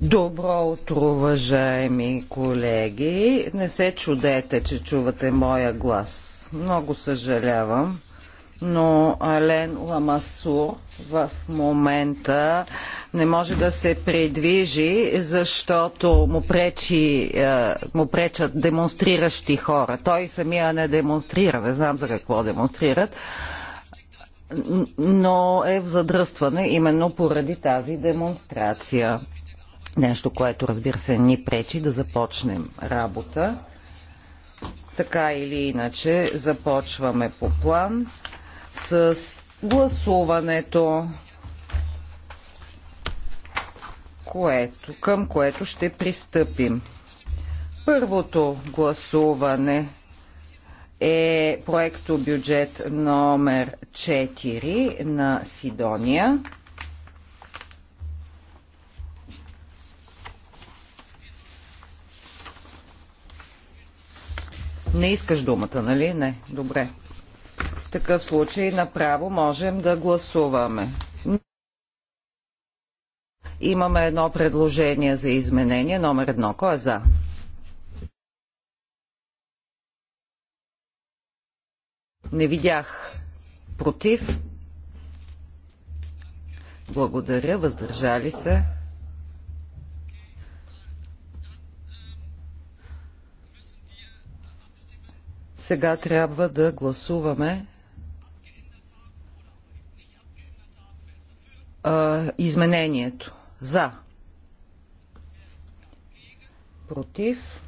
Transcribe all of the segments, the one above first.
Добро утро, уважаеми колеги. Не се чудете, че чувате моя глас. Много съжалявам, но Ален Ламасур в момента не може да се придвижи, защото му, пречи, е, му пречат демонстриращи хора. Той самия не демонстрира, не знам за какво демонстрират но е в задръстване именно поради тази демонстрация. Нещо, което разбира се ни пречи да започнем работа. Така или иначе започваме по план с гласуването, което, към което ще пристъпим. Първото гласуване е проекто бюджет номер 4 на Сидония. Не искаш думата, нали? Не. Добре. В такъв случай направо можем да гласуваме. Имаме едно предложение за изменение. Номер едно. Кой е за? Не видях против. Благодаря. Въздържали се. Сега трябва да гласуваме а, изменението. За. Против.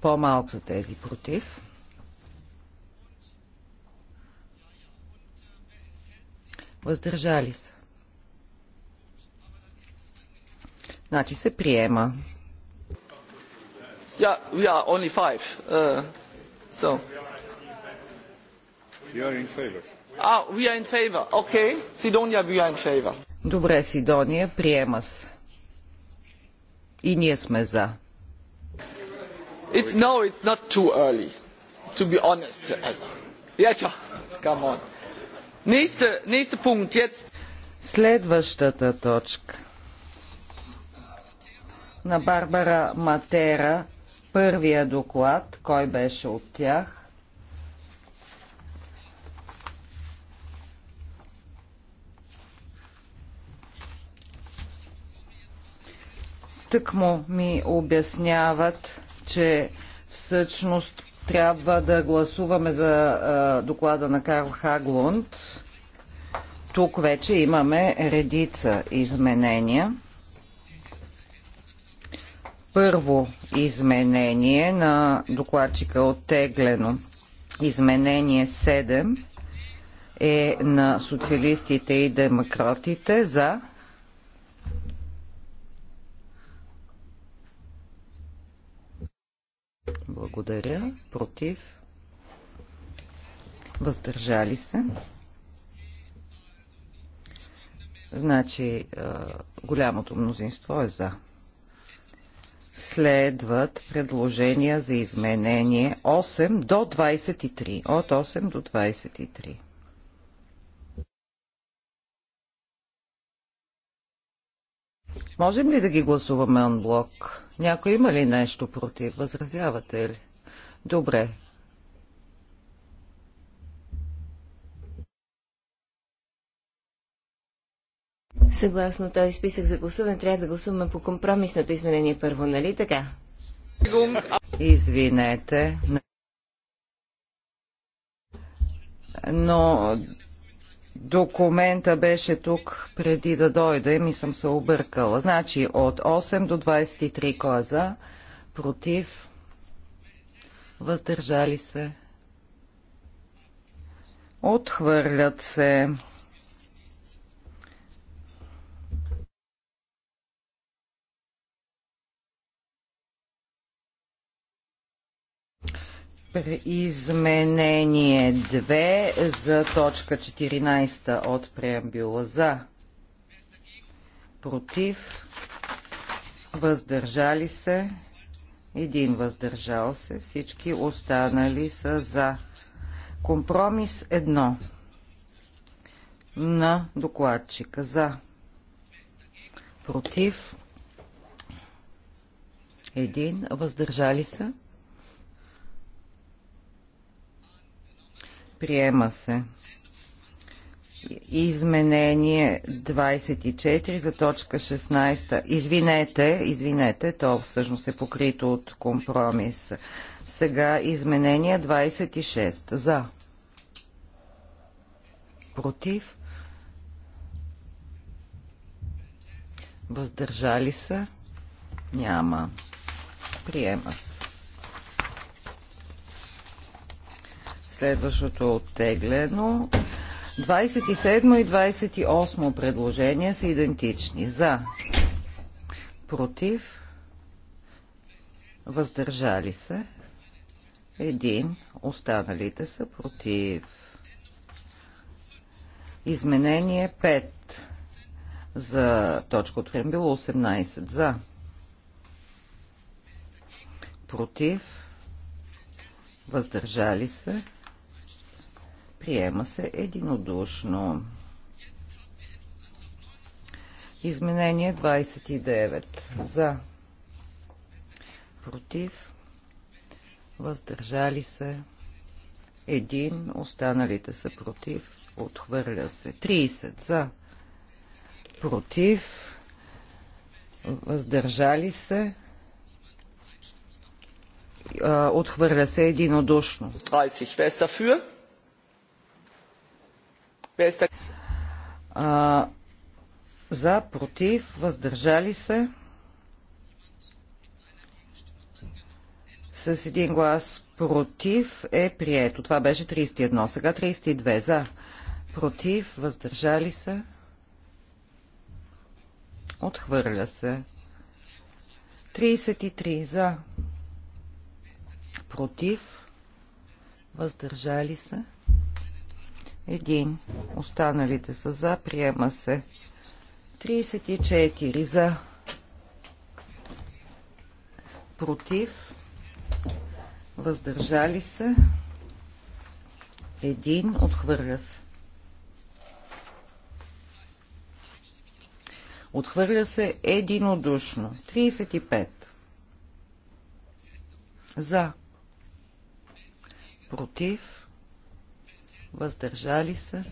По-малко за тези против. въздържали се. Значи се приема. Yeah, we are only five. Uh, so. You are in favor. Ah, we are in favor. Okay. Sidonia, we are in favor. Добре, Сидония, приема се. И ние сме за. It's, no, it's not too early, to be honest. Yeah, come on. Следващата точка на Барбара Матера, първия доклад, кой беше от тях? Тък му ми обясняват, че всъщност трябва да гласуваме за а, доклада на Карл Хаглунд. Тук вече имаме редица изменения. Първо изменение на докладчика оттеглено. Изменение 7 е на социалистите и демократите за Благодаря. Против. Въздържали се. Значи голямото мнозинство е за. Следват предложения за изменение 8 до 23. От 8 до 23. Можем ли да ги гласуваме анблок? Някой има ли нещо против? Възразявате ли? Добре. Съгласно този списък за гласуване, трябва да гласуваме по компромисното изменение първо, нали така? Извинете. Но документа беше тук преди да дойде и съм се объркала. Значи от 8 до 23 кой е за, против, въздържали се, отхвърлят се. Изменение 2 за точка 14 от преамбюла за против въздържали се един въздържал се всички останали са за компромис 1 на докладчика за против един въздържали се Приема се. Изменение 24 за точка 16. Извинете, извинете, то всъщност е покрито от компромис. Сега изменение 26 за. Против. Въздържали се? Няма. Приема се. Следващото оттеглено. 27 и 28 предложения са идентични. За. Против. Въздържали се. Един. Останалите са против. Изменение 5 за точка от било 18 за. Против. Въздържали се. Приема се единодушно. Изменение 29. За. Против. Въздържали се. Един. Останалите са против. Отхвърля се. 30. За. Против. Въздържали се. Отхвърля се единодушно. 30. Wer ist а, за, против, въздържали се. С един глас против е прието. Това беше 31. Сега 32. За, против, въздържали се. Отхвърля се. 33. За, против, въздържали се. Един. Останалите са за. Приема се. 34 за. Против. Въздържали се. Един. Отхвърля се. Отхвърля се единодушно. 35. За. Против въздържали се,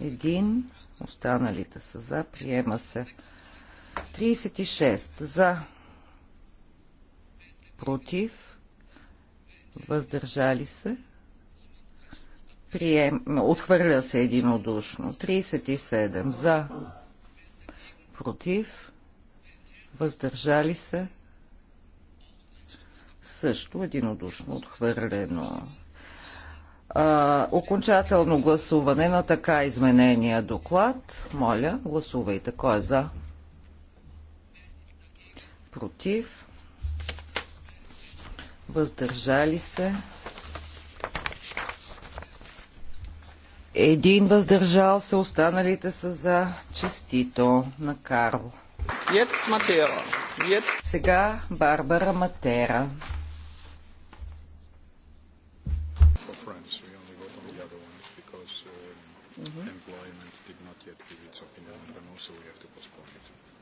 един, останалите са за, приема се. 36 за, против, въздържали се, прием, отхвърля се единодушно. 37 за, против, въздържали се, също единодушно отхвърлено окончателно гласуване на така изменения доклад. Моля, гласувайте. Кой е за? Против? Въздържали се? Един въздържал се, останалите са за честито на Карл. Сега Барбара Матера.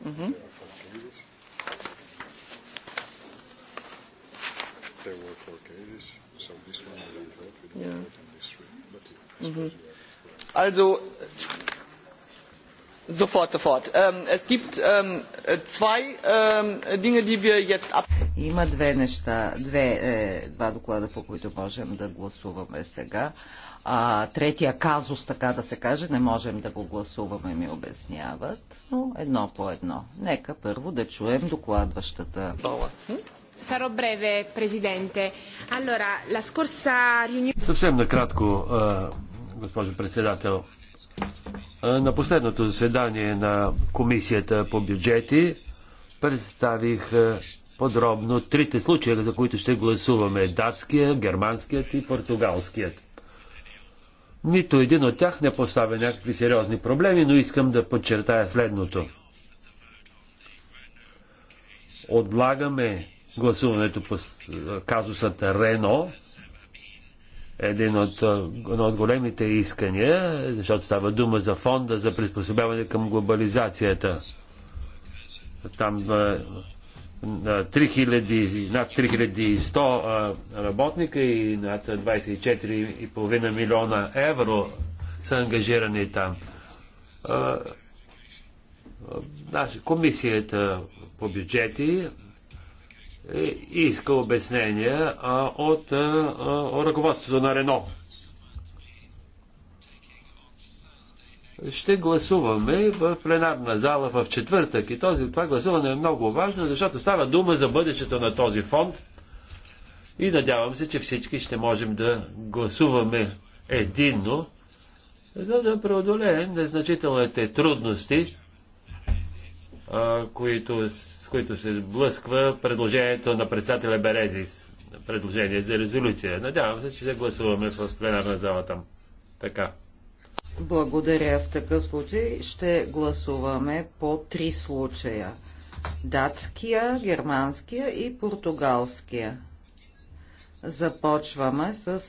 There were four cases, so this one we don't vote, we don't vote on this three. But yeah, mm-hmm. Also, Sofort, sofort. Ähm, es gibt ähm, zwei ähm, Dinge, die wir jetzt ab... Има две неща, две, е, два доклада, по които можем да гласуваме сега. А, третия казус, така да се каже, не можем да го гласуваме, ми обясняват, но едно по едно. Нека първо да чуем докладващата. Саро бреве, президенте. Allora, la scorsa Съвсем накратко, госпожо председател. На последното заседание на Комисията по бюджети представих подробно трите случая, за които ще гласуваме датския, германският и португалският. Нито един от тях не поставя някакви сериозни проблеми, но искам да подчертая следното. Отлагаме гласуването по казусата Рено, един от, едно от големите искания, защото става дума за фонда за приспособяване към глобализацията. Там а, 3000, над 3100 работника и над 24,5 милиона евро са ангажирани там. Наша комисията по бюджети и е, иска обяснения а, от а, а, ръководството на Рено. Ще гласуваме в пленарна зала в четвъртък и този, това гласуване е много важно, защото става дума за бъдещето на този фонд и надявам се, че всички ще можем да гласуваме единно, за да преодолеем незначителните трудности, които, с които се блъсква предложението на председателя Березис. Предложение за резолюция. Надявам се, че ще гласуваме в пленарна зала там. Така. Благодаря. В такъв случай ще гласуваме по три случая. Датския, германския и португалския. Започваме с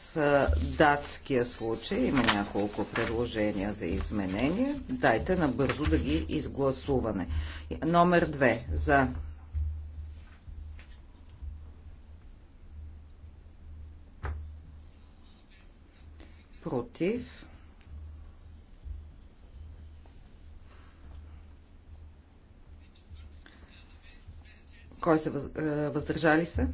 датския случай. Има няколко предложения за изменения. Дайте набързо да ги изгласуваме. Номер 2 за против кой се въздържали се?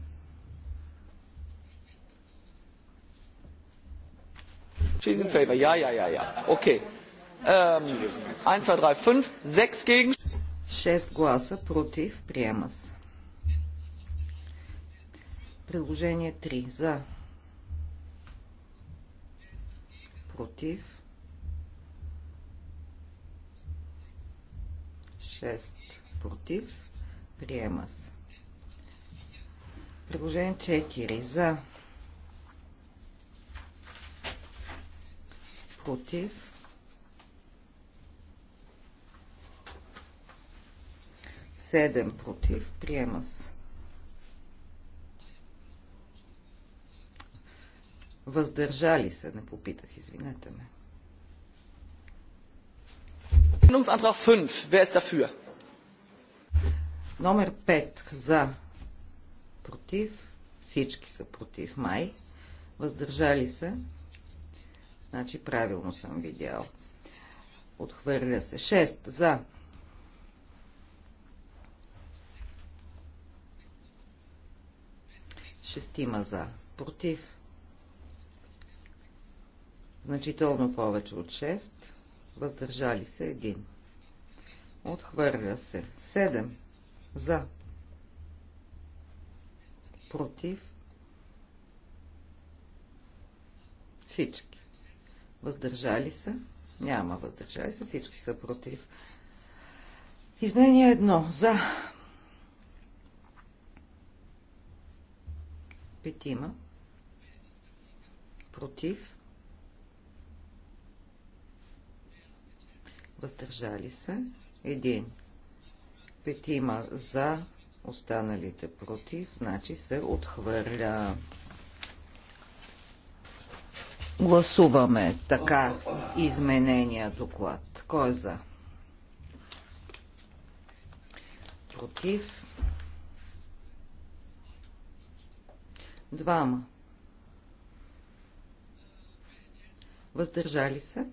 She's in favor. Ja, ja, ja, ja. Okay. Um, 1, 2, 3, 5, 6 gegen. 6 гласа против. Приема се. Приложение 3. За. Против. 6 против. Приема се. Приложение 4. За. против, седем против, приема се. Въздържали се, не попитах, извинете ме. Номер 5 за против. Всички са против май. Въздържали се. Значи правилно съм видял. Отхвърля се. 6 за. Шестима за. Против. Значително повече от 6. Въздържали се един. Отхвърля се. 7 за. Против. Всички. Въздържали се? Няма въздържали се. Всички са против. Изменение едно. За. Петима. Против. Въздържали се. Един. Петима за. Останалите против. Значи се отхвърля. Гласуваме така изменения доклад. Кой е за? Против? Двама. Въздържали се?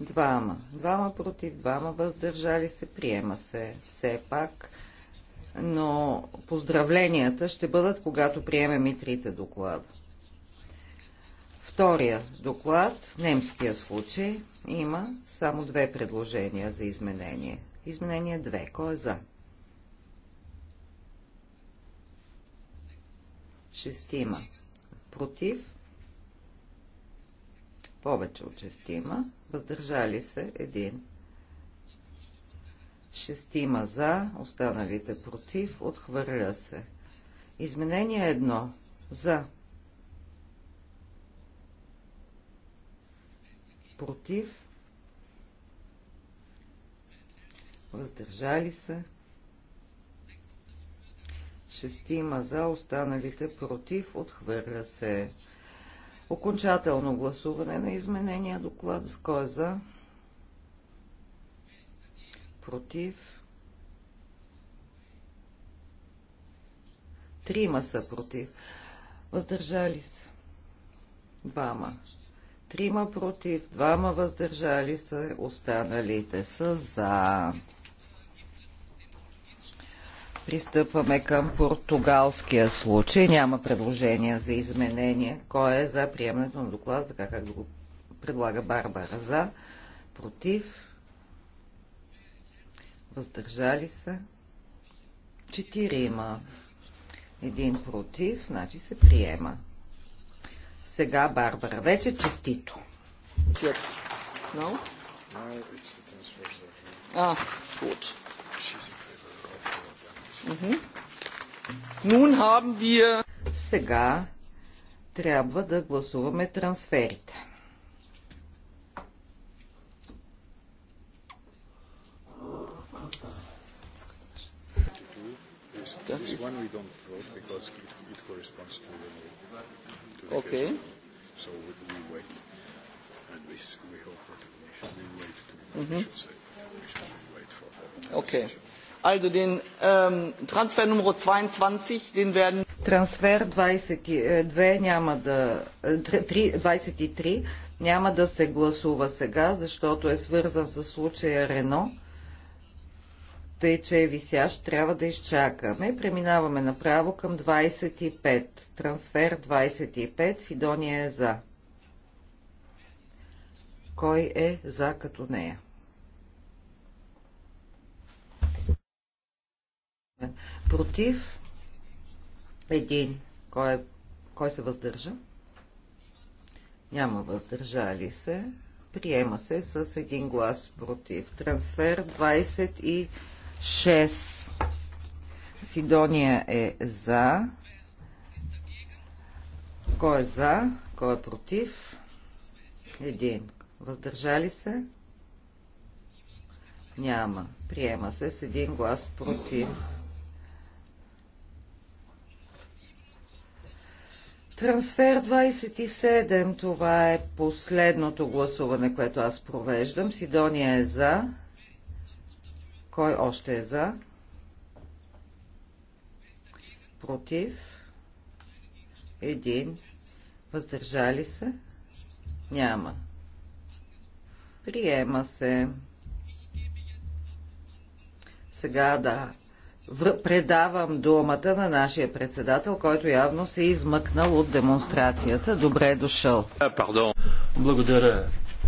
Двама. Двама против, двама въздържали се. Приема се все пак. Но поздравленията ще бъдат, когато приемем и трите доклада втория доклад, немския случай, има само две предложения за изменение. Изменение две. Кой е за? Шестима. Против? Повече от шестима. Въздържали се един. Шестима за, останалите против, отхвърля се. Изменение едно. За. против, въздържали се, шестима за, останалите против, отхвърля се. Окончателно гласуване на изменения доклад с кой е за, против, трима са против, въздържали се, двама. Трима против, двама въздържали се, останалите са за. Пристъпваме към португалския случай. Няма предложения за изменение. Кой е за приемането на доклада, така как го предлага Барбара? За, против, въздържали се. Четирима. Един против, значи се приема сега Барбара. Вече честито. Сега трябва да гласуваме трансферите. That's one we don't vote because it, it corresponds to... Uh... Mhm. Okay. Also den ähm, Transfer Nummer 22, den werden... Трансфер е, няма да... 23 е, няма да се гласува сега, защото е свързан с случая Рено. Тъй, че е висящ, трябва да изчакаме. Преминаваме направо към 25. Трансфер 25. Сидония е за. Кой е за като нея? Против. Един. Кой, е, кой се въздържа? Няма въздържали се. Приема се с един глас против. Трансфер 26. Сидония е за. Кой е за? Кой е против? Един. Въздържали се? Няма. Приема се с един глас против. Трансфер 27, това е последното гласуване, което аз провеждам. Сидония е за. Кой още е за? Против. Един. Въздържали се? Няма. Приема се. Сега да предавам думата на нашия председател, който явно се е измъкнал от демонстрацията. Добре е дошъл. Е, Благодаря.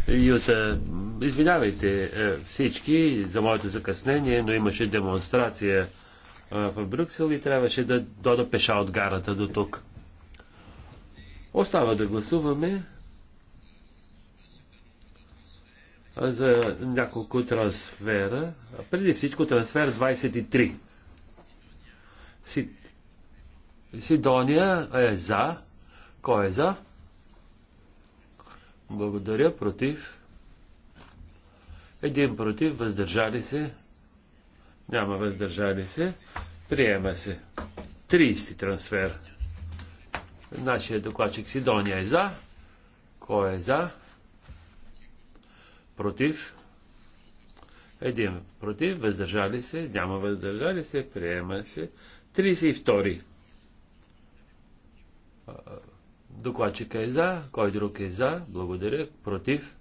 Юта, извинявайте е, всички за моето закъснение, но имаше демонстрация е, в Брюксел и трябваше да дода пеша от гарата до тук. Остава да гласуваме за няколко трансфера. Преди всичко трансфер 23. Сидония е за. Кой е за? Благодаря. Против. Един против. Въздържали се. Няма въздържали се. Приема се. 30 трансфер. Нашия докладчик Сидония е за. Кой е за? Против. Един против. Въздържали се. Няма въздържали се. Приема се. 32. Докладчика е за, кой друг е за, благодаря, против,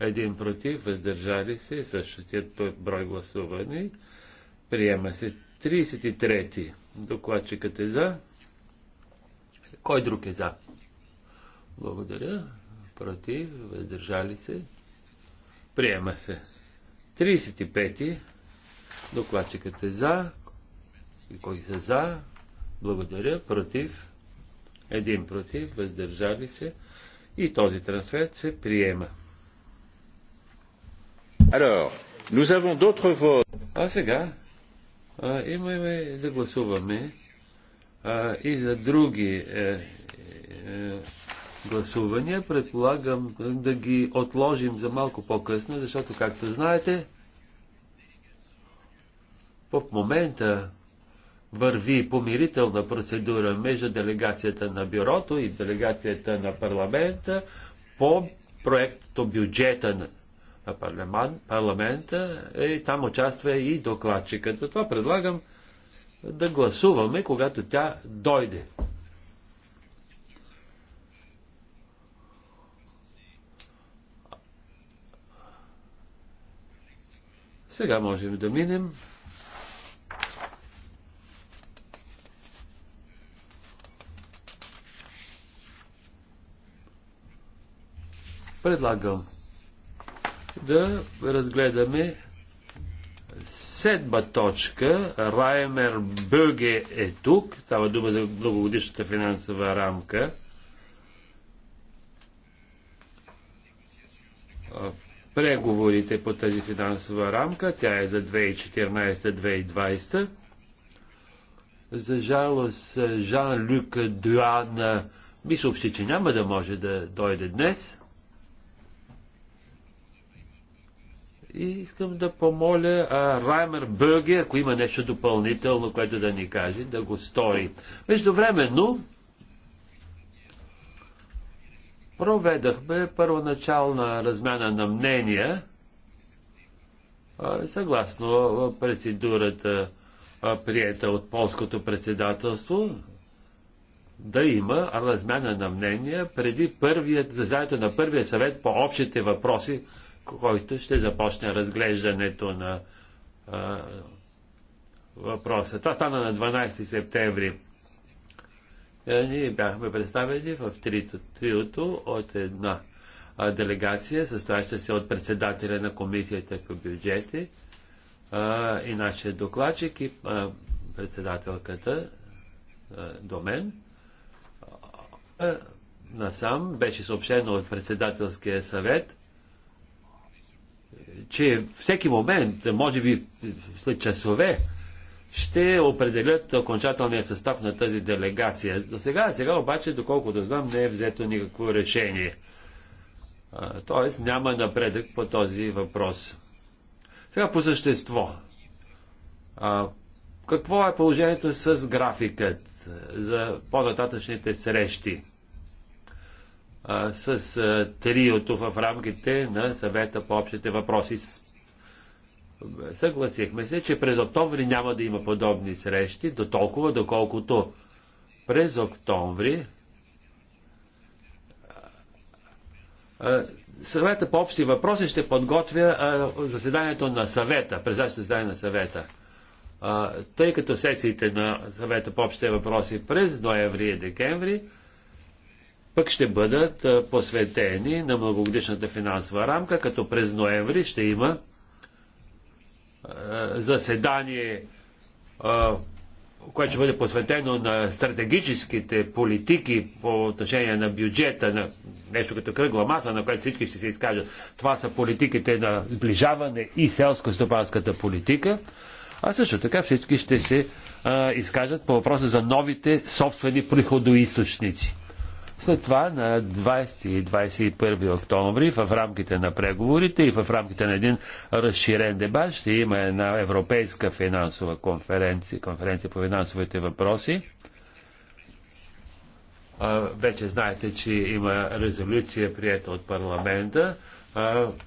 един против, въздържали се, същият брой гласувани, приема се 33. Докладчикът е за, кой друг е за? Благодаря, против, въздържали се, приема се 35. Докладчикът е за, кой са за? Благодаря. Против? Един против. Въздържали се. И този трансфер се приема. Alors, nous avons d'autres votes. А сега а, имаме да гласуваме а, и за други е, е, гласувания. Предполагам да ги отложим за малко по-късно, защото, както знаете, в момента върви помирителна процедура между делегацията на бюрото и делегацията на парламента по проекто бюджета на на парламент, парламента и е, там участва и докладчикът. Затова предлагам да гласуваме, когато тя дойде. Сега можем да минем Предлагам да разгледаме седма точка. Раймер Бъге е тук. Става дума за многогодишната финансова рамка. преговорите по тази финансова рамка. Тя е за 2014-2020. За жалост, Жан-Люк Дуана ми съобщи, че няма да може да дойде днес. И искам да помоля а, Раймер Бърге, ако има нещо допълнително, което да ни каже, да го стори. Междувременно проведахме първоначална размяна на мнения а, съгласно процедурата, приета от полското председателство, да има размяна на мнения преди първият, на първия съвет по общите въпроси, който ще започне разглеждането на а, въпроса. Това стана на 12 септември. Е, ние бяхме представени в трито, триото от една а, делегация, състояща се от председателя на комисията по бюджети а, и нашия докладчик и а, председателката а, до мен. А, насам беше съобщено от председателския съвет – че всеки момент, може би след часове, ще определят окончателния състав на тази делегация. До сега, сега обаче, доколкото да знам, не е взето никакво решение. Тоест няма напредък по този въпрос. Сега по същество. А, какво е положението с графикът за по-нататъчните срещи? а, с а, триото в рамките на съвета по общите въпроси. Съгласихме се, че през октомври няма да има подобни срещи, до толкова, доколкото през октомври съвета по общи въпроси ще подготвя а, заседанието на съвета, предстоящото заседание на съвета. А, тъй като сесиите на съвета по общите въпроси през ноември и декември, пък ще бъдат посветени на многогодишната финансова рамка, като през ноември ще има заседание, което ще бъде посветено на стратегическите политики по отношение на бюджета, на нещо като кръгла маса, на което всички ще се изкажат. Това са политиките на сближаване и селско-стопанската политика. А също така всички ще се а, изкажат по въпроса за новите собствени приходоисточници. След това на 20 и 21 октомври в рамките на преговорите и в рамките на един разширен дебат ще има една европейска финансова конференция, конференция по финансовите въпроси. Вече знаете, че има резолюция прията от парламента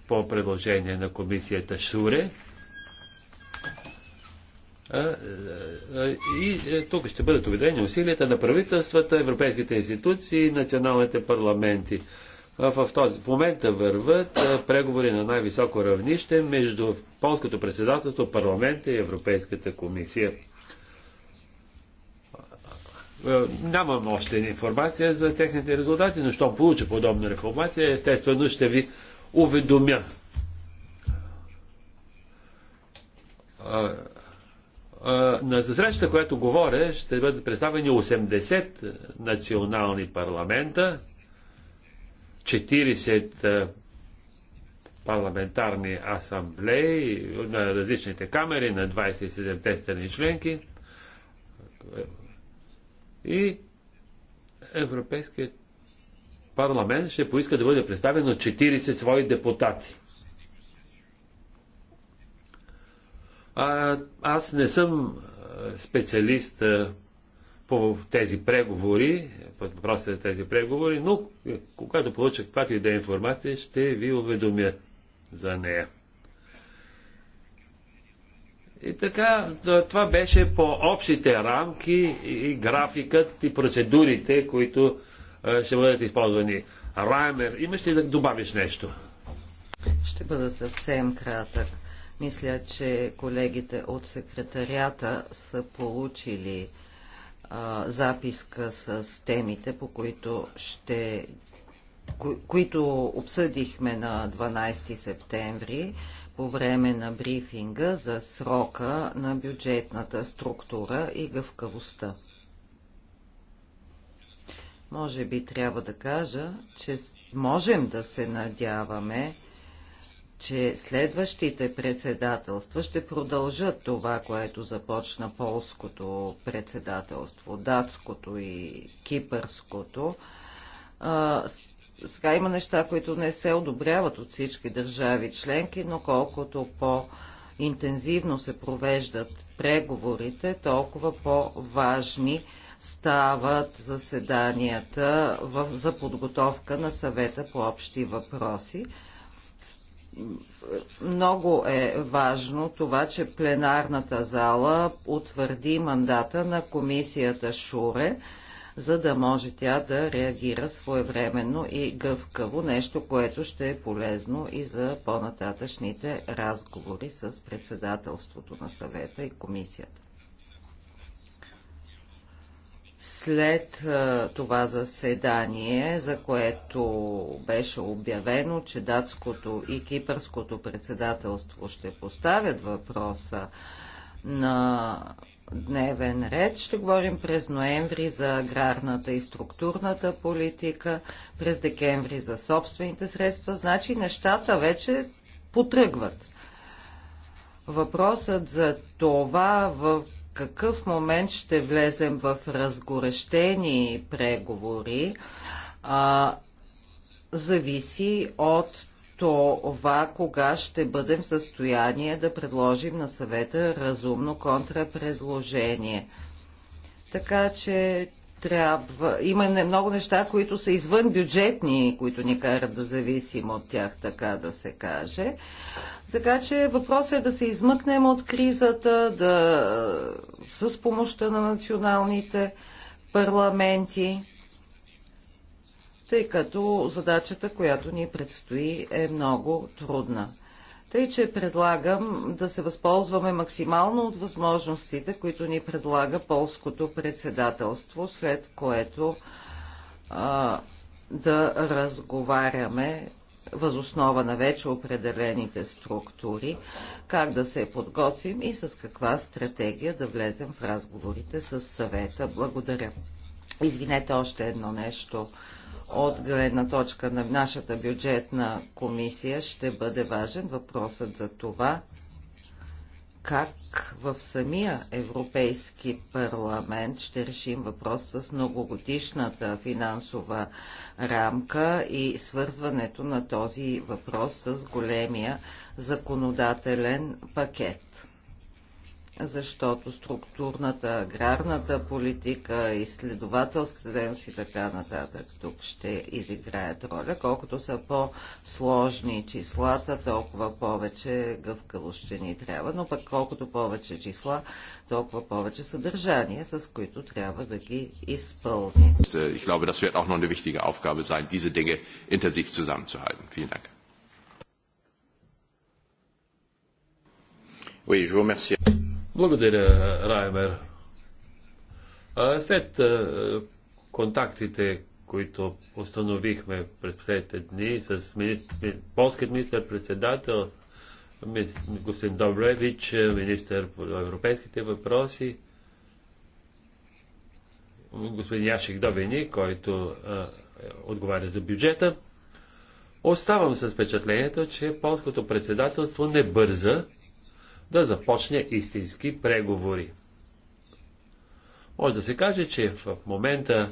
по предложение на комисията Шуре. И е, тук ще бъдат уведени усилията на правителствата, европейските институции и националните парламенти. В, този, в момента върват преговори на най-високо равнище между Полското председателство, парламента и Европейската комисия. Нямам още информация за техните резултати, но щом получа подобна информация, естествено ще ви уведомя на срещата, която говоря, ще бъдат представени 80 национални парламента, 40 парламентарни асамблеи на различните камери на 27-те страни членки и Европейският парламент ще поиска да бъде представен от 40 свои депутати. А, аз не съм специалист по тези преговори, по въпросите на тези преговори, но е, когато получа каквато и да е информация, ще ви уведомя за нея. И така, това беше по общите рамки и графикът и процедурите, които ще бъдат използвани. Раймер, имаш ли да добавиш нещо? Ще бъда съвсем кратък. Мисля, че колегите от секретарията са получили а, записка с темите, по които ще които обсъдихме на 12 септември по време на брифинга за срока на бюджетната структура и гъвкавостта. Може би трябва да кажа, че можем да се надяваме, че следващите председателства ще продължат това, което започна полското председателство, датското и кипърското. сега има неща, които не се одобряват от всички държави членки, но колкото по- интензивно се провеждат преговорите, толкова по-важни стават заседанията в, за подготовка на съвета по общи въпроси много е важно това, че пленарната зала утвърди мандата на комисията Шуре, за да може тя да реагира своевременно и гъвкаво, нещо, което ще е полезно и за по-нататъчните разговори с председателството на съвета и комисията. След това заседание, за което беше обявено, че датското и кипърското председателство ще поставят въпроса на дневен ред. Ще говорим през ноември за аграрната и структурната политика, през декември за собствените средства. Значи нещата вече потръгват. Въпросът за това в какъв момент ще влезем в разгорещени преговори, а, зависи от това, кога ще бъдем в състояние да предложим на съвета разумно контрапредложение. Така че трябва. Има много неща, които са извън бюджетни, които ни карат да зависим от тях, така да се каже. Така че въпросът е да се измъкнем от кризата, да, с помощта на националните парламенти, тъй като задачата, която ни предстои, е много трудна. Тъй, че предлагам да се възползваме максимално от възможностите, които ни предлага полското председателство, след което а, да разговаряме възоснова на вече определените структури, как да се подготвим и с каква стратегия да влезем в разговорите с съвета. Благодаря. Извинете още едно нещо от гледна точка на нашата бюджетна комисия ще бъде важен въпросът за това как в самия Европейски парламент ще решим въпрос с многогодишната финансова рамка и свързването на този въпрос с големия законодателен пакет защото структурната, аграрната политика, изследователската дейност и така нататък тук ще изиграят роля. Колкото са по-сложни числата, толкова повече гъвкаво ще ни трябва, но пък колкото повече числа, толкова повече съдържание, с които трябва да ги изпълни. Ich glaube, das wird auch noch eine wichtige Aufgabe sein, diese Dinge intensiv zusammenzuhalten. Vielen Dank. Oui, je vous remercie. Благодаря, Раймер. След контактите, които установихме пред последните дни с полският министр-председател, господин Добревич, министър по европейските въпроси, господин Яшик Довини, който отговаря за бюджета. Оставам с впечатлението, че полското председателство не бърза да започне истински преговори. Може да се каже, че в момента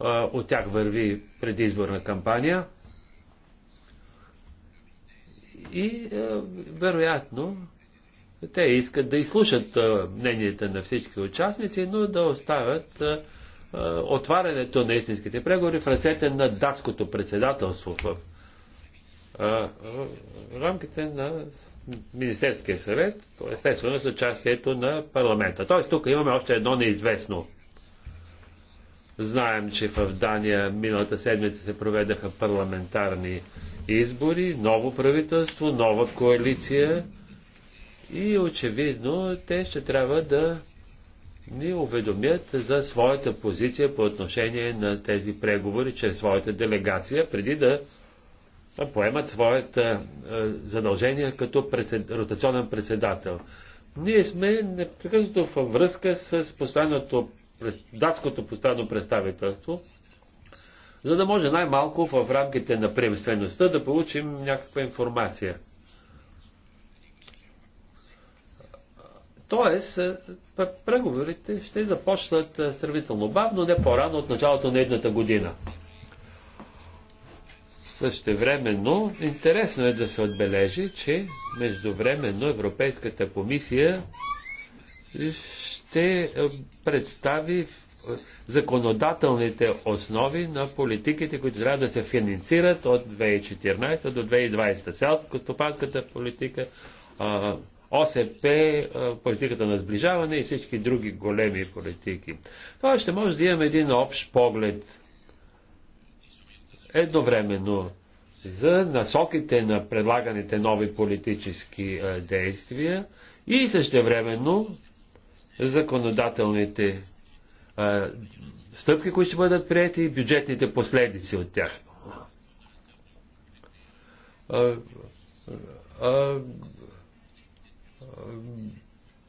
а, от тях върви предизборна кампания и а, вероятно те искат да изслушат мненията на всички участници, но да оставят а, отварянето на истинските преговори в ръцете на датското председателство в рамките на Министерския съвет, естествено е с участието на парламента. Тоест тук имаме още едно неизвестно. Знаем, че в Дания миналата седмица се проведаха парламентарни избори, ново правителство, нова коалиция и очевидно те ще трябва да ни уведомят за своята позиция по отношение на тези преговори чрез своята делегация, преди да поемат своята задължение като председ... ротационен председател. Ние сме непрекъснато във връзка с постоянното, датското постоянно представителство, за да може най-малко в рамките на приемствеността да получим някаква информация. Тоест, преговорите ще започнат сравнително бавно, не по-рано от началото на едната година. Същевременно, интересно е да се отбележи, че междувременно Европейската комисия ще е, представи е, законодателните основи на политиките, които трябва да се финансират от 2014 до 2020. Селско-стопанската политика, ОСП, е, политиката на сближаване и всички други големи политики. Това ще може да имаме един общ поглед едновременно за насоките на предлаганите нови политически е, действия и същевременно законодателните е, стъпки, които ще бъдат прияти и бюджетните последици от тях. Е,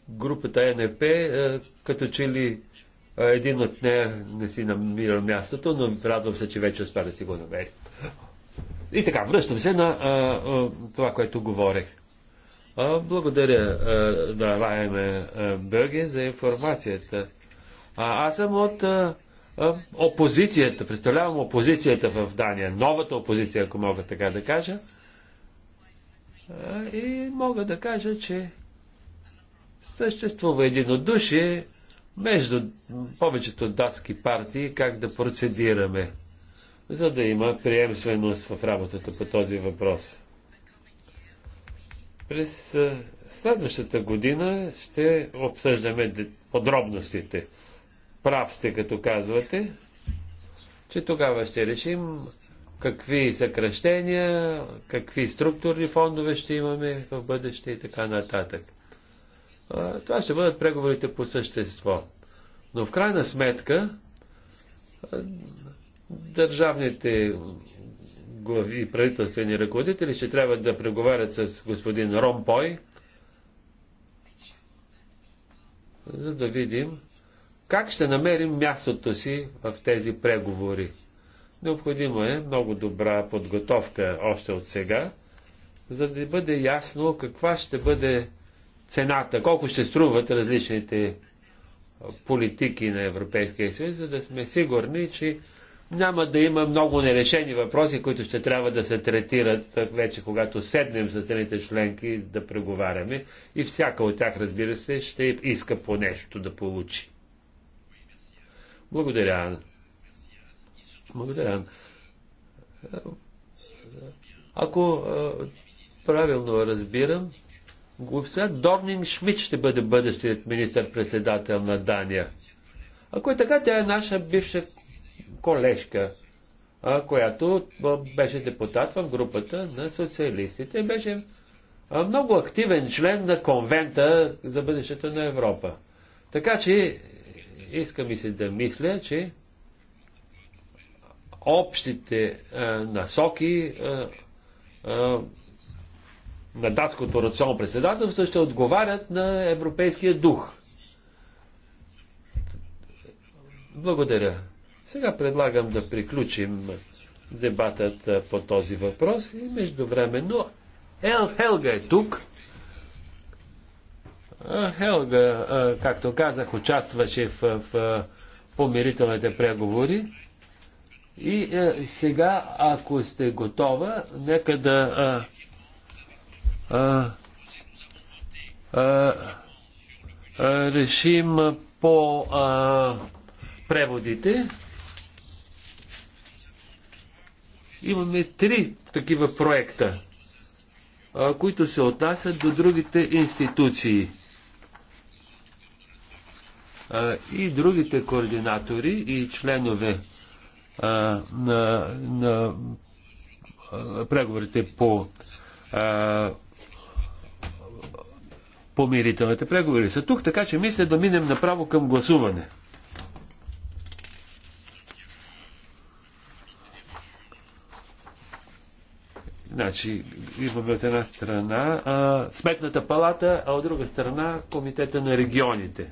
групата НП като че ли един от нея не си намира мястото, но радвам се, че вече успя да си го намери. И така, връщам се на а, а, това, което говорех. А, благодаря а, да Лайме Бърге за информацията. А, аз съм от а, а, опозицията, представлявам опозицията в Дания, новата опозиция, ако мога така да кажа. А, и мога да кажа, че съществува единодушие между повечето датски партии как да процедираме, за да има приемственост в работата по този въпрос. През следващата година ще обсъждаме подробностите. Прав сте, като казвате, че тогава ще решим какви съкръщения, какви структурни фондове ще имаме в бъдеще и така нататък. Това ще бъдат преговорите по същество. Но в крайна сметка държавните глави и правителствени ръководители ще трябва да преговарят с господин Ромпой, за да видим как ще намерим мястото си в тези преговори. Необходимо е много добра подготовка още от сега, за да бъде ясно каква ще бъде цената, колко ще струват различните политики на Европейския съюз, за да сме сигурни, че няма да има много нерешени въпроси, които ще трябва да се третират вече, когато седнем с страните членки да преговаряме и всяка от тях, разбира се, ще иска по нещо да получи. Благодаря, Ана. Благодаря, Ана. Ако правилно разбирам, Господин Дорнинг Шмидт ще бъде бъдещият министър-председател на Дания. Ако е така, тя е наша бивша колежка, която беше депутат в групата на социалистите и беше много активен член на конвента за бъдещето на Европа. Така че иска ми се да мисля, че общите насоки на датското рационално председателство ще отговарят на европейския дух. Благодаря. Сега предлагам да приключим дебатът по този въпрос и междувременно Ел Хелга е тук. Хелга, както казах, участваше в, в помирителните преговори. И сега, ако сте готова, нека да решим по преводите. Имаме три такива проекта, които се отнасят до другите институции. И другите координатори и членове на, на преговорите по помирителните преговори са тук, така че мисля да минем направо към гласуване. Значи, имаме от една страна а, Сметната палата, а от друга страна Комитета на регионите.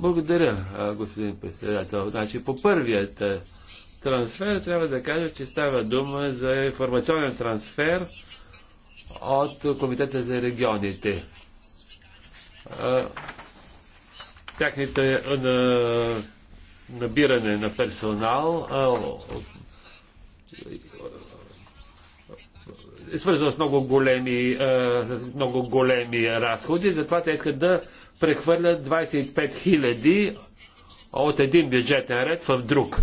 Благодаря, а, господин председател. Значи, по първият трансфер трябва да кажа, че става дума за информационен трансфер от Комитета за регионите. Тяхните на набиране на персонал е свързано с много големи, с много големи разходи, затова те искат да прехвърлят 25 000 от един бюджетен ред в друг.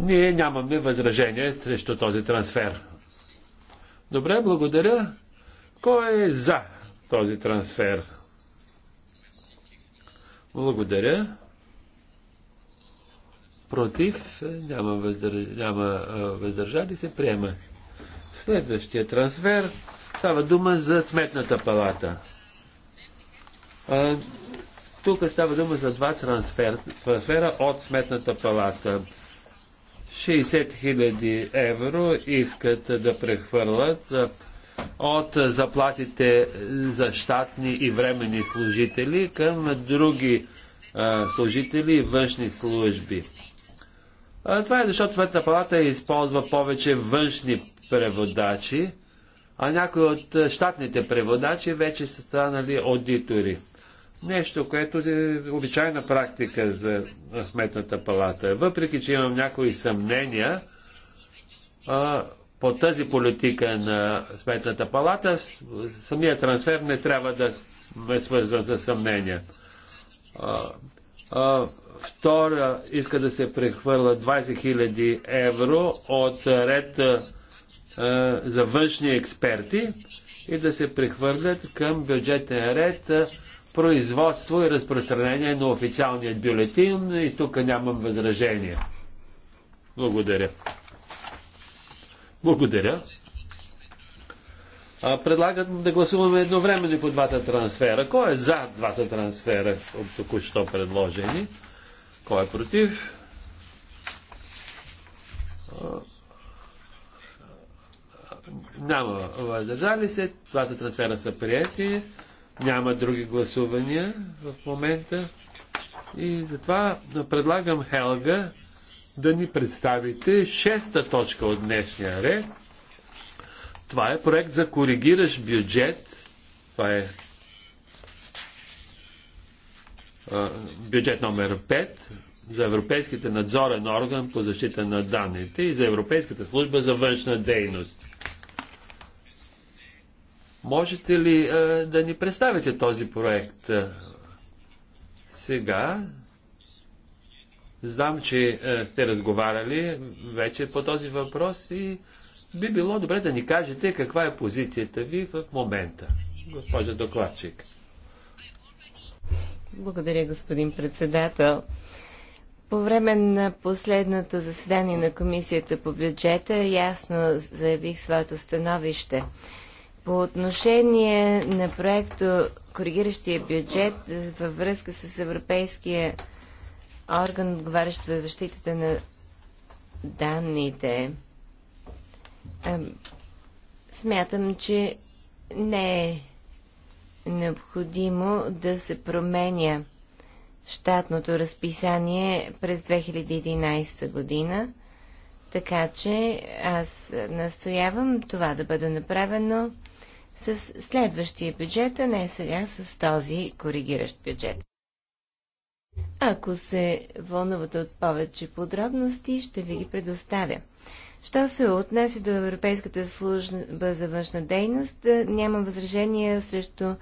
Ние нямаме възражение срещу този трансфер. Добре, благодаря. Кой е за този трансфер? Благодаря. Против няма, въздърж... няма въздържали се, приема. Следващия трансфер става дума за Сметната палата. Тук става дума за два трансфера от Сметната палата. 60 000 евро искат да прехвърлят от заплатите за щатни и временни служители към други служители и външни служби. това е защото Сметната палата използва повече външни преводачи, а някои от щатните преводачи вече са станали аудитори. Нещо, което е обичайна практика за Сметната палата. Въпреки, че имам някои съмнения а, по тази политика на Сметната палата, самия трансфер не трябва да ме свързва за съмнения. А, а, втора иска да се прехвърля 20 000 евро от ред а, за външни експерти и да се прехвърлят към бюджетен ред производство и разпространение на официалният бюлетин и тук нямам възражение. Благодаря. Благодаря. А, предлагам да гласуваме едновременно по двата трансфера. Кой е за двата трансфера, от току-що предложени? Кой е против? Няма въздържали се. Двата трансфера са приети. Няма други гласувания в момента. И затова предлагам Хелга да ни представите шеста точка от днешния ред. Това е проект за коригираш бюджет. Това е бюджет номер 5 за Европейските надзорен орган по защита на данните и за Европейската служба за външна дейност. Можете ли а, е, да ни представите този проект? Сега знам, че а, е, сте разговаряли вече по този въпрос и би било добре да ни кажете каква е позицията ви в момента, госпожа докладчик. Благодаря, господин председател. По време на последното заседание на Комисията по бюджета ясно заявих своето становище. По отношение на проекто коригиращия бюджет във връзка с Европейския орган, отговарящ за защитата на данните, смятам, че не е необходимо да се променя щатното разписание през 2011 година. Така че аз настоявам това да бъде направено с следващия бюджет, а не сега с този коригиращ бюджет. Ако се вълнувате от повече подробности, ще ви ги предоставя. Що се отнася до Европейската служба за външна дейност, е, няма възражения срещу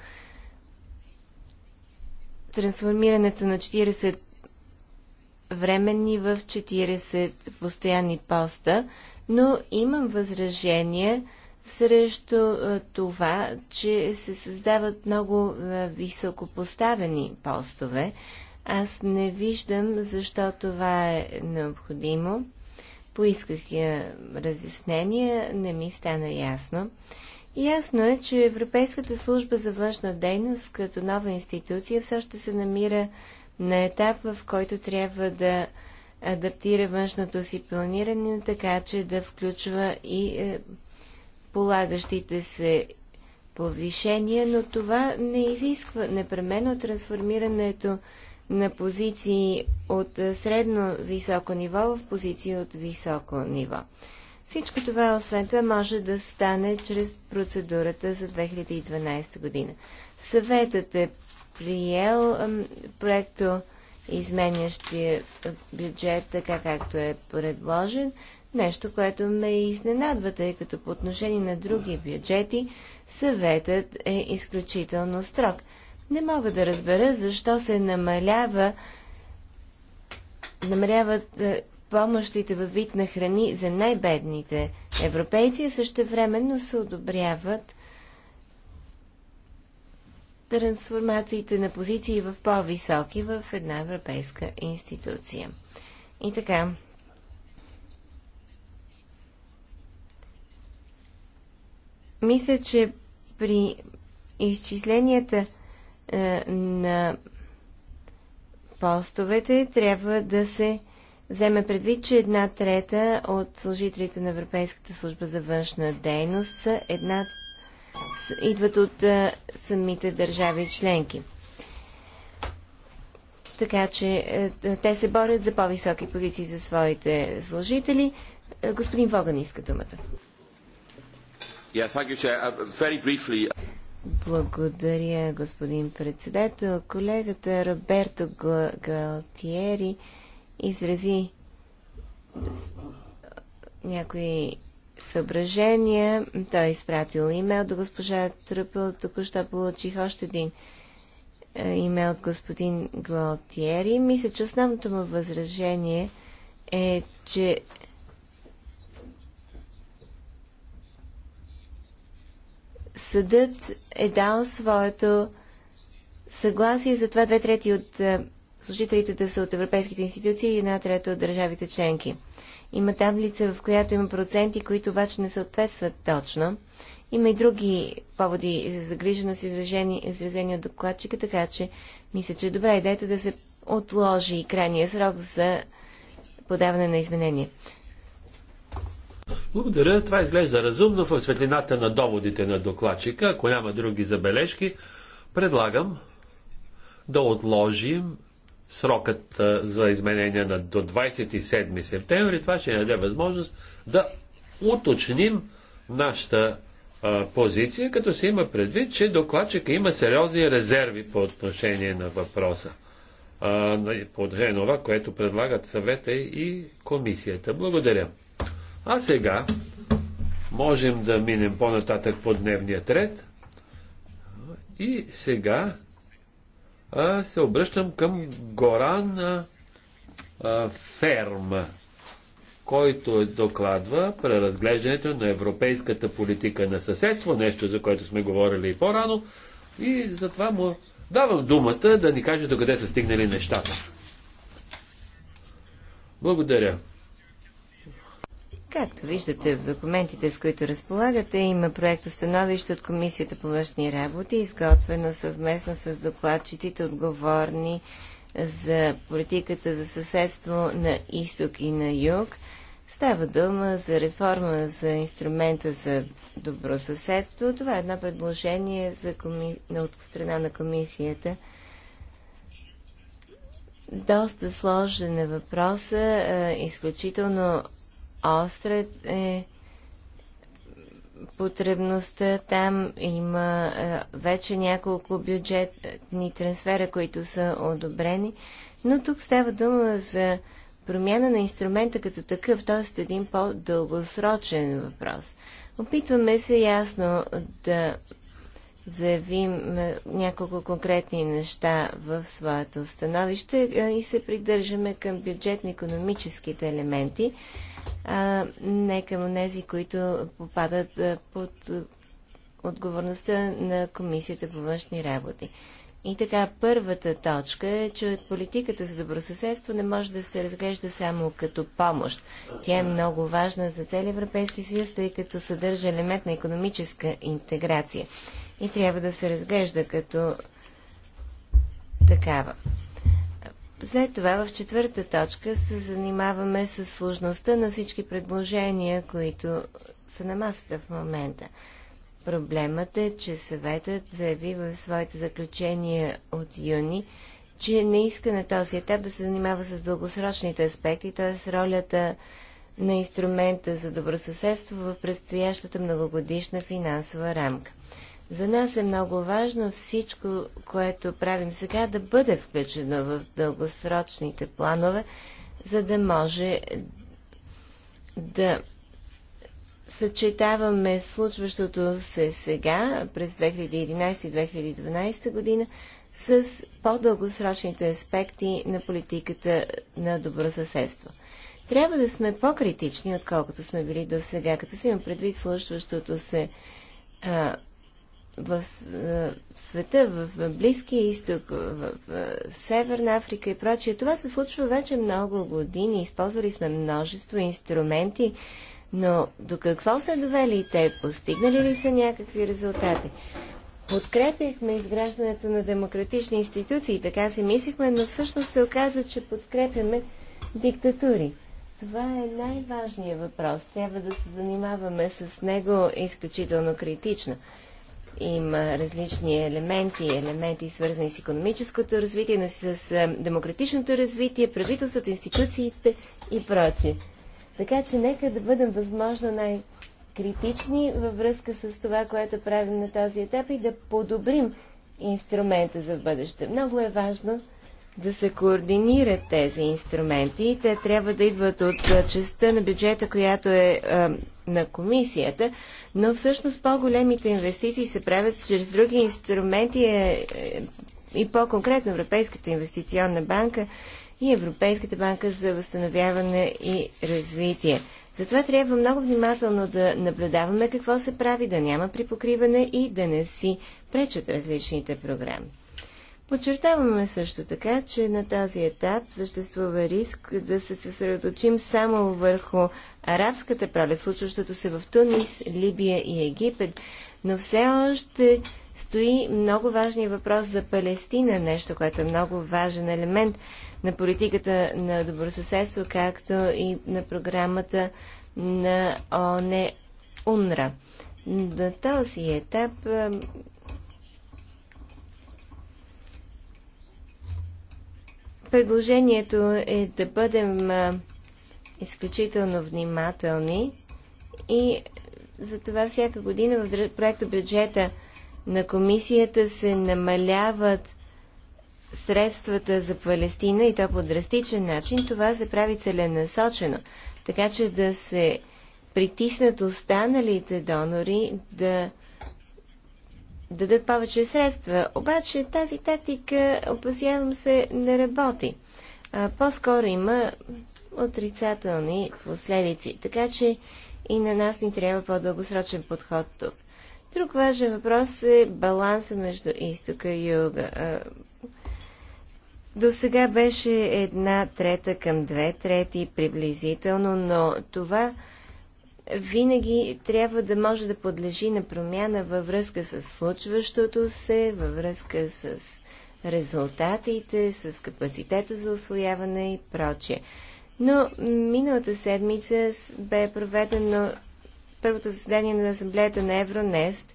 трансформирането на 40 временни в 40 постоянни поста, но имам възражения срещу това, че се създават много високопоставени постове. Аз не виждам защо това е необходимо. Поисках я разяснение, не ми стана ясно. Ясно е, че Европейската служба за външна дейност като нова институция все още се намира на етап, в който трябва да адаптира външното си планиране, така че да включва и е, полагащите се повишения, но това не изисква непременно трансформирането на позиции от средно високо ниво в позиции от високо ниво. Всичко това, освен това, може да стане чрез процедурата за 2012 година. Съветът е приел проекто изменящия бюджет, така както е предложен. Нещо, което ме изненадва, тъй като по отношение на други бюджети съветът е изключително строг. Не мога да разбера защо се намалява намаляват е, помощите във вид на храни за най-бедните европейци, а също времено се одобряват трансформациите на позиции в по-високи в една европейска институция. И така, Мисля, че при изчисленията е, на постовете трябва да се вземе предвид, че една трета от служителите на Европейската служба за външна дейност са една идват от а, е, самите държави членки. Така че а, е, е, те се борят за по-високи позиции за своите служители. господин Воган иска думата. Uh, uh, Благодаря, господин председател. Колегата Роберто Галтиери изрази някои съображения. Той е изпратил имейл до госпожа Тръпел. Току-що получих още един е, имейл от господин Галтиери. Мисля, че основното му възражение е, че съдът е дал своето съгласие за това две трети от е, служителите да са от европейските институции и една трета от държавите членки. Има таблица, в която има проценти, които обаче не съответстват точно. Има и други поводи за загриженост, изразени, изразени от докладчика, така че мисля, че е добра идеята да се отложи крайния срок за подаване на изменения. Благодаря. Това изглежда разумно в светлината на доводите на докладчика. Ако няма други забележки, предлагам да отложим срокът за изменение на до 27 септември. Това ще ни даде възможност да уточним нашата позиция, като се има предвид, че докладчика има сериозни резерви по отношение на въпроса. А, по отношение на това, което предлагат съвета и комисията. Благодаря. А сега можем да минем по-нататък по дневния ред. И сега а, се обръщам към Горан а, Ферм, който е докладва преразглеждането на европейската политика на съседство, нещо за което сме говорили и по-рано. И затова му давам думата да ни каже докъде са стигнали нещата. Благодаря. Както виждате в документите, с които разполагате, има проекто становище от Комисията по външни работи, изготвено съвместно с докладчиците, отговорни за политиката за съседство на изток и на юг. Става дума за реформа за инструмента за добро съседство. Това е едно предложение за коми... от страна на комисията. Доста сложен е въпроса, е, изключително Остред е потребността. Там има е, вече няколко бюджетни трансфера, които са одобрени. Но тук става дума за промяна на инструмента като такъв, т.е. един по-дългосрочен въпрос. Опитваме се ясно да заявим е, няколко конкретни неща в своето становище е, и се придържаме към бюджетно-економическите елементи, а не към тези, които попадат под отговорността на Комисията по външни работи. И така, първата точка е, че политиката за добросъседство не може да се разглежда само като помощ. Тя е много важна за цели Европейски съюз, тъй като съдържа елемент на економическа интеграция и трябва да се разглежда като такава. След това в четвърта точка се занимаваме с сложността на всички предложения, които са на масата в момента. Проблемът е, че съветът заяви в своите заключения от юни, че не иска на този етап да се занимава с дългосрочните аспекти, т.е. ролята на инструмента за добросъседство в предстоящата многогодишна финансова рамка. За нас е много важно всичко, което правим сега, да бъде включено в дългосрочните планове, за да може да съчетаваме случващото се сега, през 2011-2012 година, с по-дългосрочните аспекти на политиката на добросъседство. Трябва да сме по-критични, отколкото сме били до сега, като си има предвид случващото се а, в света, в Близкия изток, в Северна Африка и прочие. Това се случва вече много години. Използвали сме множество инструменти, но до какво са довели и те? Постигнали ли са някакви резултати? Подкрепяхме изграждането на демократични институции, така си мислихме, но всъщност се оказа, че подкрепяме диктатури. Това е най-важният въпрос. Трябва да се занимаваме с него изключително критично има различни елементи, елементи свързани с економическото развитие, но с демократичното развитие, правителството, институциите и прочие. Така че нека да бъдем възможно най-критични във връзка с това, което правим на този етап и да подобрим инструмента за бъдеще. Много е важно да се координират тези инструменти и те трябва да идват от частта на бюджета, която е а, на комисията, но всъщност по-големите инвестиции се правят чрез други инструменти е, е, и по-конкретно Европейската инвестиционна банка и Европейската банка за възстановяване и развитие. Затова трябва много внимателно да наблюдаваме какво се прави, да няма припокриване и да не си пречат различните програми. Подчертаваме също така, че на този етап съществува риск да се съсредоточим само върху арабската пролет, случващото се в Тунис, Либия и Египет, но все още стои много важния въпрос за Палестина, нещо, което е много важен елемент на политиката на добросъседство, както и на програмата на ОНЕ УНРА. На този етап Предложението е да бъдем изключително внимателни и затова всяка година в проекта бюджета на комисията се намаляват средствата за Палестина и то по драстичен начин. Това се прави целенасочено, така че да се притиснат останалите донори да дадат повече средства. Обаче тази тактика, опасявам се, не работи. по-скоро има отрицателни последици. Така че и на нас ни трябва по-дългосрочен подход тук. Друг важен въпрос е баланса между изтока и юга. До сега беше една трета към две трети приблизително, но това винаги трябва да може да подлежи на промяна във връзка с случващото се, във връзка с резултатите, с капацитета за освояване и прочее. Но миналата седмица бе проведено първото заседание на Асамблеята на Евронест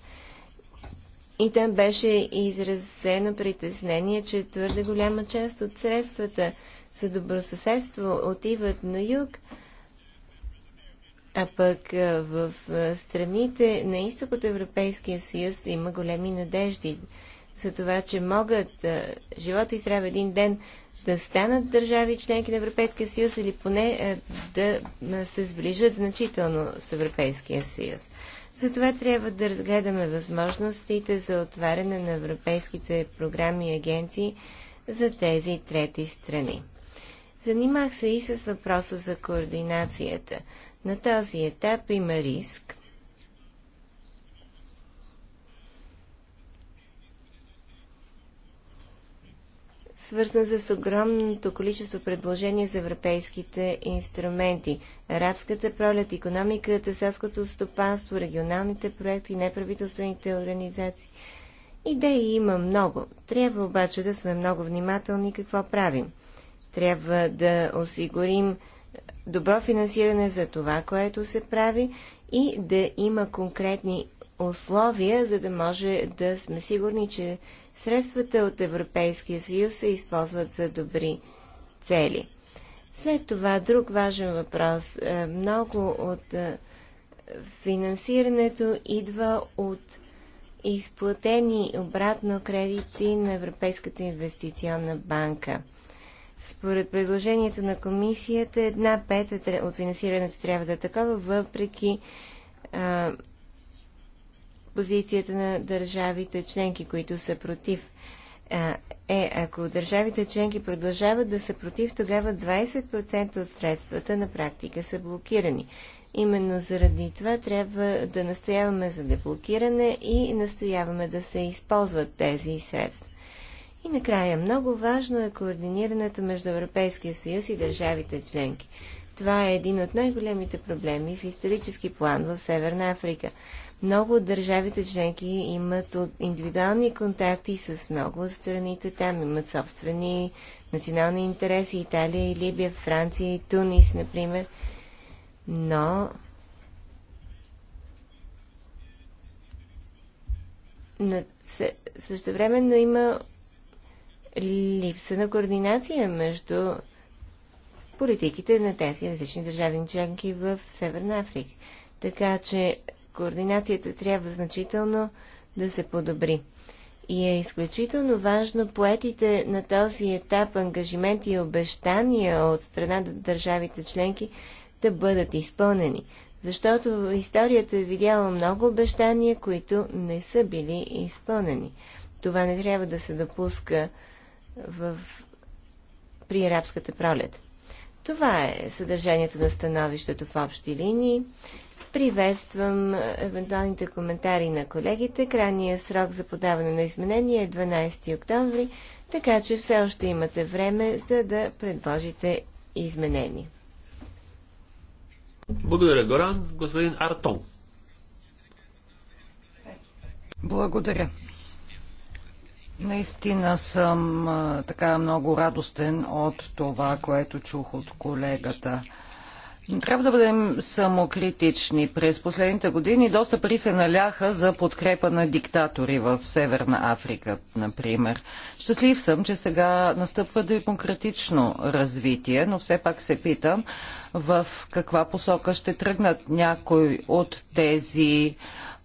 и там беше изразено притеснение, че твърде голяма част от средствата за добросъседство отиват на юг – а пък в страните на изток от Европейския съюз има големи надежди за това, че могат живота и здраве един ден да станат държави членки на Европейския съюз или поне да се сближат значително с Европейския съюз. Затова трябва да разгледаме възможностите за отваряне на европейските програми и агенции за тези трети страни. Занимах се и с въпроса за координацията – на този етап има риск свързан с огромното количество предложения за европейските инструменти. Арабската пролет, економиката, селското стопанство, регионалните проекти, неправителствените организации. Идеи има много. Трябва обаче да сме много внимателни какво правим. Трябва да осигурим добро финансиране за това, което се прави и да има конкретни условия, за да може да сме сигурни, че средствата от Европейския съюз се използват за добри цели. След това друг важен въпрос. Е, много от е, финансирането идва от изплатени обратно кредити на Европейската инвестиционна банка – според предложението на комисията, една пета от финансирането трябва да е такова, въпреки а, позицията на държавите членки, които са против. А, е, ако държавите членки продължават да са против, тогава 20% от средствата на практика са блокирани. Именно заради това трябва да настояваме за деблокиране и настояваме да се използват тези средства. И накрая, много важно е координирането между Европейския съюз и държавите членки. Това е един от най-големите проблеми в исторически план в Северна Африка. Много от държавите членки имат индивидуални контакти с много от страните там, имат собствени национални интереси, Италия и Либия, Франция и Тунис, например. Но същевременно има липса на координация между политиките на тези различни държавни членки в Северна Африка. Така че координацията трябва значително да се подобри. И е изключително важно поетите на този етап ангажименти и обещания от страна на държавите членки да бъдат изпълнени. Защото историята е видяла много обещания, които не са били изпълнени. Това не трябва да се допуска в... при арабската пролет. Това е съдържанието на становището в общи линии. Приветствам е, евентуалните коментари на колегите. Крайният срок за подаване на изменения е 12 октомври, така че все още имате време за да предложите изменения. Благодаря, Горан. Господин Артон. Благодаря. Наистина съм така много радостен от това, което чух от колегата. Трябва да бъдем самокритични. През последните години доста пари се наляха за подкрепа на диктатори в Северна Африка, например. Щастлив съм, че сега настъпва демократично развитие, но все пак се питам в каква посока ще тръгнат някой от тези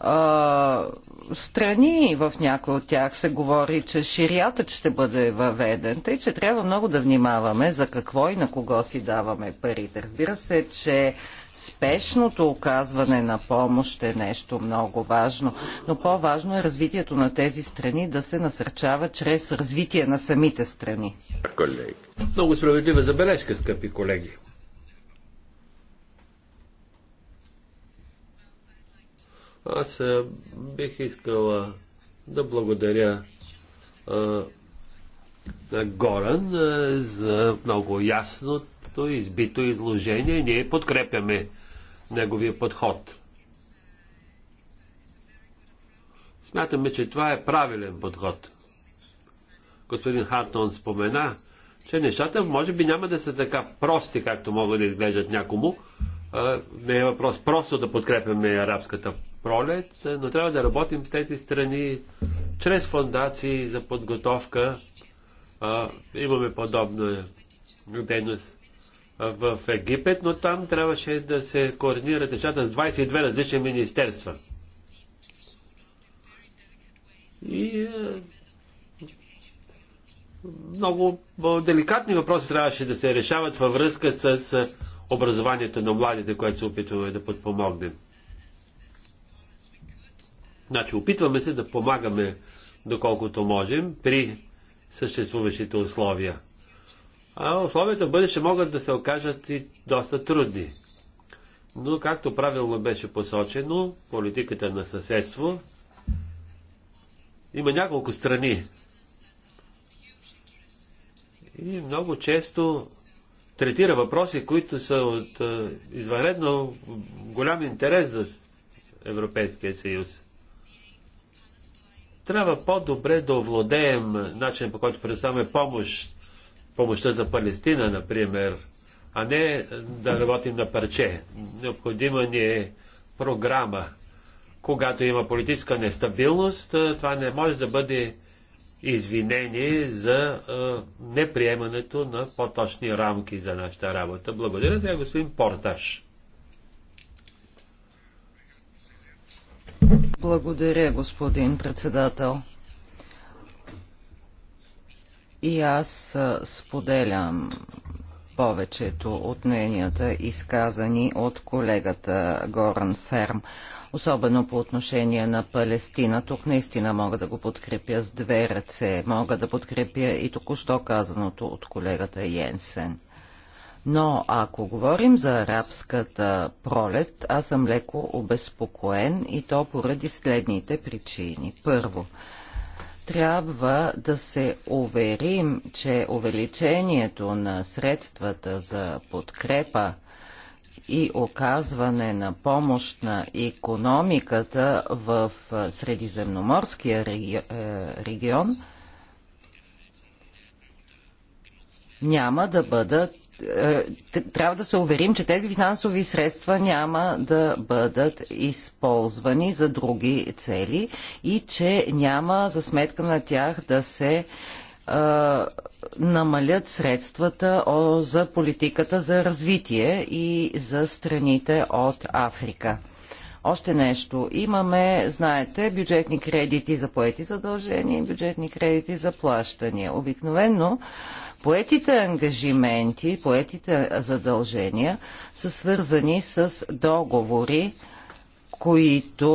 а, страни. В някои от тях се говори, че шириятът ще бъде въведен, тъй че трябва много да внимаваме за какво и на кого си даваме парите. Разбира се, че спешното оказване на помощ е нещо много важно, но по-важно е развитието на тези страни да се насърчава чрез развитие на самите страни. Много справедлива забележка, скъпи колеги. Аз бих искала да благодаря на Горан за много ясното, избито изложение. Ние подкрепяме неговия подход. Смятаме, че това е правилен подход. Господин Хартон спомена, че нещата може би няма да са така прости, както могат да изглеждат някому. не е въпрос просто да подкрепяме арабската пролет, но трябва да работим с тези страни чрез фондации за подготовка. А, имаме подобна дейност в Египет, но там трябваше да се координират нещата с 22 различни министерства. И е, много деликатни въпроси трябваше да се решават във връзка с е, образованието на младите, което се опитваме да подпомогнем. Значи, опитваме се да помагаме доколкото можем при съществуващите условия. А условията в бъдеще могат да се окажат и доста трудни. Но, както правилно беше посочено, политиката на съседство има няколко страни. И много често третира въпроси, които са от извънредно голям интерес за Европейския съюз. Трябва по-добре да овладеем начин по който предоставяме помощ, помощта за Палестина, например, а не да работим на парче. Необходима ни е програма. Когато има политическа нестабилност, това не може да бъде извинение за неприемането на по-точни рамки за нашата работа. Благодаря за господин Порташ. Благодаря, господин председател. И аз споделям повечето от мненията, изказани от колегата Горан Ферм, особено по отношение на Палестина. Тук наистина мога да го подкрепя с две ръце. Мога да подкрепя и току-що казаното от колегата Йенсен – но ако говорим за арабската пролет, аз съм леко обезпокоен и то поради следните причини. Първо, трябва да се уверим, че увеличението на средствата за подкрепа и оказване на помощ на економиката в Средиземноморския е, регион няма да бъдат е, трябва да се уверим, че тези финансови средства няма да бъдат използвани за други цели и че няма за сметка на тях да се е, намалят средствата за политиката за развитие и за страните от Африка. Още нещо. Имаме, знаете, бюджетни кредити за поети задължения и бюджетни кредити за плащания. Обикновенно Поетите ангажименти, поетите задължения са свързани с договори, които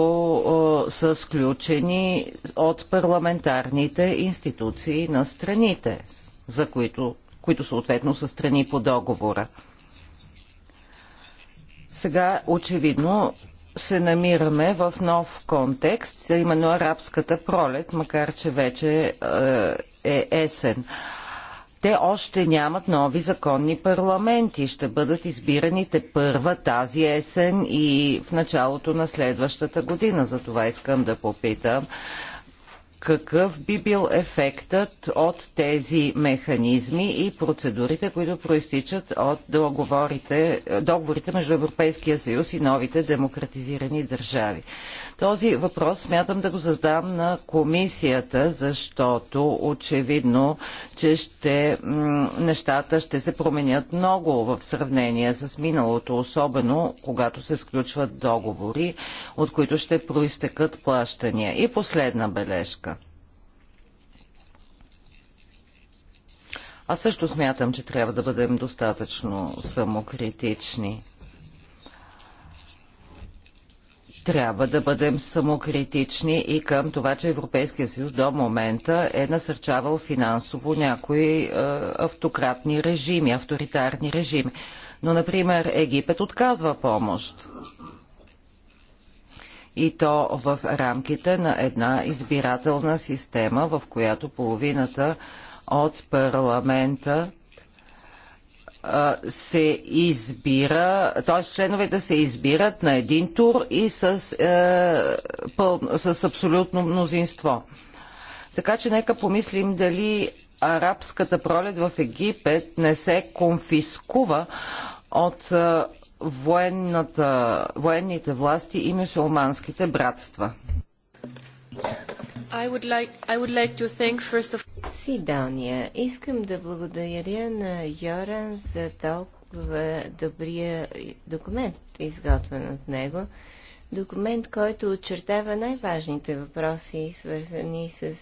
е, са сключени от парламентарните институции на страните, за които, които съответно са страни по договора. Сега очевидно се намираме в нов контекст, именно арабската пролет, макар че вече е, е есен те още нямат нови законни парламенти. Ще бъдат избираните първа тази есен и в началото на следващата година. За това искам да попитам какъв би бил ефектът от тези механизми и процедурите, които проистичат от договорите, между Европейския съюз и новите демократизирани държави. Този въпрос смятам да го задам на комисията, защото очевидно, че ще, нещата ще се променят много в сравнение с миналото, особено когато се сключват договори, от които ще проистекат плащания. И последна бележка. Аз също смятам, че трябва да бъдем достатъчно самокритични. трябва да бъдем самокритични и към това, че Европейския съюз до момента е насърчавал финансово някои е, автократни режими, авторитарни режими. Но, например, Египет отказва помощ. И то в рамките на една избирателна система, в която половината от парламента се избира, т.е. членовете се избират на един тур и с, е, пъл, с абсолютно мнозинство. Така че нека помислим дали арабската пролет в Египет не се конфискува от е, военната, военните власти и мусулманските братства. Сидония, искам да благодаря на Йоран за толкова добрия документ, изготвен от него. Документ, който очертава най-важните въпроси, свързани с,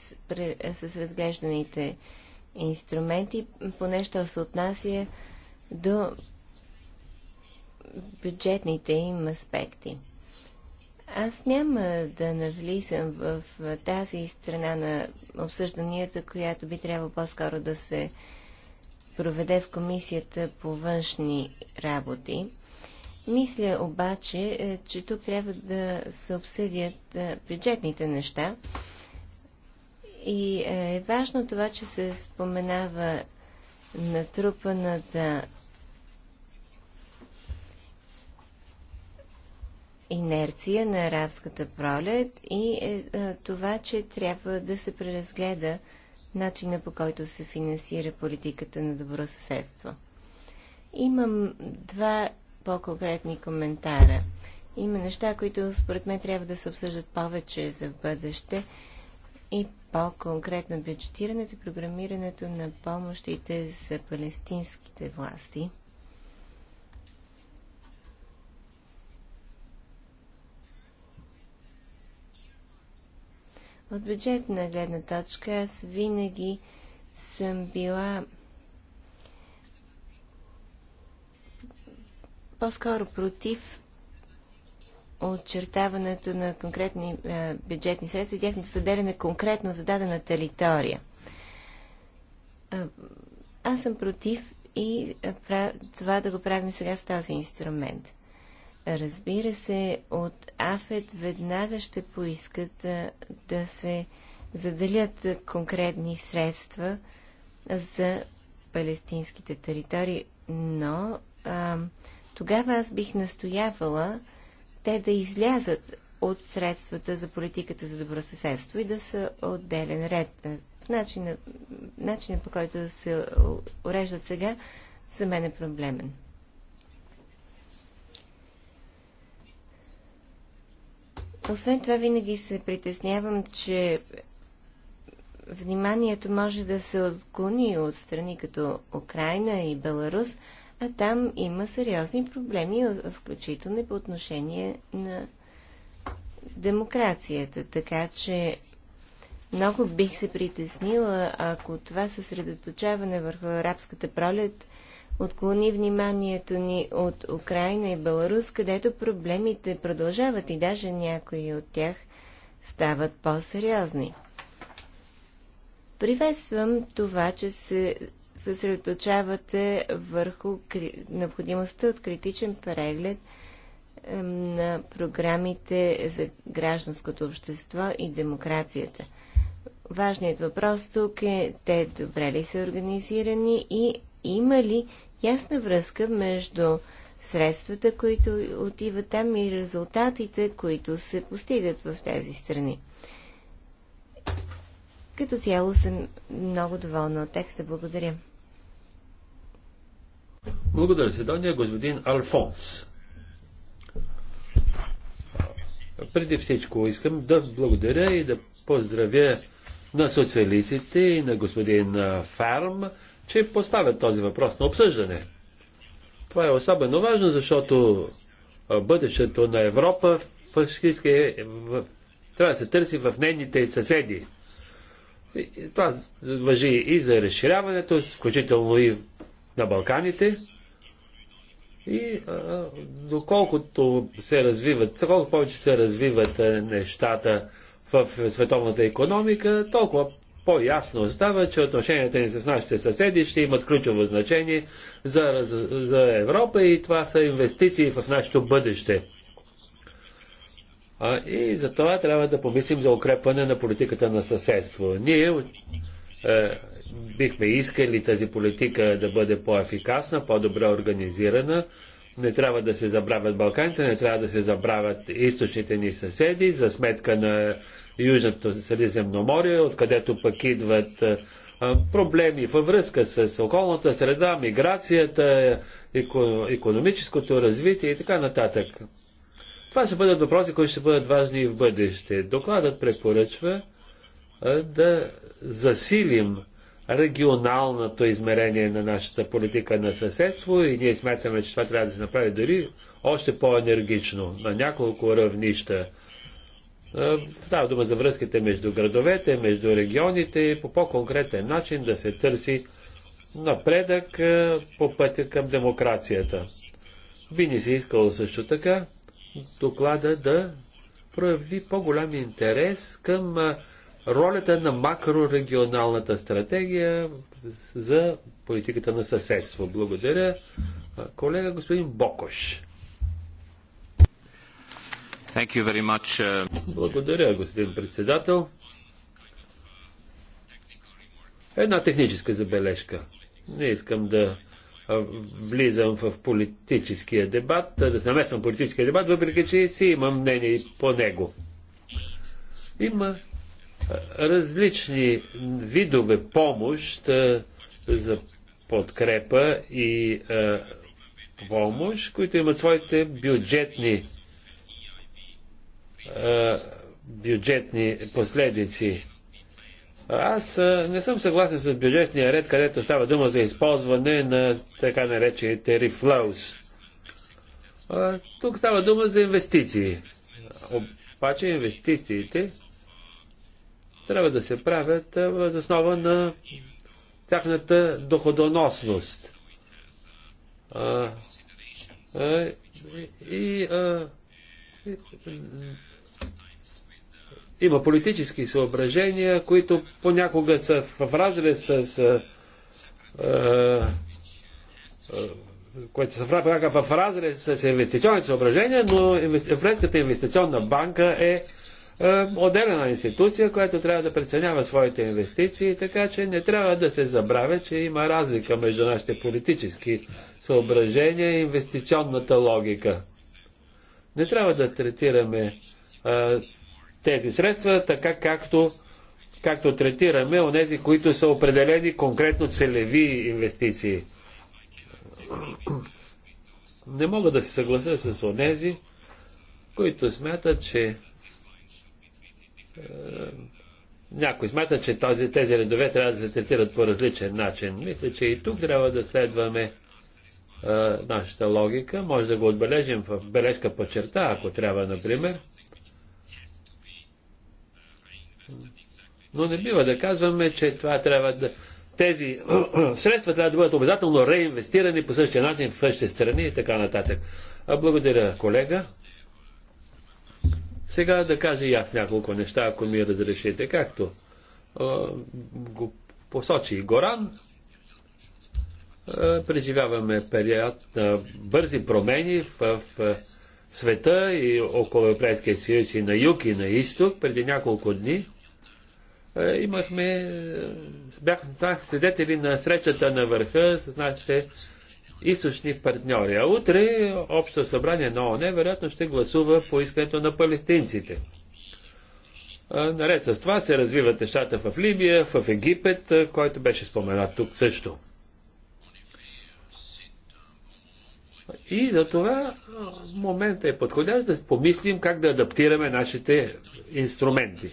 с разглежданите инструменти, поне що се отнася до бюджетните им аспекти. Аз няма да навлизам в тази страна на обсъжданията, която би трябвало по-скоро да се проведе в Комисията по външни работи. Мисля обаче, е, че тук трябва да се обсъдят е, бюджетните неща. И е, е важно това, че се споменава натрупаната инерция на арабската пролет и е, е, това, че трябва да се преразгледа начина по който се финансира политиката на добро съседство. Имам два по-конкретни коментара. Има неща, които според мен трябва да се обсъждат повече за в бъдеще и по-конкретно бюджетирането и програмирането на помощите за палестинските власти – От бюджетна гледна точка аз винаги съм била по-скоро против очертаването на конкретни е, бюджетни средства и тяхното съделяне конкретно за дадена територия. Е, аз съм против и е, това да го правим сега с този инструмент. Разбира се, от Афет веднага ще поискат да се заделят конкретни средства за палестинските територии, но а, тогава аз бих настоявала те да излязат от средствата за политиката за добросъседство и да са отделен ред. Начинът, начинът по който се уреждат сега, за мен е проблемен. Освен това, винаги се притеснявам, че вниманието може да се отклони от страни като Украина и Беларус, а там има сериозни проблеми, включително по отношение на демокрацията. Така че много бих се притеснила, ако това съсредоточаване върху арабската пролет отклони вниманието ни от Украина и Беларус, където проблемите продължават и даже някои от тях стават по-сериозни. Приветствам това, че се съсредоточавате върху необходимостта от критичен преглед на програмите за гражданското общество и демокрацията. Важният въпрос тук е те добре ли са организирани и има ли ясна връзка между средствата, които отиват там и резултатите, които се постигат в тези страни. Като цяло съм много доволна от текста. Благодаря. Благодаря, Седония. Господин Алфонс. Преди всичко искам да благодаря и да поздравя на социалистите и на господин Фарм че поставят този въпрос на обсъждане. Това е особено важно, защото бъдещето на Европа фашистски е, в, трябва да се търси в нейните съседи. И това въжи и за разширяването, включително и на Балканите. И а, доколкото се развиват, колко повече се развиват нещата в световната економика, толкова по-ясно остава, че отношенията ни с нашите съседи ще имат ключово значение за, за Европа и това са инвестиции в нашето бъдеще. А, и за това трябва да помислим за укрепване на политиката на съседство. Ние е, бихме искали тази политика да бъде по-ефикасна, по-добре организирана, не трябва да се забравят Балканите, не трябва да се забравят източните ни съседи за сметка на Южното море, откъдето пък идват проблеми във връзка с околната среда, миграцията, економическото развитие и така нататък. Това ще бъдат въпроси, които ще бъдат важни и в бъдеще. Докладът препоръчва да засилим регионалното измерение на нашата политика на съседство и ние смятаме, че това трябва да се направи дори още по-енергично на няколко равнища. Става дума за връзките между градовете, между регионите и по по-конкретен начин да се търси напредък по пътя към демокрацията. Би ни се искало също така доклада да прояви по-голям интерес към ролята на макрорегионалната стратегия за политиката на съседство. Благодаря. Колега господин Бокош. Thank you very much. Uh, Благодаря, господин председател. Една техническа забележка. Не искам да влизам в политическия дебат, да се намесвам политическия дебат, въпреки че си имам мнение по него. Има различни видове помощ за подкрепа и помощ, които имат своите бюджетни бюджетни последици. Аз не съм съгласен с бюджетния ред, където става дума за използване на така наречените рефлоус. Тук става дума за инвестиции. Обаче инвестициите трябва да се правят въз основа на тяхната доходоносност. А, а, и, а, и, има политически съображения, които понякога са в разрез с. А, а, които са в, в разрез с инвестиционните съображения, но Европейската инвестиционна банка е е, отделена институция, която трябва да преценява своите инвестиции, така че не трябва да се забравя, че има разлика между нашите политически съображения и инвестиционната логика. Не трябва да третираме а, е, тези средства така, както, както третираме онези, които са определени конкретно целеви инвестиции. Не мога да се съглася с онези, които смятат, че е, някой смята, че този, тези редове трябва да се третират по различен начин. Мисля, че и тук трябва да следваме а, е, нашата логика. Може да го отбележим в бележка по черта, ако трябва, например. Но не бива да казваме, че това трябва да. Тези средства трябва да бъдат обязателно реинвестирани по същия начин в същите страни и така нататък. А благодаря, колега. Сега да кажа и аз няколко неща, ако ми разрешите, както а, го посочи Горан. А, преживяваме период на бързи промени в, в света и около Европейския съюз и на юг и на изток. Преди няколко дни а, имахме, бяхме свидетели на срещата на върха с нашите източни партньори. А утре Общо събрание на ОНЕ вероятно ще гласува по искането на палестинците. наред с това се развиват нещата в Либия, в Египет, който беше споменат тук също. И за това момента е подходящ да помислим как да адаптираме нашите инструменти.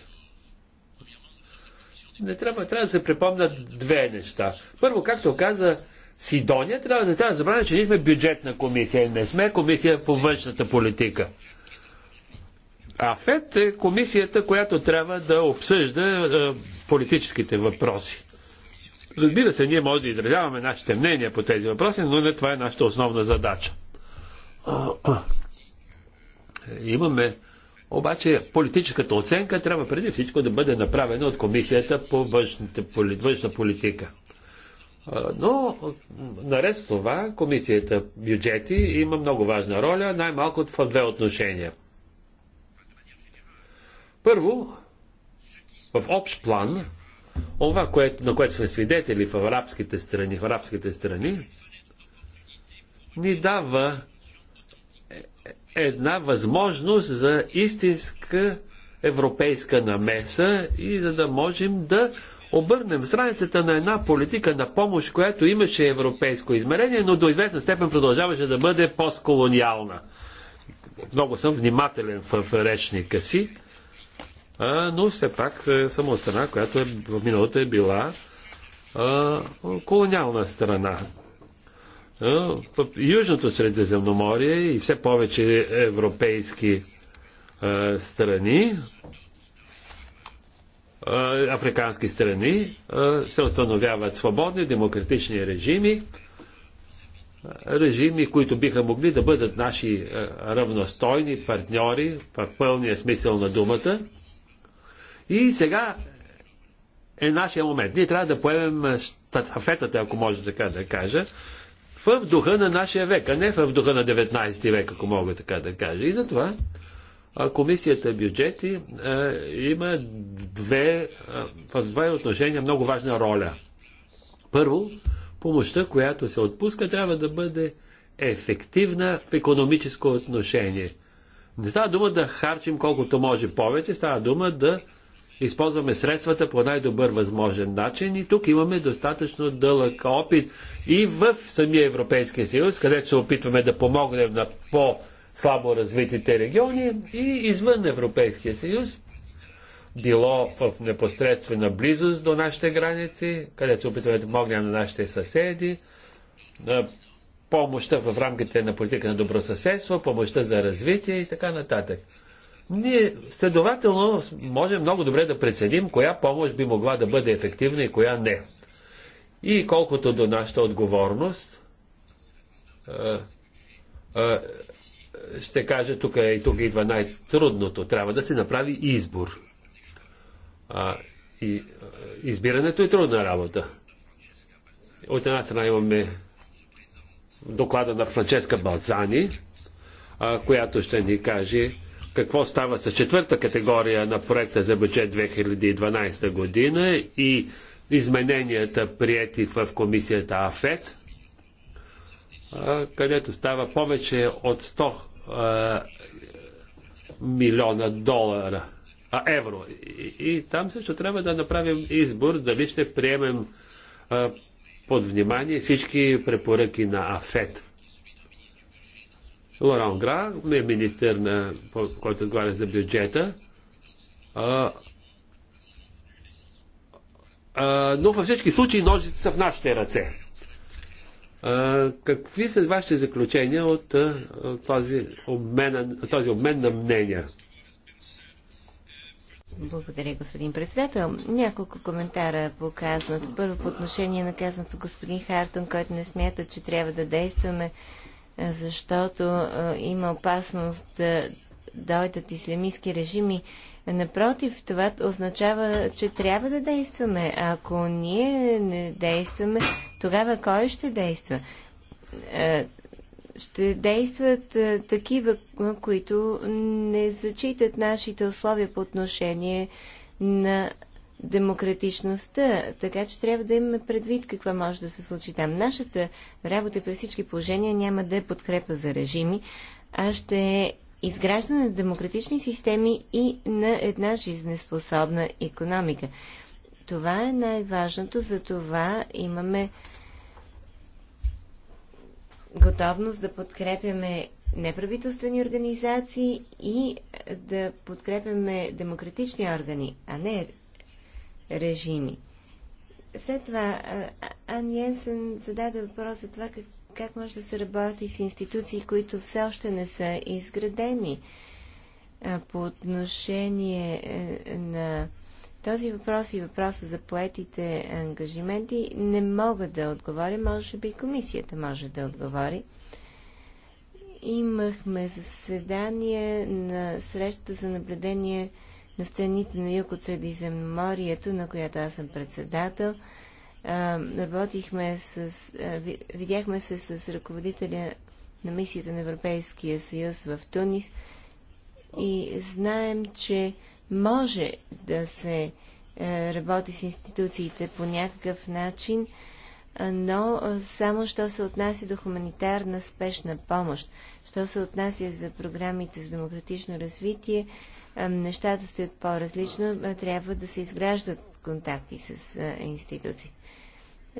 Не трябва, трябва да се припомнят две неща. Първо, както каза Сидония, трябва, да трябва да забравя, че ние сме бюджетна комисия, не сме комисия по външната политика. А ФЕД е комисията, която трябва да обсъжда е, политическите въпроси. Разбира се, ние може да изразяваме нашите мнения по тези въпроси, но не това е нашата основна задача. Имаме обаче политическата оценка трябва преди всичко да бъде направена от комисията по външната, външна политика. Но, наред с това, комисията бюджети има много важна роля, най-малко в две отношения. Първо, в общ план, това, което, на което сме свидетели в арабските страни, в арабските страни, ни дава е, е, една възможност за истинска европейска намеса и за да можем да обърнем страницата на една политика на помощ, която имаше европейско измерение, но до известна степен продължаваше да бъде постколониална. Много съм внимателен в речника си, но все пак е, съм от страна, която е, в миналото е била колониална страна. В Южното Средиземноморие и все повече европейски страни африкански страни се установяват свободни демократични режими, режими, които биха могли да бъдат наши равностойни партньори в пълния смисъл на думата. И сега е нашия момент. Ние трябва да поемем штафетата, ако може така да кажа, в духа на нашия век, а не в духа на 19 век, ако мога така да кажа. И затова комисията бюджети е, има две, е, в две отношения много важна роля. Първо, помощта, която се отпуска, трябва да бъде ефективна в економическо отношение. Не става дума да харчим колкото може повече, става дума да използваме средствата по най-добър възможен начин и тук имаме достатъчно дълъг опит и в самия Европейския съюз, където се опитваме да помогнем на по- слабо развитите региони и извън Европейския съюз, било в непосредствена близост до нашите граници, където се опитваме да помогнем на нашите съседи, на помощта в рамките на политика на добросъседство, помощта за развитие и така нататък. Ние следователно можем много добре да преценим коя помощ би могла да бъде ефективна и коя не. И колкото до нашата отговорност, ще кажа, тук, е, и тук идва най-трудното. Трябва да се направи избор. А, и, избирането е трудна работа. От една страна имаме доклада на Франческа Балзани, а, която ще ни каже какво става с четвърта категория на проекта за бюджет 2012 година и измененията прияти в комисията АФЕТ, където става повече от 100 а, е, милиона долара, а, евро. И, и там също трябва да направим избор дали ще приемем а, е, под внимание всички препоръки на АФЕТ. Лоран Гра е министър, на, който отговаря за бюджета. А, а, но във всички случаи ножите са в нашите ръце. Какви са вашите заключения от този обмен, този обмен на мнения? Благодаря, господин председател. Няколко коментара по казаното. Първо по отношение на казаното господин Хартон, който не смята, че трябва да действаме, защото има опасност да дойдат ислямистски режими Напротив, това означава, че трябва да действаме. Ако ние не действаме, тогава кой ще действа? Е, ще действат е, такива, които не зачитат нашите условия по отношение на демократичността, така че трябва да имаме предвид каква може да се случи там. Нашата работа при всички положения няма да е подкрепа за режими, а ще е изграждане на демократични системи и на една жизнеспособна економика. Това е най-важното, за това имаме готовност да подкрепяме неправителствени организации и да подкрепяме демократични органи, а не режими. След това Ан Йенсен зададе въпрос за това как, как може да се работи с институции, които все още не са изградени. По отношение е, на този въпрос и въпроса за поетите ангажименти не мога да отговоря, може би и комисията може да отговори. Имахме заседание на срещата за наблюдение на страните на юг от Средиземноморието, на която аз съм председател работихме с, видяхме се с ръководителя на мисията на Европейския съюз в Тунис и знаем, че може да се работи с институциите по някакъв начин, но само що се отнася до хуманитарна спешна помощ, що се отнася за програмите за демократично развитие, нещата стоят по-различно, трябва да се изграждат контакти с институциите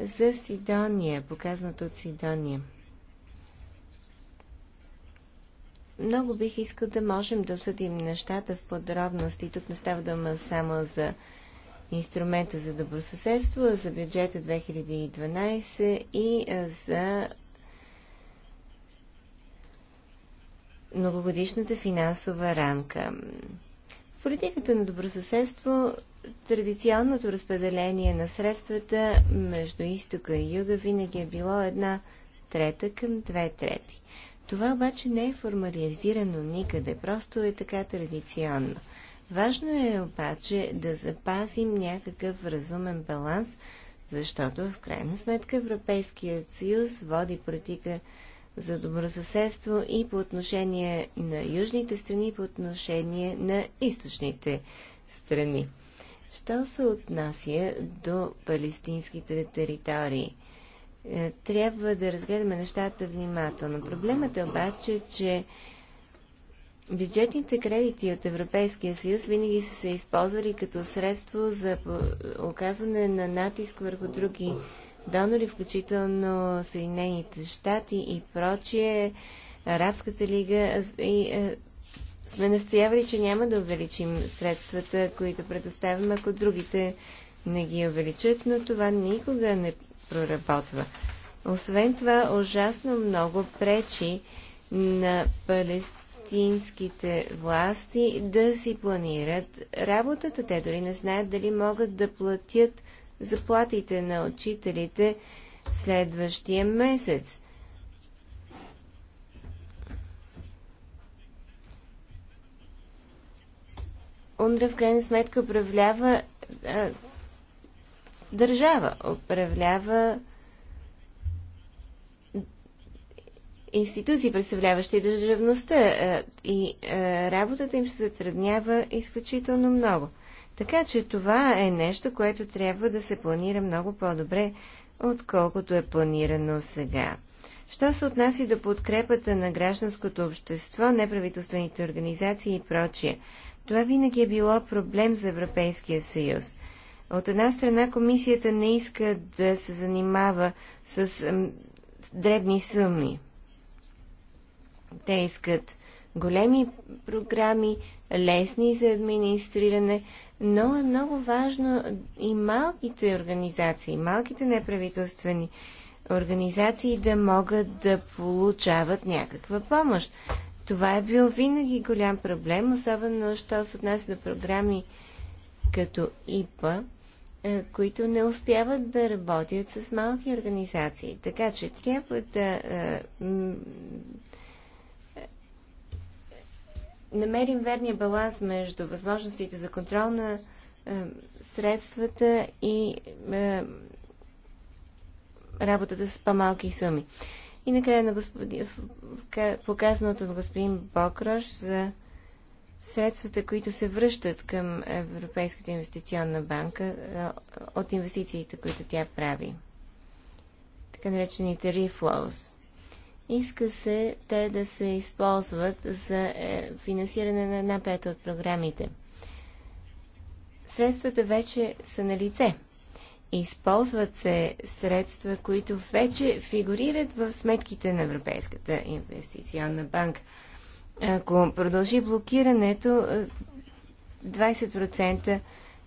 за Сидония, показаното от Сидония. Много бих искал да можем да обсъдим нещата в подробности. Тук не става дума само за инструмента за добросъседство, за бюджета 2012 и за многогодишната финансова рамка. В политиката на добросъседство традиционното разпределение на средствата между изтока и юга винаги е било една трета към две трети. Това обаче не е формализирано никъде, просто е така традиционно. Важно е обаче да запазим някакъв разумен баланс, защото в крайна сметка Европейският съюз води политика за добросъседство и по отношение на южните страни, и по отношение на източните страни. Що се отнася до палестинските територии? Е, трябва да разгледаме нещата внимателно. Проблемът е обаче, че бюджетните кредити от Европейския съюз винаги са се използвали като средство за оказване на натиск върху други донори, включително Съединените щати и прочие, Арабската лига и е, сме настоявали, че няма да увеличим средствата, които предоставяме, ако другите не ги увеличат, но това никога не проработва. Освен това, ужасно много пречи на палестинските власти да си планират работата. Те дори не знаят дали могат да платят заплатите на учителите следващия месец. Ундра в крайна сметка управлява а, държава, управлява институции, представляващи държавността а, и а, работата им ще се затруднява изключително много. Така че това е нещо, което трябва да се планира много по-добре, отколкото е планирано сега. Що се отнася до подкрепата на гражданското общество, неправителствените организации и прочие, това винаги е било проблем за Европейския съюз. От една страна комисията не иска да се занимава с дребни суми. Те искат големи програми, лесни за администриране, но е много важно и малките организации, малките неправителствени организации да могат да получават някаква помощ. Това е бил винаги голям проблем, особено що се отнася до програми като ИПА, е, които не успяват да работят с малки организации. Така че трябва да е, е, намерим верния баланс между възможностите за контрол на средствата и работата с по-малки суми. И накрая на господи... показаното от господин Бокрош за средствата, които се връщат към Европейската инвестиционна банка от инвестициите, които тя прави. Така наречените reflows. Иска се те да се използват за е, финансиране на една пета от програмите. Средствата вече са на лице – Използват се средства, които вече фигурират в сметките на Европейската инвестиционна банка. Ако продължи блокирането, 20% е,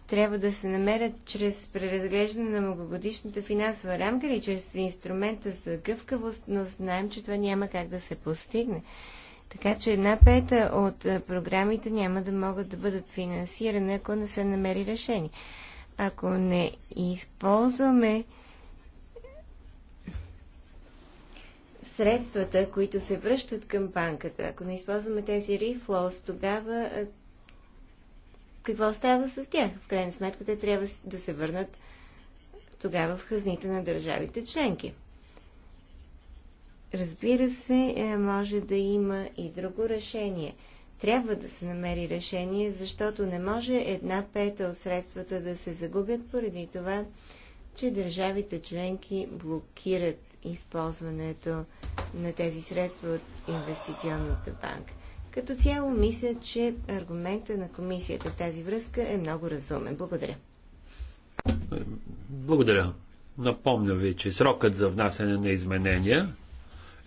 трябва да се намерят чрез преразглеждане на многогодишната финансова рамка или чрез инструмента за гъвкавост, но знаем, че това няма как да се постигне. Така че една пета от е, програмите няма да могат да бъдат финансирани, ако не се намери решение. Ако не използваме средствата, които се връщат към банката, ако не използваме тези рефлоус, тогава какво става с тях? В крайна сметка те трябва да се върнат тогава в хазните на държавите членки. Разбира се, е, може да има и друго решение – трябва да се намери решение, защото не може една пета от средствата да се загубят поради това, че държавите членки блокират използването на тези средства от инвестиционната банка. Като цяло мисля, че аргумента на комисията в тази връзка е много разумен. Благодаря. Благодаря. Напомня ви, че срокът за внасяне на изменения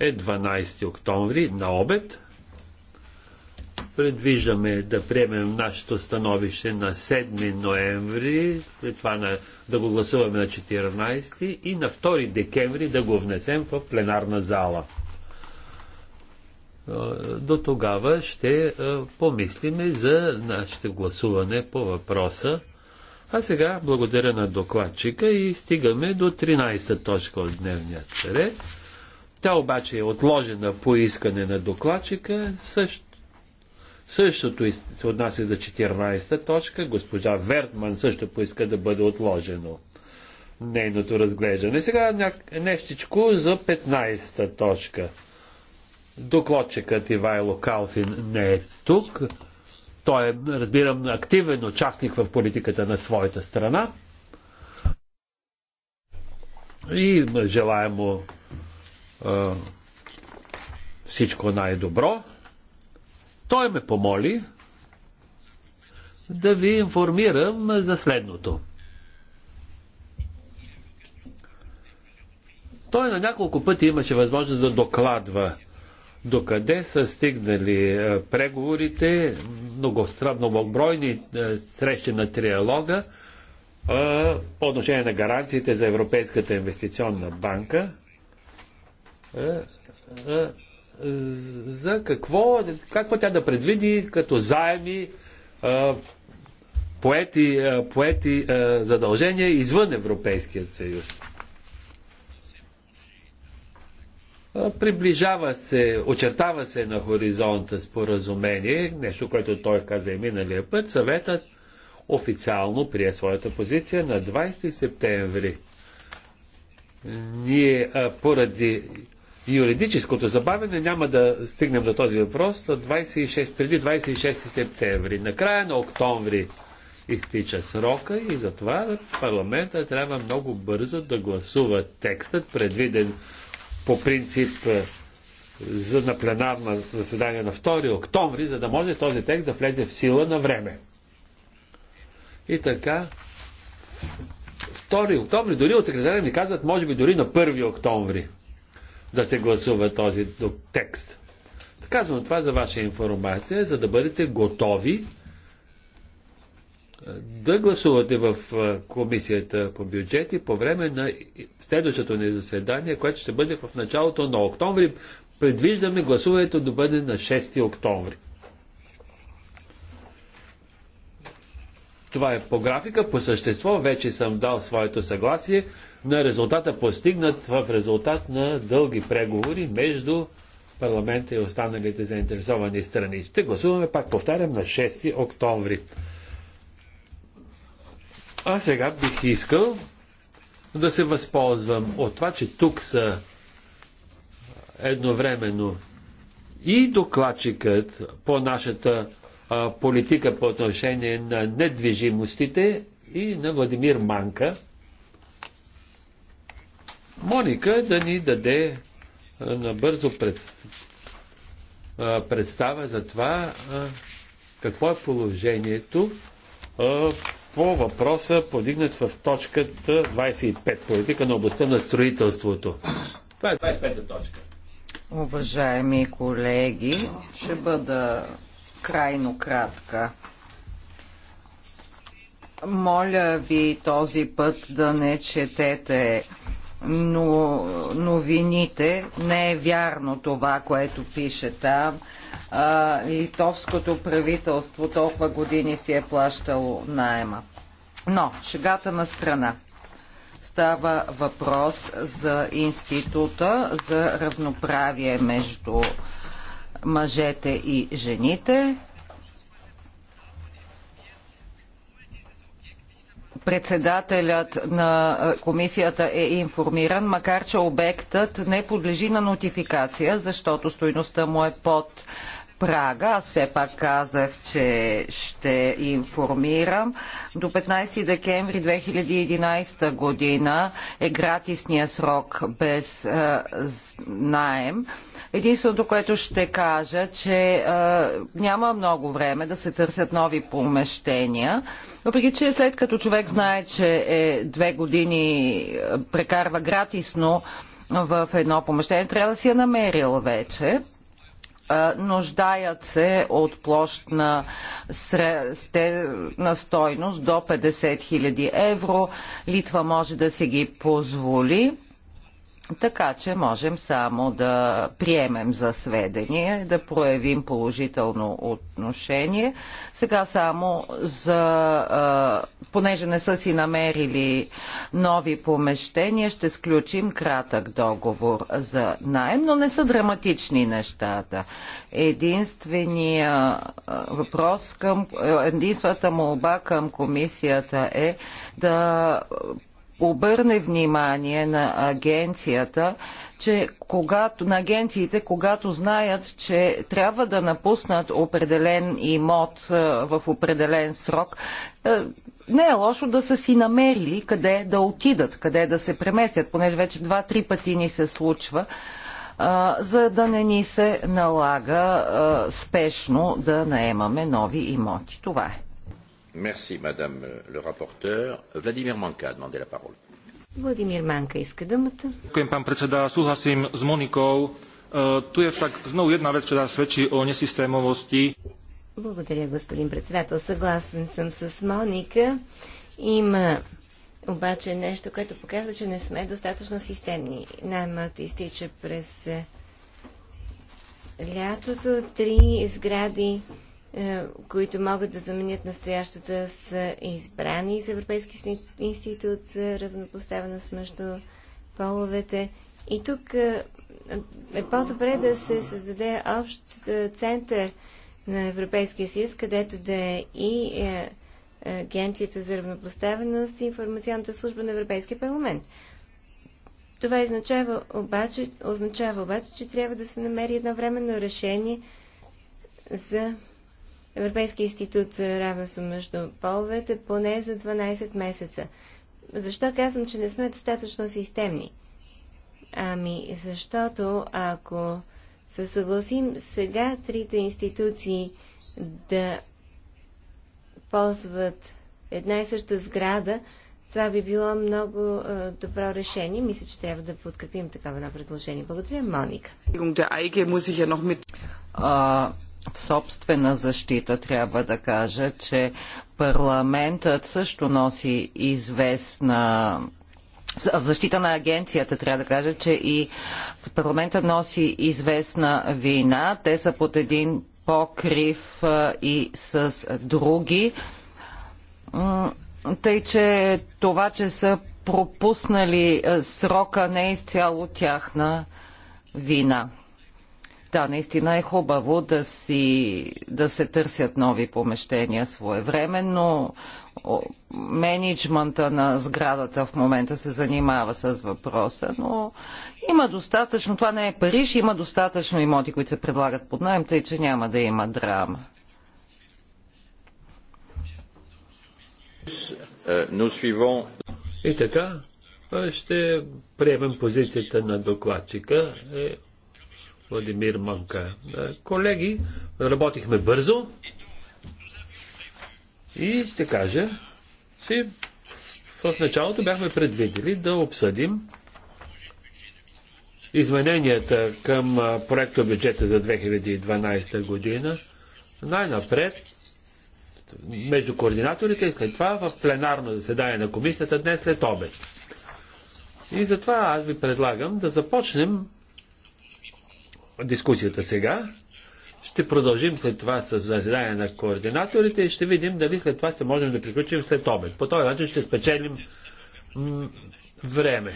е 12 октомври на обед Предвиждаме да приемем нашето становище на 7 ноември, е това на, да го гласуваме на 14 и на 2 декември да го внесем в пленарна зала. До тогава ще помислиме за нашето гласуване по въпроса. А сега благодаря на докладчика и стигаме до 13-та точка от дневния ред. Тя обаче е отложена по искане на докладчика също Същото се отнася за 14-та точка. Госпожа Вертман също поиска да бъде отложено нейното разглеждане. Сега нещичко за 15-та точка. Докладчикът Ивайло Калфин не е тук. Той е, разбирам, активен участник в политиката на своята страна. И желая му е, всичко най-добро. Той ме помоли да ви информирам за следното. Той на няколко пъти имаше възможност да докладва докъде са стигнали е, преговорите, многобройни е, срещи на триалога е, по отношение на гаранциите за Европейската инвестиционна банка за какво, какво тя да предвиди като заеми, поети, поети задължения извън Европейския съюз. Приближава се, очертава се на хоризонта споразумение, нещо, което той каза и миналия път. Съветът официално прие своята позиция на 20 септември. Ние поради юридическото забавене, няма да стигнем до този въпрос 26, преди 26 септември. Накрая на октомври изтича срока и затова парламента трябва много бързо да гласува текстът, предвиден по принцип е, за на пленарна заседание на 2 октомври, за да може този текст да влезе в сила на време. И така, 2 октомври, дори от секретаря ми казват, може би дори на 1 октомври да се гласува този текст. Казвам това за ваша информация, за да бъдете готови е, да гласувате в е, комисията по бюджети по време на следващото ни заседание, което ще бъде в началото на октомври. Предвиждаме гласуването да бъде на 6 октомври. Това е по графика. По същество вече съм дал своето съгласие на резултата постигнат в резултат на дълги преговори между парламента и останалите заинтересовани страни. Ще гласуваме, пак повтарям, на 6 октомври. А сега бих искал да се възползвам от това, че тук са едновременно и докладчикът по нашата а, политика по отношение на недвижимостите и на Владимир Манка – Моника да ни даде набързо пред, представа за това какво е положението по въпроса, подигнат в точката 25, политика на областта на строителството. Това е 25-та точка. Уважаеми колеги, ще бъда крайно кратка. Моля ви този път да не четете но, новините. Не е вярно това, което пише там. А, литовското правителство толкова години си е плащало найема. Но, шегата на страна. Става въпрос за института за равноправие между мъжете и жените председателят на комисията е информиран, макар че обектът не подлежи на нотификация, защото стоиността му е под прага. Аз все пак казах, че ще информирам. До 15 декември 2011 година е гратисния срок без е, наем. Единственото, което ще кажа, че е, няма много време да се търсят нови помещения, въпреки че след като човек знае, че е две години прекарва гратисно в едно помещение, трябва да си я намерил вече нуждаят се от площ на, на стойност до 50 000 евро. Литва може да си ги позволи. Така че можем само да приемем за сведение, да проявим положително отношение. Сега само за, понеже не са си намерили нови помещения, ще сключим кратък договор за найем, но не са драматични нещата. Единствения въпрос към, единствената молба към комисията е да обърне внимание на агенцията, че когато, на агенциите, когато знаят, че трябва да напуснат определен имот е, в определен срок, е, не е лошо да са си намерили къде да отидат, къде да се преместят, понеже вече два-три пъти ни се случва, е, за да не ни се налага спешно да наемаме нови имоти. Това е. Мерси, мадам ле рапортер. Владимир Манка даде ла парол. Владимир Манка иска думата. Ďakujem, pán predseda. Súhlasím s Monikou. E, tu je však znovu jedna vec, ktorá svedčí o nesystémovosti. Благодаря, господин председател. Съгласен съм с Моника. Има обаче нещо, което показва, че не сме достатъчно системни. Наймът изтича през е, лятото. Три сгради е, които могат да заменят настоящата, са избрани с Европейски институт за равнопоставеност между половете. И тук е, е по-добре да се създаде общ е, център на Европейския съюз, където да е и Агенцията за равнопоставеност и Информационната служба на Европейския парламент. Това означава обаче, означава обаче, че трябва да се намери едно временно решение за Европейския институт за равенство между половете поне за 12 месеца. Защо казвам, че не сме достатъчно системни? Ами, защото ако се съгласим сега трите институции да ползват една и съща сграда, това би било много uh, добро решение. Мисля, че трябва да подкрепим такава на предложение. Благодаря, Моника. Uh, в собствена защита трябва да кажа, че парламентът също носи известна в защита на агенцията трябва да кажа, че и парламента носи известна вина. Те са под един покрив е, и с други тъй, че това, че са пропуснали е, срока, не е изцяло тяхна вина. Да, наистина е хубаво да, си, да се търсят нови помещения своевременно. Менеджмента на сградата в момента се занимава с въпроса, но има достатъчно, това не е Париж, има достатъчно имоти, които се предлагат под найем, тъй че няма да има драма. И така, ще приемем позицията на докладчика е Владимир Манка. Колеги, работихме бързо и ще кажа, че в началото бяхме предвидели да обсъдим измененията към проекто бюджета за 2012 година. Най-напред между координаторите и след това в пленарно заседание на комисията днес след обед. И затова аз ви предлагам да започнем дискусията сега. Ще продължим след това с заседание на координаторите и ще видим дали след това ще можем да приключим след обед. По този начин ще спечелим време.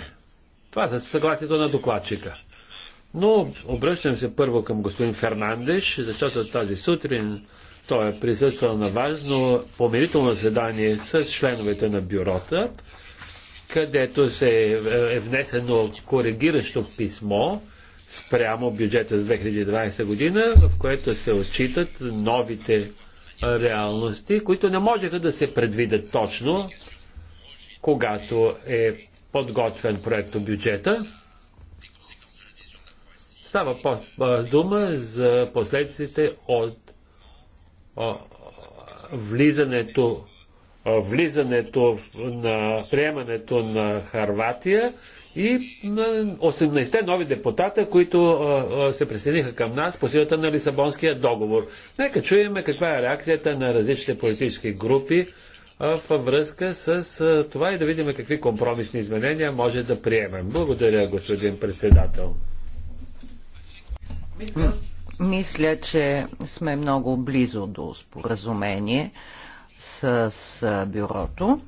Това с съгласието на докладчика. Но обръщам се първо към господин Фернандеш, защото тази сутрин той е присъствал на важно помирително заседание с членовете на бюрота, където се е, е внесено коригиращо писмо спрямо бюджета за 2012 година, в което се отчитат новите реалности, които не можеха да се предвидят точно, когато е подготвен проект бюджета. Става по дума за последствите от влизането, влизането на приемането на Харватия и 18-те нови депутата, които се присъединиха към нас по силата на Лисабонския договор. Нека чуем каква е реакцията на различните политически групи във връзка с това и да видим какви компромисни изменения може да приемем. Благодаря, господин председател. Мисля, че сме много близо до споразумение с бюрото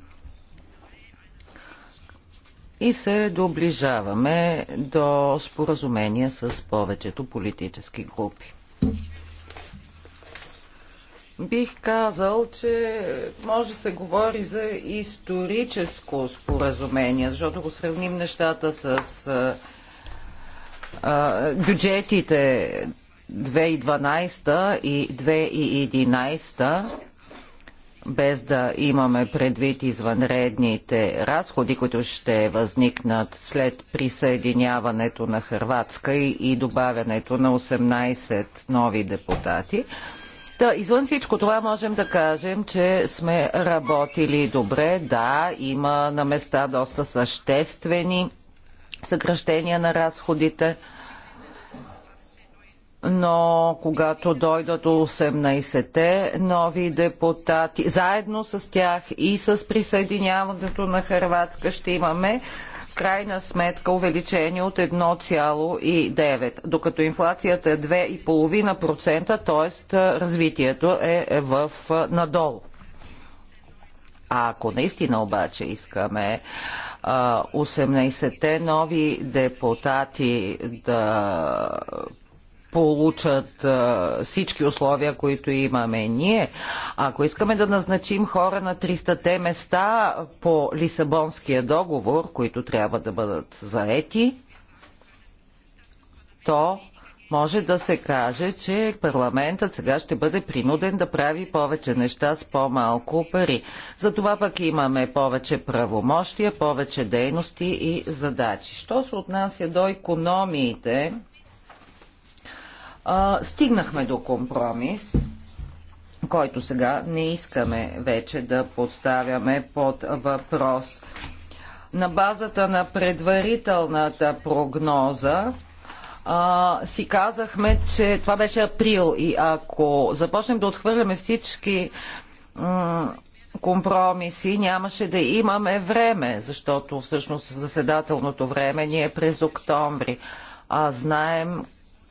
и се доближаваме до споразумение с повечето политически групи. Бих казал, че може да се говори за историческо споразумение, защото го сравним нещата с а, бюджетите 2012 и 2011 без да имаме предвид извънредните разходи, които ще възникнат след присъединяването на Хрватска и, добавянето на 18 нови депутати. да, извън всичко това можем да кажем, че сме работили добре. Да, има на места доста съществени съкръщения на разходите но когато дойдат 18-те нови депутати, заедно с тях и с присъединяването на Харватска ще имаме в крайна сметка увеличение от 1,9, докато инфлацията е 2,5%, т.е. развитието е в надолу. А ако наистина обаче искаме 18-те нови депутати да получат а, всички условия, които имаме ние. Ако искаме да назначим хора на 300-те места по Лисабонския договор, които трябва да бъдат заети, то може да се каже, че парламентът сега ще бъде принуден да прави повече неща с по-малко пари. Затова пък имаме повече правомощия, повече дейности и задачи. Що се отнася до економиите, а, стигнахме до компромис, който сега не искаме вече да подставяме под въпрос. На базата на предварителната прогноза, а, си казахме, че това беше април и ако започнем да отхвърляме всички компромиси, нямаше да имаме време, защото всъщност заседателното време ни е през октомври. А знаем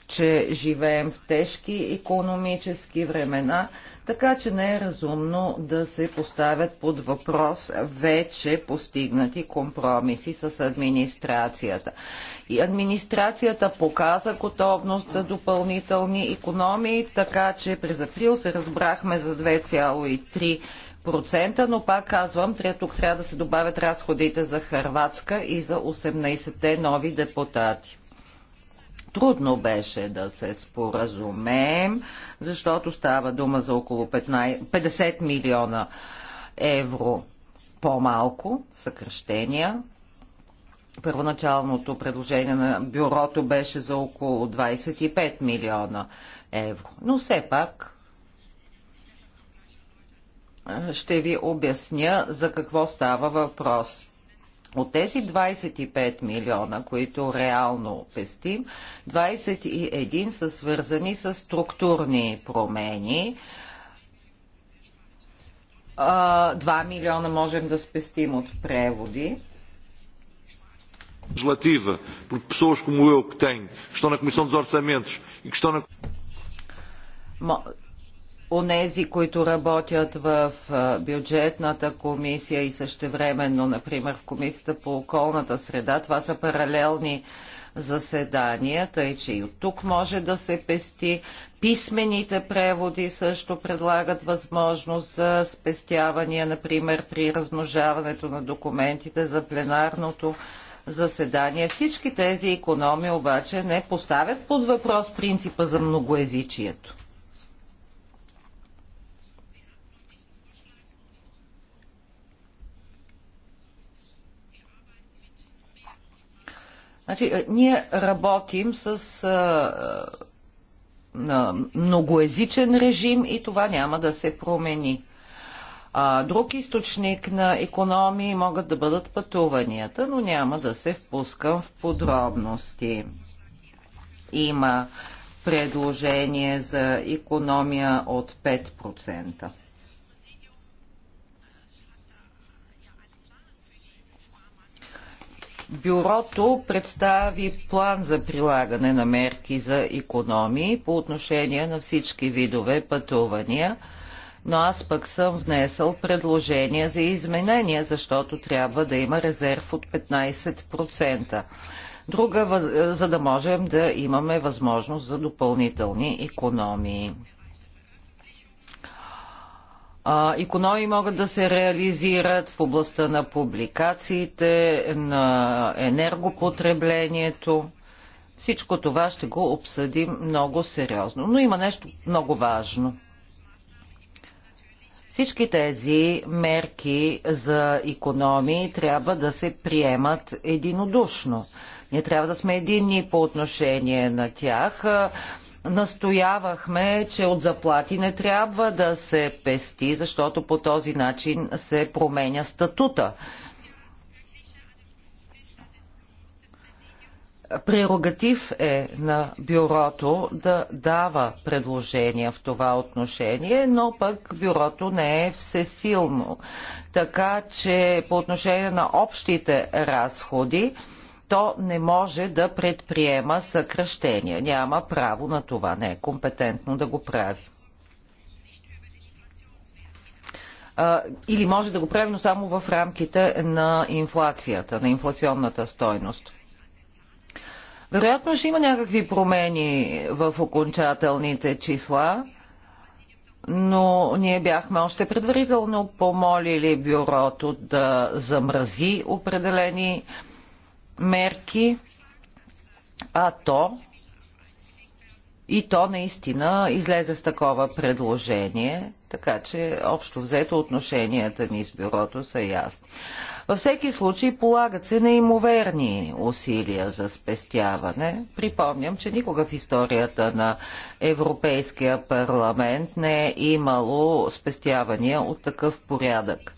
че живеем в тежки економически времена, така че не е разумно да се поставят под въпрос вече постигнати компромиси с администрацията. И администрацията показа готовност за допълнителни економии, така че през април се разбрахме за 2,3 процента, но пак казвам, тук трябва да се добавят разходите за Харватска и за 18-те нови депутати. Трудно беше да се споразумеем, защото става дума за около 15, 50 милиона евро по-малко съкръщения. Първоначалното предложение на бюрото беше за около 25 милиона евро. Но все пак ще ви обясня за какво става въпрос. От тези 25 милиона, които реално пестим, 21 са свързани с структурни промени. 2 милиона можем да спестим от преводи. Legislativa, porque pessoas como eu que tenho, que estão na Comissão dos Orçamentos e que estão na онези, които работят в бюджетната комисия и същевременно, например, в комисията по околната среда. Това са паралелни заседания, тъй че и от тук може да се пести. Писмените преводи също предлагат възможност за спестявания, например, при размножаването на документите за пленарното заседание. Всички тези економи обаче не поставят под въпрос принципа за многоезичието. Значи, е, ние работим с а, е, на многоезичен режим и това няма да се промени. А, друг източник на економии могат да бъдат пътуванията, но няма да се впускам в подробности. Има предложение за економия от 5%. Бюрото представи план за прилагане на мерки за економии по отношение на всички видове пътувания, но аз пък съм внесъл предложение за изменение, защото трябва да има резерв от 15%. Друга, за да можем да имаме възможност за допълнителни економии. Икономии могат да се реализират в областта на публикациите, на енергопотреблението. Всичко това ще го обсъдим много сериозно. Но има нещо много важно. Всички тези мерки за економии трябва да се приемат единодушно. Ние трябва да сме единни по отношение на тях настоявахме, че от заплати не трябва да се пести, защото по този начин се променя статута. Прерогатив е на бюрото да дава предложения в това отношение, но пък бюрото не е всесилно. Така че по отношение на общите разходи, то не може да предприема съкръщения. Няма право на това. Не е компетентно да го прави. Или може да го прави, но само в рамките на инфлацията, на инфлационната стойност. Вероятно ще има някакви промени в окончателните числа, но ние бяхме още предварително помолили бюрото да замрази определени мерки, а то и то наистина излезе с такова предложение, така че общо взето отношенията ни с бюрото са ясни. Във всеки случай полагат се неимоверни усилия за спестяване. Припомням, че никога в историята на Европейския парламент не е имало спестявания от такъв порядък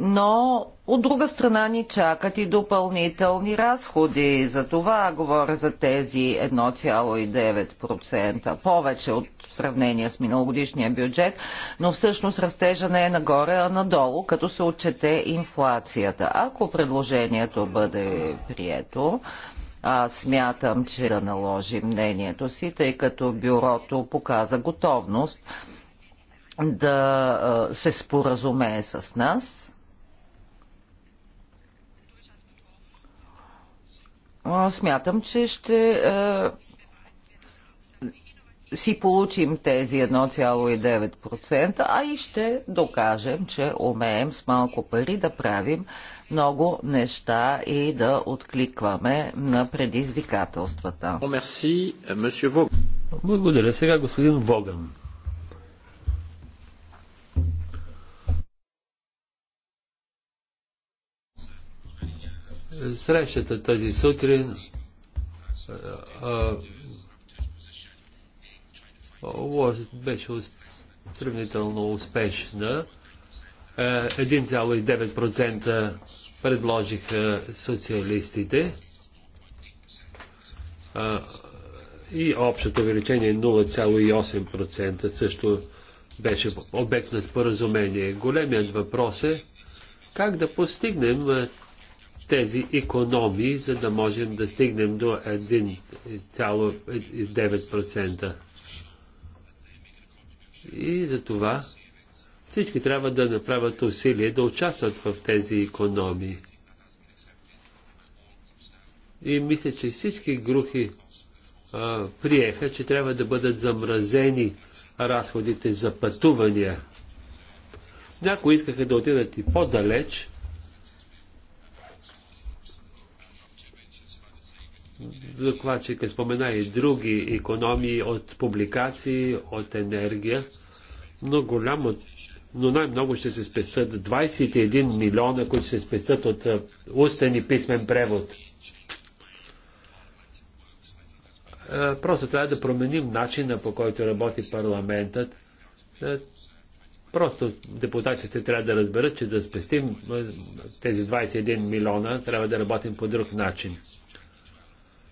но от друга страна ни чакат и допълнителни разходи. За това говоря за тези 1,9% повече от в сравнение с миналогодишния бюджет, но всъщност растежа не е нагоре, а надолу, като се отчете инфлацията. Ако предложението бъде прието, аз смятам, че да наложи мнението си, тъй като бюрото показа готовност да се споразумее с нас смятам, че ще е, си получим тези 1,9%, а и ще докажем, че умеем с малко пари да правим много неща и да откликваме на предизвикателствата. Е, Благодаря. Сега господин Воган. срещата тази сутрин беше сравнително успешна. 1,9% е, предложиха социалистите и общото увеличение 0,8% е също беше обект на споразумение. Големият въпрос е как да постигнем тези економии, за да можем да стигнем до 1,9%. И за това всички трябва да направят усилие да участват в тези економии. И мисля, че всички групи а, приеха, че трябва да бъдат замразени разходите за пътувания. Някои искаха да отидат и по-далеч, докладчика спомена и други економии от публикации, от енергия, но голямо, но най-много ще се спестят 21 милиона, които ще се спестят от устен и писмен превод. Просто трябва да променим начина по който работи парламентът. Просто депутатите трябва да разберат, че да спестим тези 21 милиона, трябва да работим по друг начин.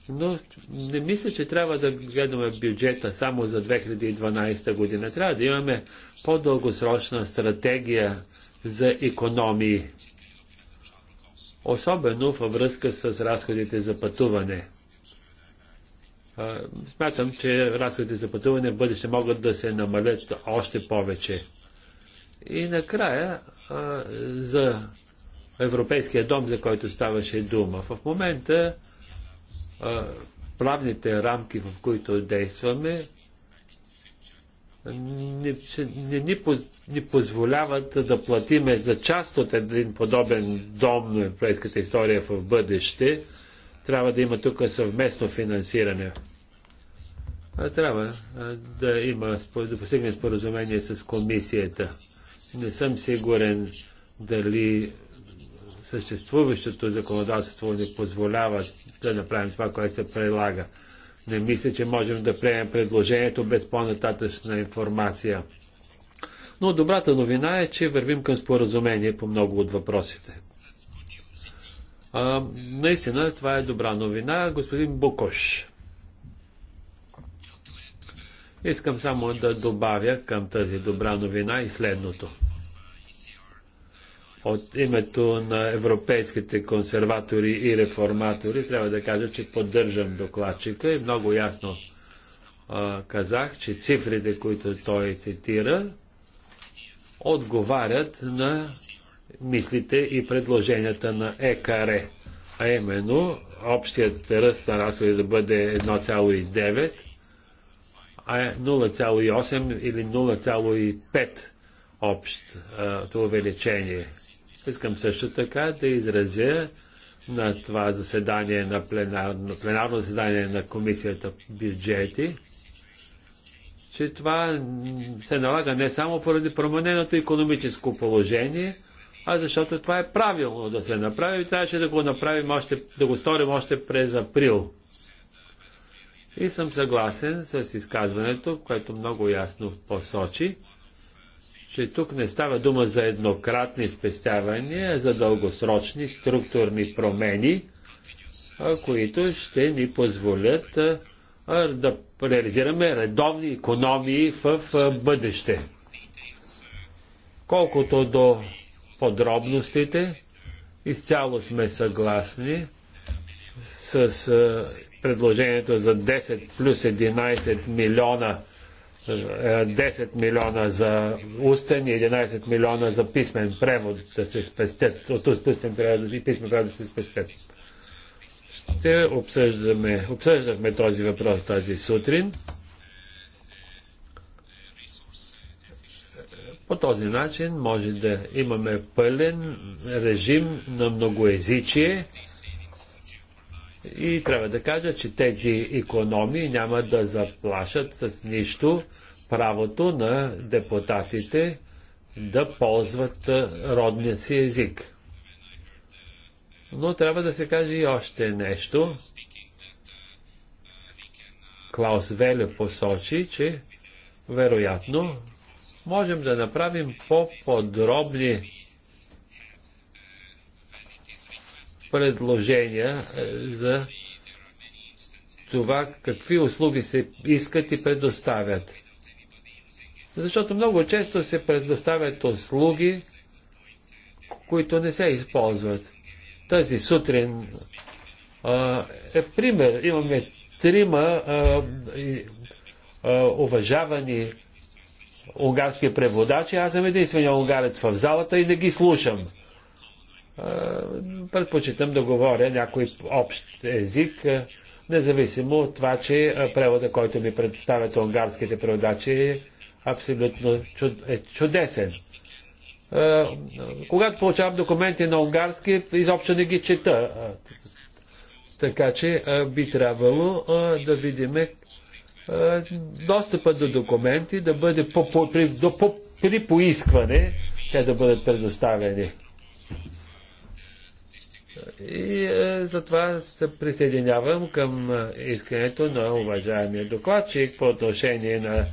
Но не мисля, че трябва да гледаме бюджета само за 2012 година. Трябва да имаме по-дългосрочна стратегия за економии. Особено във връзка с разходите за пътуване. Смятам, че разходите за пътуване в бъдеще могат да се намалят още повече. И накрая за Европейския дом, за който ставаше дума. В момента правните рамки, в които действаме, не, не, ни, поз, ни позволяват да платиме за част от един подобен дом на европейската история в бъдеще. Трябва да има тук съвместно финансиране. А, трябва да има да постигне споразумение с комисията. Не съм сигурен дали съществуващото законодателство не позволява да направим това, което се предлага. Не мисля, че можем да приемем предложението без по-нататъчна информация. Но добрата новина е, че вървим към споразумение по много от въпросите. А, наистина, това е добра новина. Господин Бокош. Искам само да добавя към тази добра новина и следното от името на европейските консерватори и реформатори трябва да кажа, че поддържам докладчика и много ясно а, казах, че цифрите, които той цитира, отговарят на мислите и предложенията на ЕКР, а именно общият ръст на разходи да бъде 1,9, а 0,8 или 0,5 общото увеличение. Искам също така да изразя на това заседание на пленарно, пленарно заседание на комисията бюджети, че това се налага не само поради промененото економическо положение, а защото това е правилно да се направи и трябваше да го направим още, да го сторим още през април. И съм съгласен с изказването, което много ясно посочи, че тук не става дума за еднократни спестявания, а за дългосрочни структурни промени, които ще ни позволят да реализираме редовни економии в бъдеще. Колкото до подробностите, изцяло сме съгласни с предложението за 10 плюс 11 милиона 10 милиона за устен и 11 милиона за писмен превод да се спестят, от устен превод и писмен превод да се спестят. Ще обсъждаме, обсъждахме този въпрос тази сутрин. По този начин може да имаме пълен режим на многоезичие и трябва да кажа, че тези економии няма да заплашат с нищо правото на депутатите да ползват родния си език. Но трябва да се каже и още нещо. Клаус Веле посочи, че вероятно можем да направим по-подробни предложения е, за това какви услуги се искат и предоставят. Защото много често се предоставят услуги, които не се използват. Тази сутрин а, е пример. Имаме трима а, и, а, уважавани унгарски преводачи. Аз съм единствения унгарец в залата и не ги слушам предпочитам да говоря някой общ език, независимо от това, че превода, който ми предоставят унгарските преводачи е абсолютно е чудесен. Когато получавам документи на унгарски, изобщо не ги чета. Така че би трябвало да видим достъпа до документи да бъде по, по, при, до, по, при поискване те да бъдат предоставени. И е, затова се присъединявам към е, искането на уважаемия докладчик по отношение на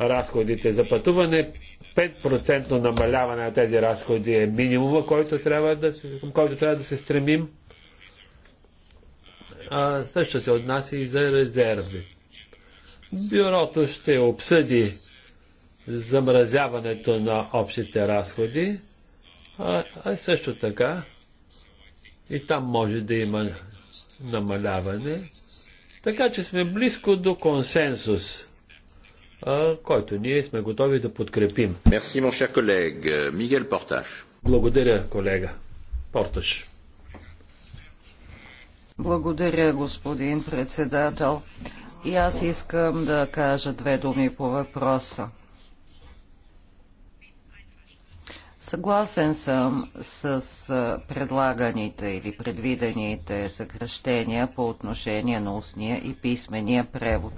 разходите за пътуване. 5% намаляване на тези разходи е минимума, който трябва да, към който трябва да се стремим. А, също се отнася и за резерви. Бюрото ще обсъди замразяването на общите разходи, а, а също така и там може да има намаляване. Така че сме близко до консенсус, който ние сме готови да подкрепим. Merci, mon cher collègue. Miguel Portage. Благодаря, колега. Порташ. Благодаря, господин председател. И аз искам да кажа две думи по въпроса. Съгласен съм с предлаганите или предвидените съкръщения по отношение на устния и писмения превод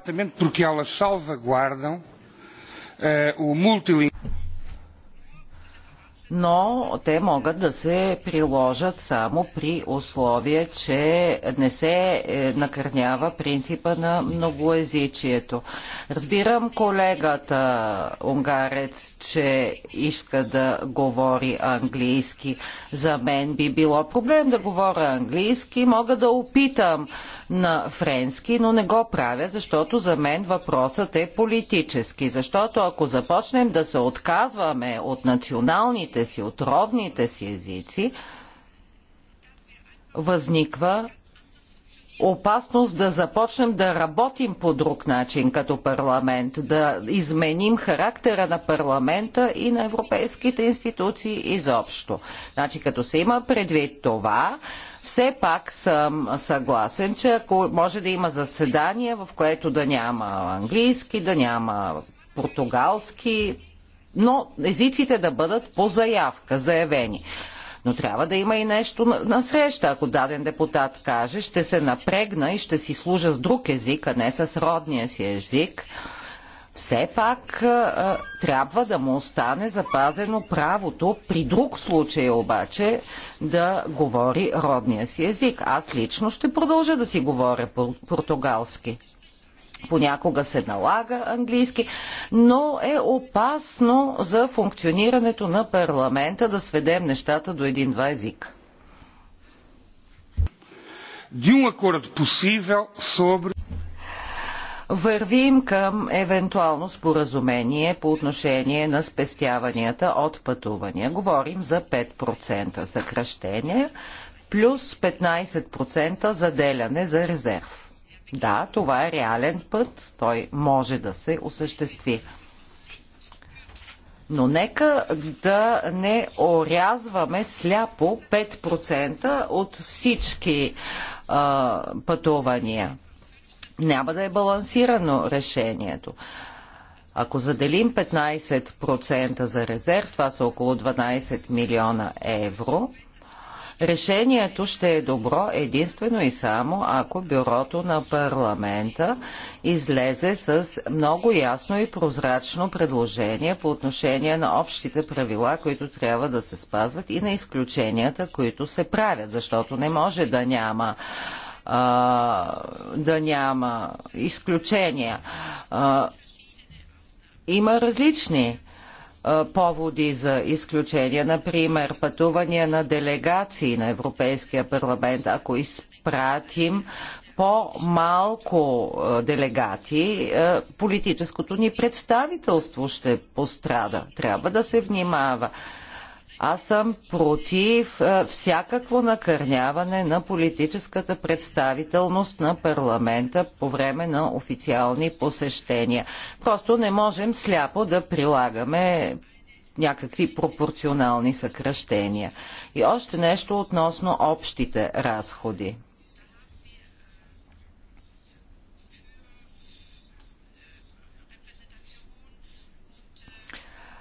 но те могат да се приложат само при условие, че не се е, накърнява принципа на многоезичието. Разбирам колегата унгарец, че иска да говори английски. За мен би било проблем да говоря английски. Мога да опитам на френски, но не го правя, защото за мен въпросът е политически. Защото ако започнем да се отказваме от националните си, от родните си езици, възниква опасност да започнем да работим по друг начин като парламент, да изменим характера на парламента и на европейските институции изобщо. Значи, като се има предвид това, все пак съм съгласен, че ако може да има заседание, в което да няма английски, да няма португалски, но езиците да бъдат по заявка, заявени. Но трябва да има и нещо на, среща. Ако даден депутат каже, ще се напрегна и ще си служа с друг език, а не с родния си език, все пак а, трябва да му остане запазено правото при друг случай обаче да говори родния си език. Аз лично ще продължа да си говоря португалски. Понякога се налага английски, но е опасно за функционирането на парламента да сведем нещата до един-два език. De um acordo possível sobre вървим към евентуално споразумение по отношение на спестяванията от пътувания. Говорим за 5% съкръщение плюс 15% заделяне за резерв. Да, това е реален път, той може да се осъществи. Но нека да не орязваме сляпо 5% от всички а, пътувания няма да е балансирано решението. Ако заделим 15% за резерв, това са около 12 милиона евро, решението ще е добро единствено и само ако бюрото на парламента излезе с много ясно и прозрачно предложение по отношение на общите правила, които трябва да се спазват и на изключенията, които се правят, защото не може да няма да няма изключения. има различни поводи за изключения, например пътувания на делегации на Европейския парламент. Ако изпратим по-малко делегати, политическото ни представителство ще пострада. Трябва да се внимава. Аз съм против е, всякакво накърняване на политическата представителност на парламента по време на официални посещения. Просто не можем сляпо да прилагаме някакви пропорционални съкръщения. И още нещо относно общите разходи.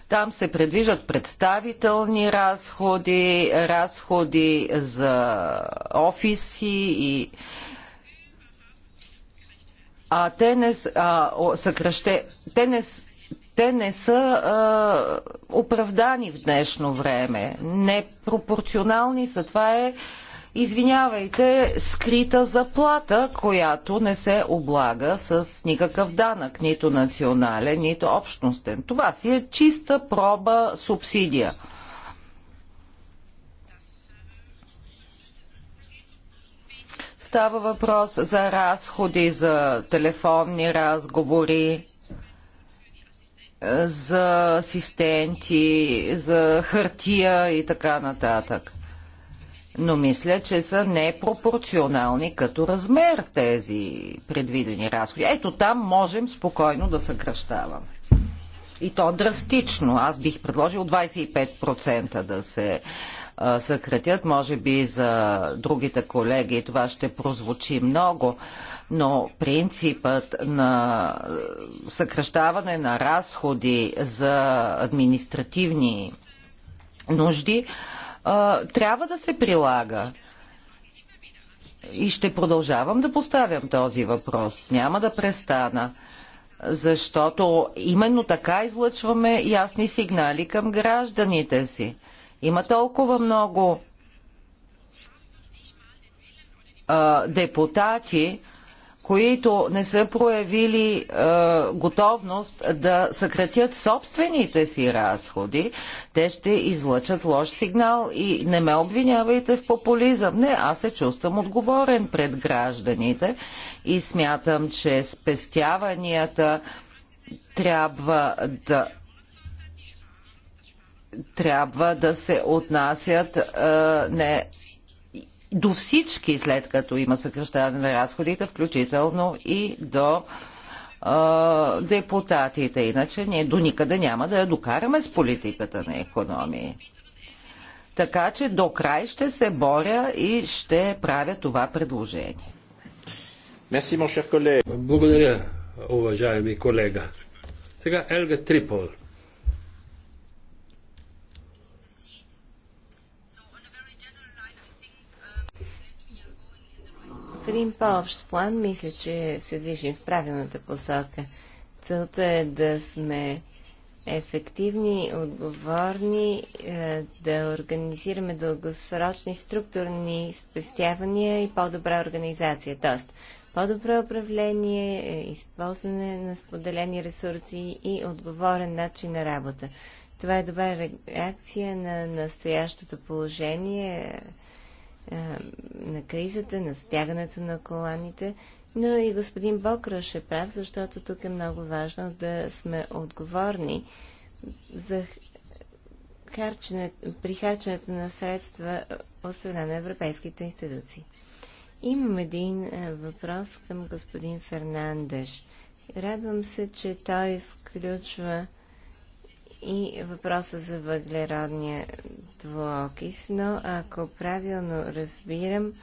Там се предвижат представителни разходи, разходи за офиси и а те не, а, съкръще, те не, те не са а, оправдани в днешно време. Непропорционални са. Това е извинявайте, скрита заплата, която не се облага с никакъв данък, нито национален, нито общностен. Това си е чиста проба субсидия. Става въпрос за разходи, за телефонни разговори, за асистенти, за хартия и така нататък но мисля, че са непропорционални като размер тези предвидени разходи. Ето там можем спокойно да съкръщаваме. И то драстично. Аз бих предложил 25% да се съкратят. Може би за другите колеги това ще прозвучи много, но принципът на съкръщаване на разходи за административни нужди трябва да се прилага. И ще продължавам да поставям този въпрос. Няма да престана защото именно така излъчваме ясни сигнали към гражданите си. Има толкова много а, депутати, които не са проявили е, готовност да съкратят собствените си разходи, те ще излъчат лош сигнал и не ме обвинявайте в популизъм. Не, аз се чувствам отговорен пред гражданите и смятам, че спестяванията трябва да трябва да се отнасят е, не до всички, след като има съкръщаване на разходите, включително и до а, депутатите. Иначе ние до никъде няма да я докараме с политиката на економии. Така че до край ще се боря и ще правя това предложение. Благодаря, уважаеми колега. Сега Елга Трипол. един по-общ план мисля, че се движим в правилната посока. Целта е да сме ефективни, отговорни, е, да организираме дългосрочни структурни спестявания и по-добра организация. Тоест, по-добро управление, е, използване на споделени ресурси и отговорен начин на работа. Това е добра реакция на настоящото положение е, на кризата, на стягането на коланите, но и господин Бокраш е прав, защото тук е много важно да сме отговорни за харчене, при харченето на средства от страна на европейските институции. Имам един е, въпрос към господин Фернандеш. Радвам се, че той включва и въпроса за въглеродния двуокис, но ако правилно разбирам,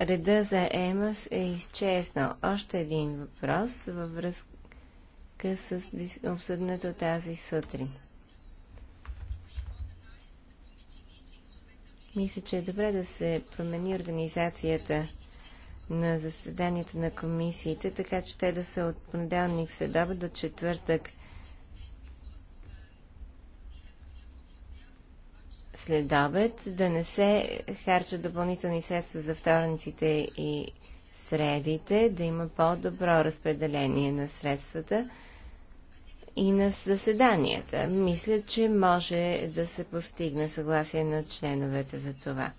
реда за ЕМАС е изчезнал. Още един въпрос във връзка с обсъднато тази сутрин. Мисля, че е добре да се промени организацията на заседанията на комисиите, така че те да са от понеделник следобед до четвъртък след обед, да не се харчат допълнителни средства за вторниците и средите, да има по-добро разпределение на средствата и на заседанията. Мисля, че може да се постигне съгласие на членовете за това.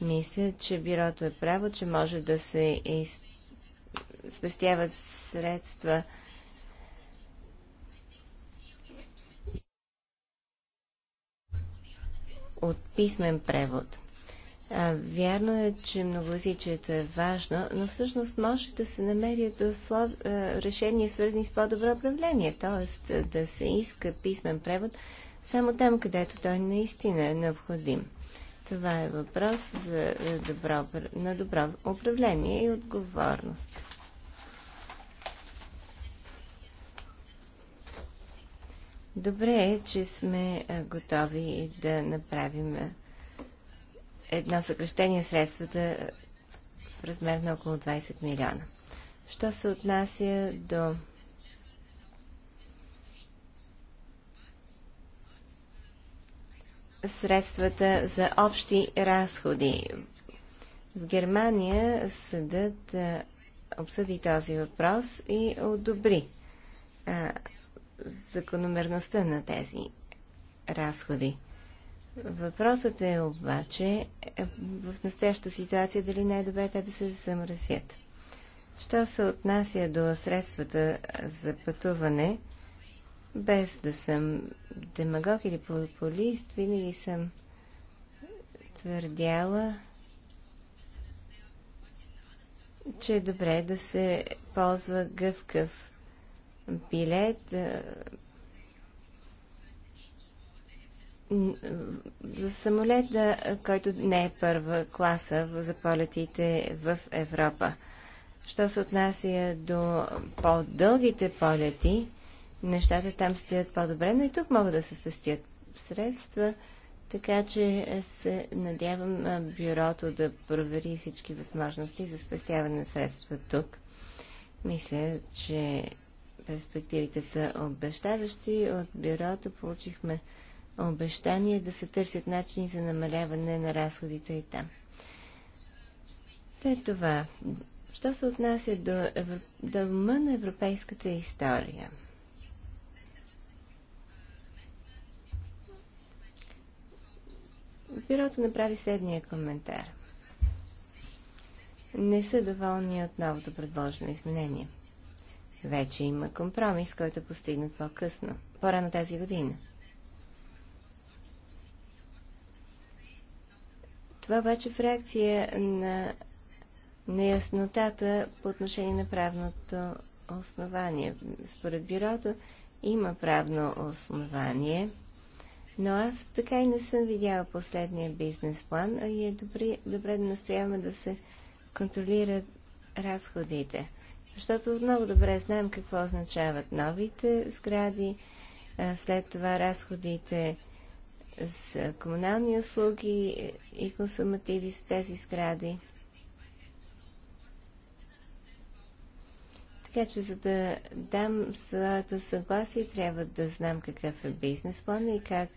Мисля, че бюрото е право, че може да се из... спестяват средства от писмен превод. А, вярно е, че многозичието е важно, но всъщност може да се намерят слов... решения, свързани с по-добро управление, т.е. да се иска писмен превод само там, където той наистина е необходим. Това е въпрос за добро, на добро управление и отговорност. Добре е, че сме готови да направим едно съкрещение средствата в размер на около 20 милиона. Що се отнася до средствата за общи разходи. В Германия съдът обсъди този въпрос и одобри закономерността на тези разходи. Въпросът е обаче е, в настоящата ситуация дали не е добре те да се замразят. Що се отнася до средствата за пътуване, без да съм демагог или популист, винаги съм твърдяла, че е добре да се ползва гъвкав билет за самолет, който не е първа класа за полетите в Европа. Що се отнася до по-дългите полети, нещата там стоят по-добре, но и тук могат да се спестят средства, така че се надявам бюрото да провери всички възможности за спестяване на средства тук. Мисля, че перспективите са обещаващи. От бюрото получихме обещание да се търсят начини за намаляване на разходите и там. След това, що се отнася до Евро... на европейската история? Бюрото направи следния коментар. Не са доволни от новото предложено изменение – вече има компромис, който е постигнат по-късно, по-рано тази година. Това обаче в реакция на неяснотата по отношение на правното основание. Според бюрото има правно основание, но аз така и не съм видяла последния бизнес план, а и е добре, добре да настояваме да се контролират разходите защото много добре знаем какво означават новите сгради, след това разходите с комунални услуги и консумативи с тези сгради. Така че, за да дам своето съгласие, трябва да знам какъв е бизнес план и как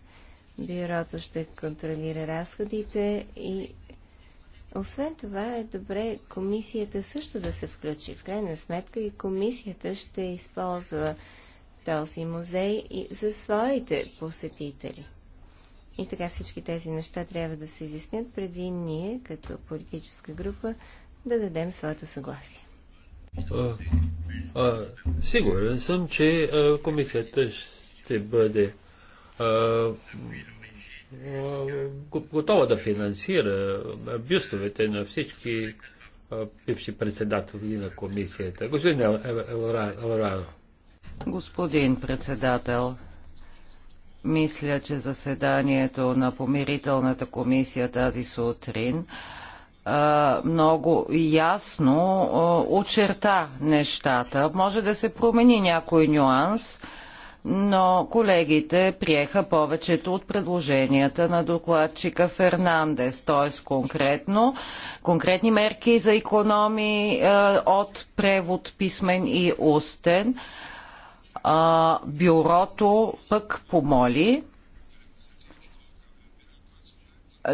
бюрото ще контролира разходите и освен това е добре комисията също да се включи. В крайна сметка и комисията ще използва този музей и за своите посетители. И така всички тези неща трябва да се изяснят преди ние, като политическа група, да дадем своето съгласие. А, а, сигурен съм, че а, комисията ще бъде а, готова да финансира бюстовете на всички бивши председатели на комисията. Господин Елорано. Господин председател, мисля, че заседанието на помирителната комисия тази сутрин много ясно очерта нещата. Може да се промени някой нюанс, но колегите приеха повечето от предложенията на докладчика Фернандес, т.е. конкретно конкретни мерки за економии е, от превод писмен и устен. Е, бюрото пък помоли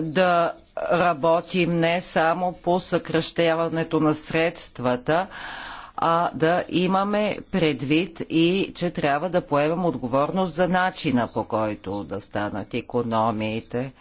да работим не само по съкръщяването на средствата, а да имаме предвид и, че трябва да поемем отговорност за начина по който да станат економиите.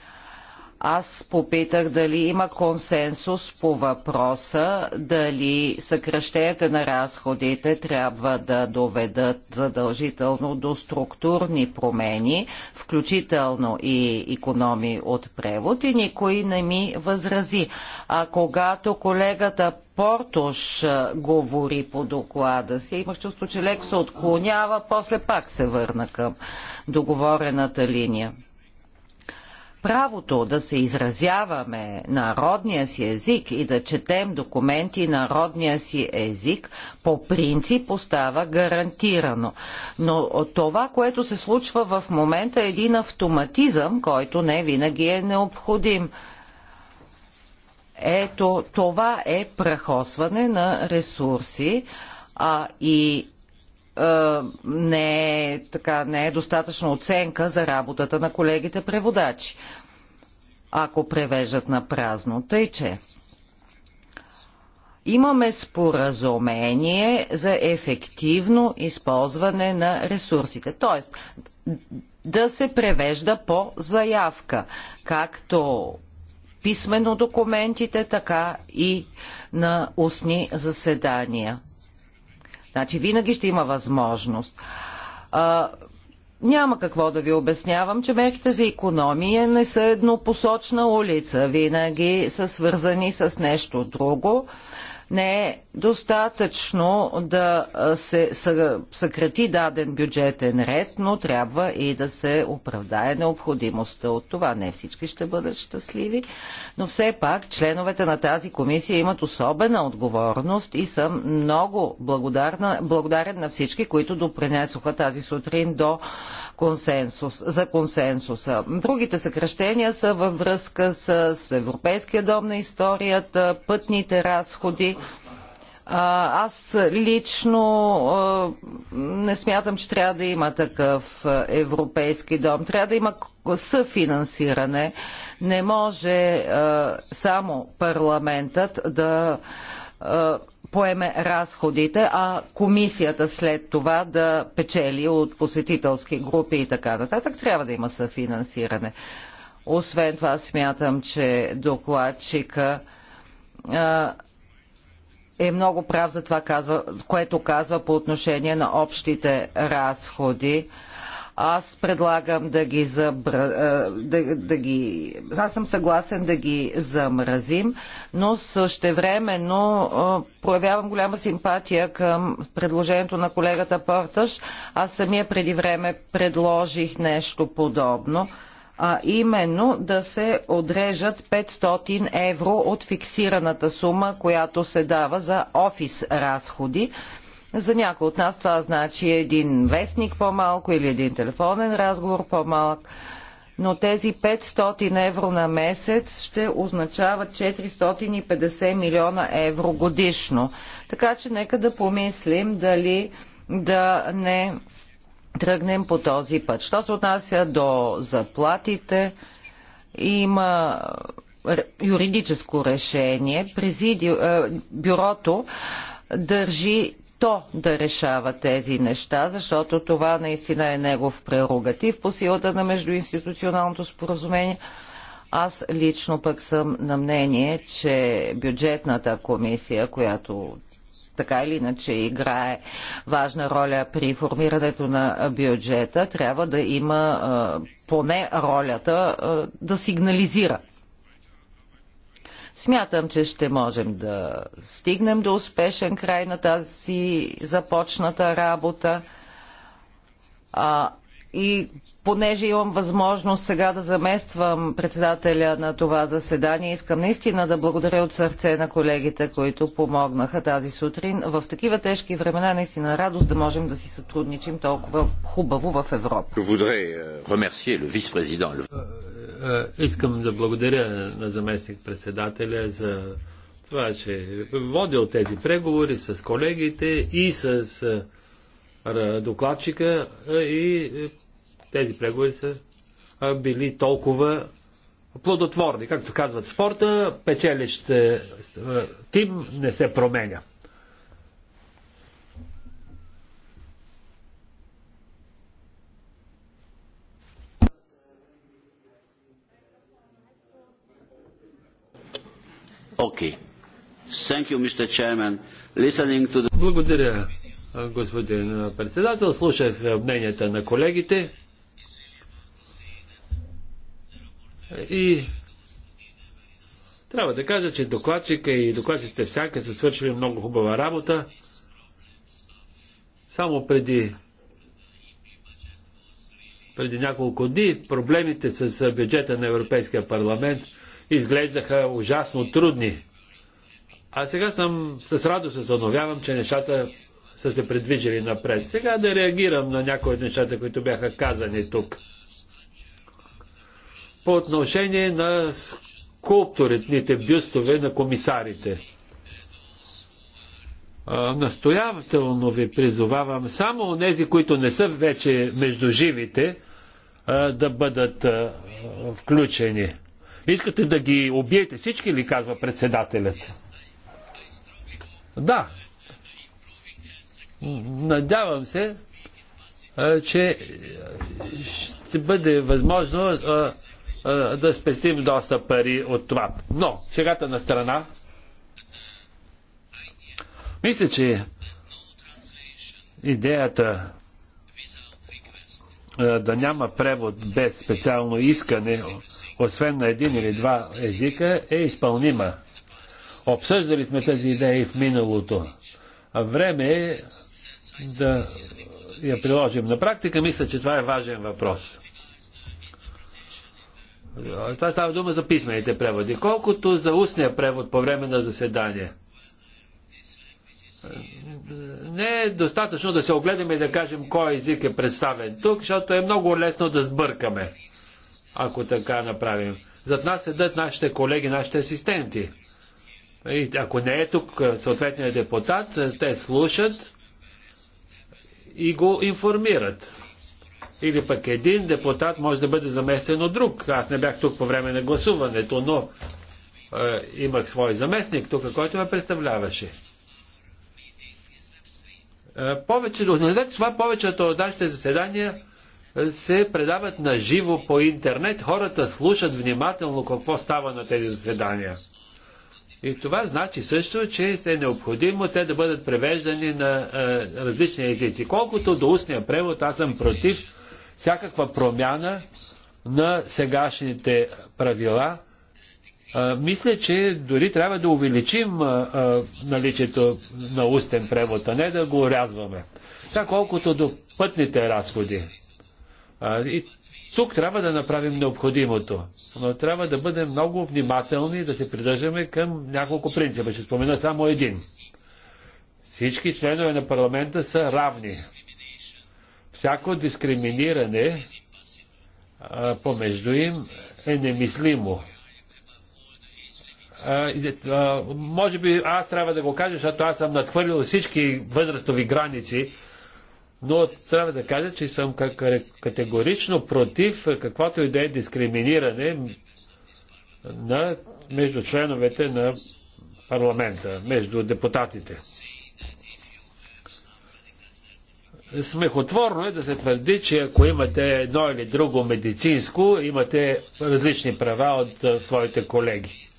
Аз попитах дали има консенсус по въпроса, дали съкръщенията на разходите трябва да доведат задължително до структурни промени, включително и економии от превод и никой не ми възрази. А когато колегата Портош говори по доклада си. имаш чувство, че лек се отклонява, после пак се върна към договорената линия правото да се изразяваме на родния си език и да четем документи на родния си език по принцип остава гарантирано. Но това, което се случва в момента е един автоматизъм, който не винаги е необходим. Ето това е прахосване на ресурси а и е, не е, така, не е достатъчна оценка за работата на колегите преводачи, ако превеждат на празно. Тъй, че имаме споразумение за ефективно използване на ресурсите. Тоест, да се превежда по заявка, както писмено документите, така и на устни заседания. Значи винаги ще има възможност. А, няма какво да ви обяснявам, че мерките за економия не са еднопосочна улица. Винаги са свързани с нещо друго. Не е достатъчно да се съкрати даден бюджетен ред, но трябва и да се оправдае необходимостта от това. Не всички ще бъдат щастливи, но все пак членовете на тази комисия имат особена отговорност и съм много благодарен на всички, които допринесоха тази сутрин до консенсус, за консенсуса. Другите съкръщения са във връзка с Европейския дом на историята, пътните разходи. Аз лично не смятам, че трябва да има такъв европейски дом. Трябва да има съфинансиране. Не може само парламентът да поеме разходите, а комисията след това да печели от посетителски групи и така нататък. Трябва да има съфинансиране. Освен това смятам, че докладчика е много прав за това, което казва по отношение на общите разходи. Аз предлагам да ги, забра... да, да ги... Аз съм съгласен да ги замразим, но същевременно проявявам голяма симпатия към предложението на колегата Порташ. Аз самия преди време предложих нещо подобно а именно да се отрежат 500 евро от фиксираната сума, която се дава за офис разходи. За някои от нас това значи един вестник по-малко или един телефонен разговор по-малък. Но тези 500 евро на месец ще означават 450 милиона евро годишно. Така че нека да помислим дали да не тръгнем по този път. Що се отнася до заплатите, има юридическо решение. Президи... Е, бюрото държи то да решава тези неща, защото това наистина е негов прерогатив по силата на междуинституционалното споразумение. Аз лично пък съм на мнение, че бюджетната комисия, която така или иначе играе важна роля при формирането на бюджета, трябва да има поне ролята да сигнализира Смятам, че ще можем да стигнем до успешен край на тази започната работа. А, и понеже имам възможност сега да замествам председателя на това заседание, искам наистина да благодаря от сърце на колегите, които помогнаха тази сутрин. В такива тежки времена наистина радост да можем да си сътрудничим толкова хубаво в Европа. Е, искам да благодаря на заместник-председателя за това, че водил тези преговори с колегите и с е, докладчика е, и тези преговори са били толкова плодотворни. Както казват спорта, печелище тим не се променя. Okay. Thank you, Mr. Chairman. Listening to the... Благодаря, господин председател. Слушах мненията на колегите. И трябва да кажа, че докладчика и докладчите всяка са свършили много хубава работа. Само преди, преди няколко дни проблемите с бюджета на Европейския парламент – изглеждаха ужасно трудни. А сега съм с радост съновявам, че нещата са се предвижили напред. Сега да реагирам на някои от нещата, които бяха казани тук. По отношение на скулпторите, бюстове на комисарите. Настоятелно ви призовавам само тези, които не са вече между живите, да бъдат включени. Искате да ги убиете всички ли, казва председателят. Да. Надявам се, че ще бъде възможно да спестим доста пари от това. Но, шегата на страна, мисля, че идеята е, да няма превод без специално искане, освен на един или два езика, е изпълнима. Обсъждали сме тази идея и в миналото. А време е да я приложим на практика. Мисля, че това е важен въпрос. Това става дума за писмените преводи. Колкото за устния превод по време на заседание не е достатъчно да се огледаме и да кажем кой език е представен тук, защото е много лесно да сбъркаме, ако така направим. Зад нас седат нашите колеги, нашите асистенти. И ако не е тук съответният депутат, те слушат и го информират. Или пък един депутат може да бъде заместен от друг. Аз не бях тук по време на гласуването, но е, имах свой заместник тук, който ме представляваше. Е, повечето, след това повечето от нашите заседания е, се предават на живо по интернет. Хората слушат внимателно какво става на тези заседания. И това значи също, че е необходимо те да бъдат превеждани на е, различни езици. Колкото до устния превод, аз съм против всякаква промяна на сегашните правила а, мисля, че дори трябва да увеличим а, а, наличието на устен превод, а не да го рязваме. Така колкото до пътните разходи. А, и тук трябва да направим необходимото, но трябва да бъдем много внимателни да се придържаме към няколко принципа. Ще спомена само един. Всички членове на парламента са равни. Всяко дискриминиране а, помежду им е немислимо. А, а, може би аз трябва да го кажа, защото аз съм надхвърлил всички възрастови граници, но трябва да кажа, че съм категорично против каквото и да е дискриминиране на, между членовете на парламента, между депутатите. Смехотворно е да се твърди, че ако имате едно или друго медицинско, имате различни права от своите колеги.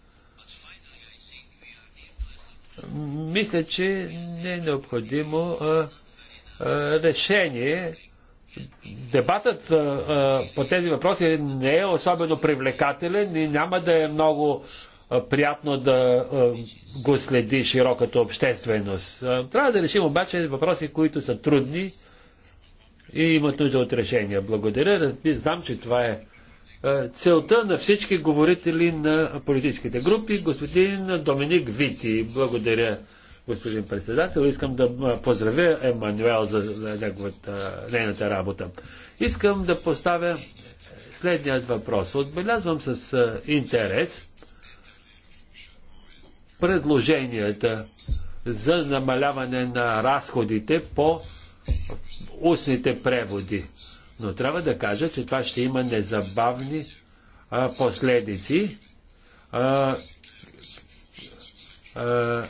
Мисля, че не е необходимо а, а, решение. Дебатът а, а, по тези въпроси не е особено привлекателен и няма да е много а, приятно да а, го следи широката общественост. А, трябва да решим обаче въпроси, които са трудни и имат нужда от решения. Благодаря. Знам, че това е е, целта на всички говорители на политическите групи, господин Доминик Вити. Благодаря, господин председател. Искам да е, поздравя Емануел за неговата, нейната работа. Искам да поставя следният въпрос. Отбелязвам с е, интерес предложенията за намаляване на разходите по устните преводи. Но трябва да кажа, че това ще има незабавни а, последици. А, а,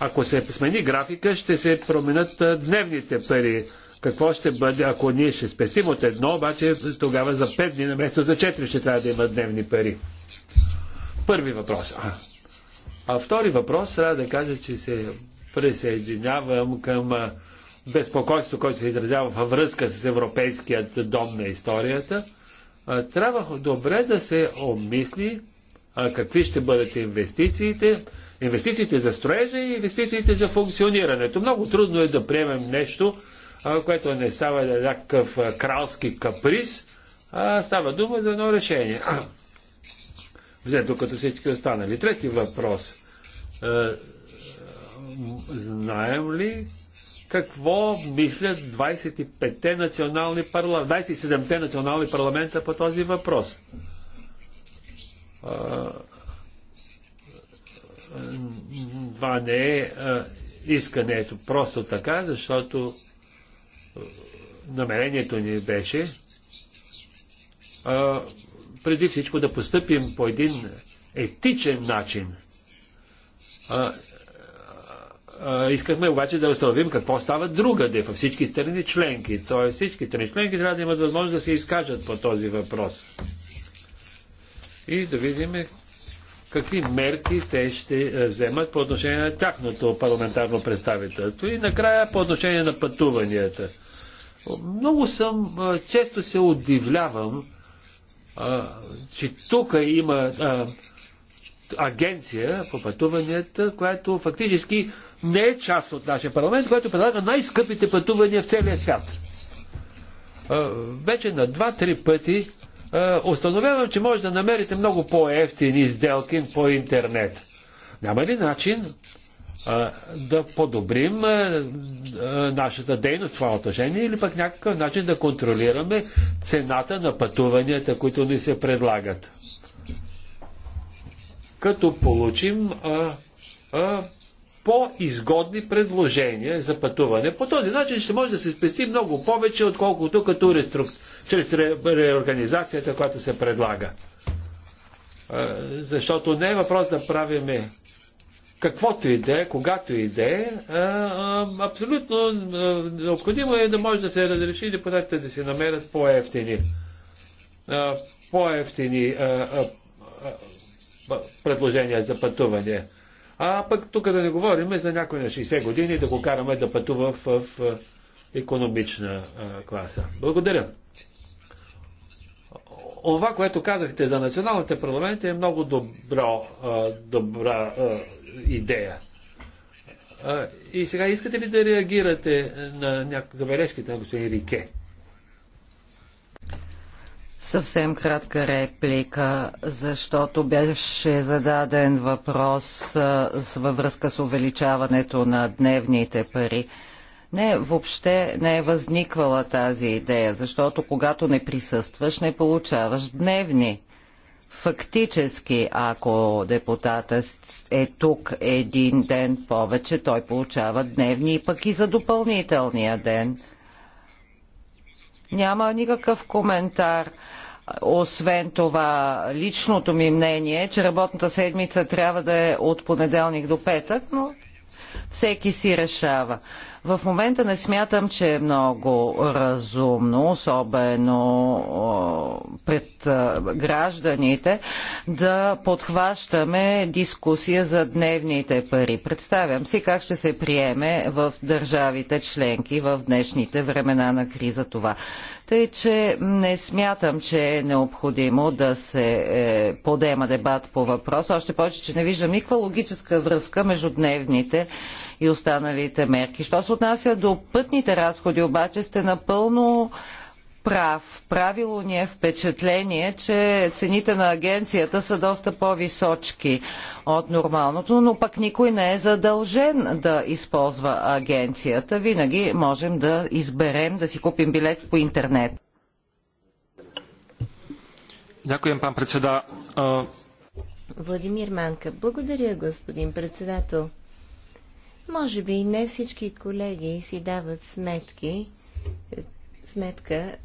ако се смени графика, ще се променят дневните пари. Какво ще бъде, ако ние ще спестим от едно, обаче тогава за 5 дни, на место за 4 ще трябва да има дневни пари. Първи въпрос. А, а втори въпрос, трябва да кажа, че се присъединявам към безпокойство, което се изразява във връзка с европейският дом на историята, трябва добре да се обмисли какви ще бъдат инвестициите, инвестициите за строежа и инвестициите за функционирането. Много трудно е да приемем нещо, което не става някакъв кралски каприз, а става дума за едно решение. Взето като всички останали. Трети въпрос. Знаем ли какво мислят 25-те национални парламента, 27-те национални парламента по този въпрос. Това не е искането просто така, защото намерението ни беше преди всичко да постъпим по един етичен начин. Искахме обаче да установим какво става другаде във всички страни членки. Т.е. всички страни членки трябва да имат възможност да се изкажат по този въпрос. И да видим какви мерки те ще вземат по отношение на тяхното парламентарно представителство. И накрая по отношение на пътуванията. Много съм, често се удивлявам, че тук има агенция по пътуванията, която фактически не е част от нашия парламент, която предлага най-скъпите пътувания в целия свят. Вече на два-три пъти установявам, че може да намерите много по-ефтини сделки по интернет. Няма ли начин да подобрим нашата дейност в това отношение или пък някакъв начин да контролираме цената на пътуванията, които ни се предлагат като получим а, а, по-изгодни предложения за пътуване. По този начин ще може да се спести много повече, отколкото като реструк... чрез ре... реорганизацията, която се предлага. А, защото не е въпрос да правиме каквото и да е, когато и да е, абсолютно а, необходимо е да може да се разреши депутатите да се намерят по-ефтини. по-ефтини предложения за пътуване. А пък тук да не говорим за някой на 60 години да го караме да пътува в, в економична а, класа. Благодаря. Ова, което казахте за националните парламенти е много добро, а, добра а, идея. А, и сега искате ли да реагирате на няк... забележките на господин Рике? Съвсем кратка реплика, защото беше зададен въпрос във връзка с увеличаването на дневните пари. Не, въобще не е възниквала тази идея, защото когато не присъстваш, не получаваш дневни. Фактически, ако депутата е тук един ден повече, той получава дневни и пък и за допълнителния ден. Няма никакъв коментар. Освен това, личното ми мнение е, че работната седмица трябва да е от понеделник до петък, но всеки си решава. В момента не смятам, че е много разумно, особено пред гражданите, да подхващаме дискусия за дневните пари. Представям си как ще се приеме в държавите членки в днешните времена на криза това. Тъй, че не смятам, че е необходимо да се е, подема дебат по въпрос, още повече, че не виждам никаква логическа връзка между дневните и останалите мерки. Що се отнася до пътните разходи, обаче сте напълно прав. Правило ни е впечатление, че цените на агенцията са доста по-височки от нормалното, но пък никой не е задължен да използва агенцията. Винаги можем да изберем да си купим билет по интернет. Дякуем, пан председател. Владимир Манка. Благодаря, господин председател. Може би не всички колеги си дават сметки, сметка,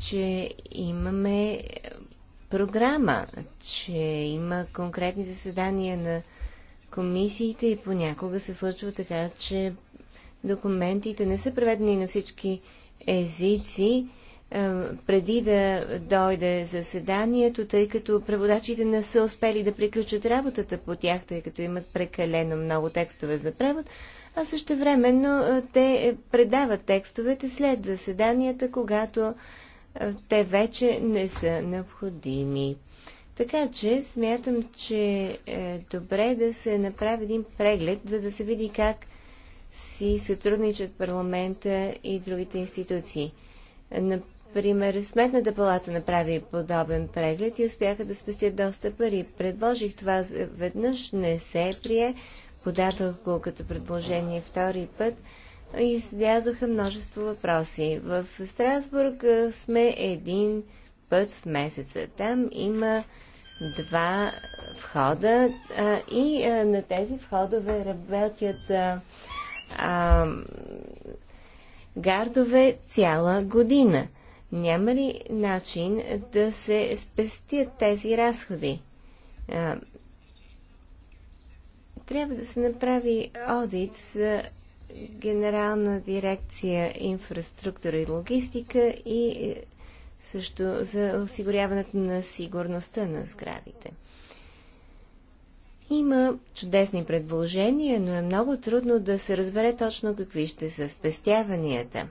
че имаме програма, че има конкретни заседания на комисиите и понякога се случва така, че документите не са преведени на всички езици е, преди да дойде заседанието, тъй като преводачите не са успели да приключат работата по тях, тъй като имат прекалено много текстове за превод, а също времено е, те предават текстовете след заседанията, когато е, те вече не са необходими. Така че смятам, че е добре да се направи един преглед, за да се види как си сътрудничат парламента и другите институции. Например, Сметната палата направи подобен преглед и успяха да спестят доста пари. Предложих това веднъж, не се прие, подадох го като предложение втори път и излязоха множество въпроси. В Страсбург сме един път в месеца. Там има два входа а, и а, на тези входове работят а, а, гардове цяла година. Няма ли начин да се спестят тези разходи? А, трябва да се направи одит за Генерална дирекция инфраструктура и логистика и е, също за осигуряването на сигурността на сградите. Има чудесни предложения, но е много трудно да се разбере точно какви ще са спестяванията.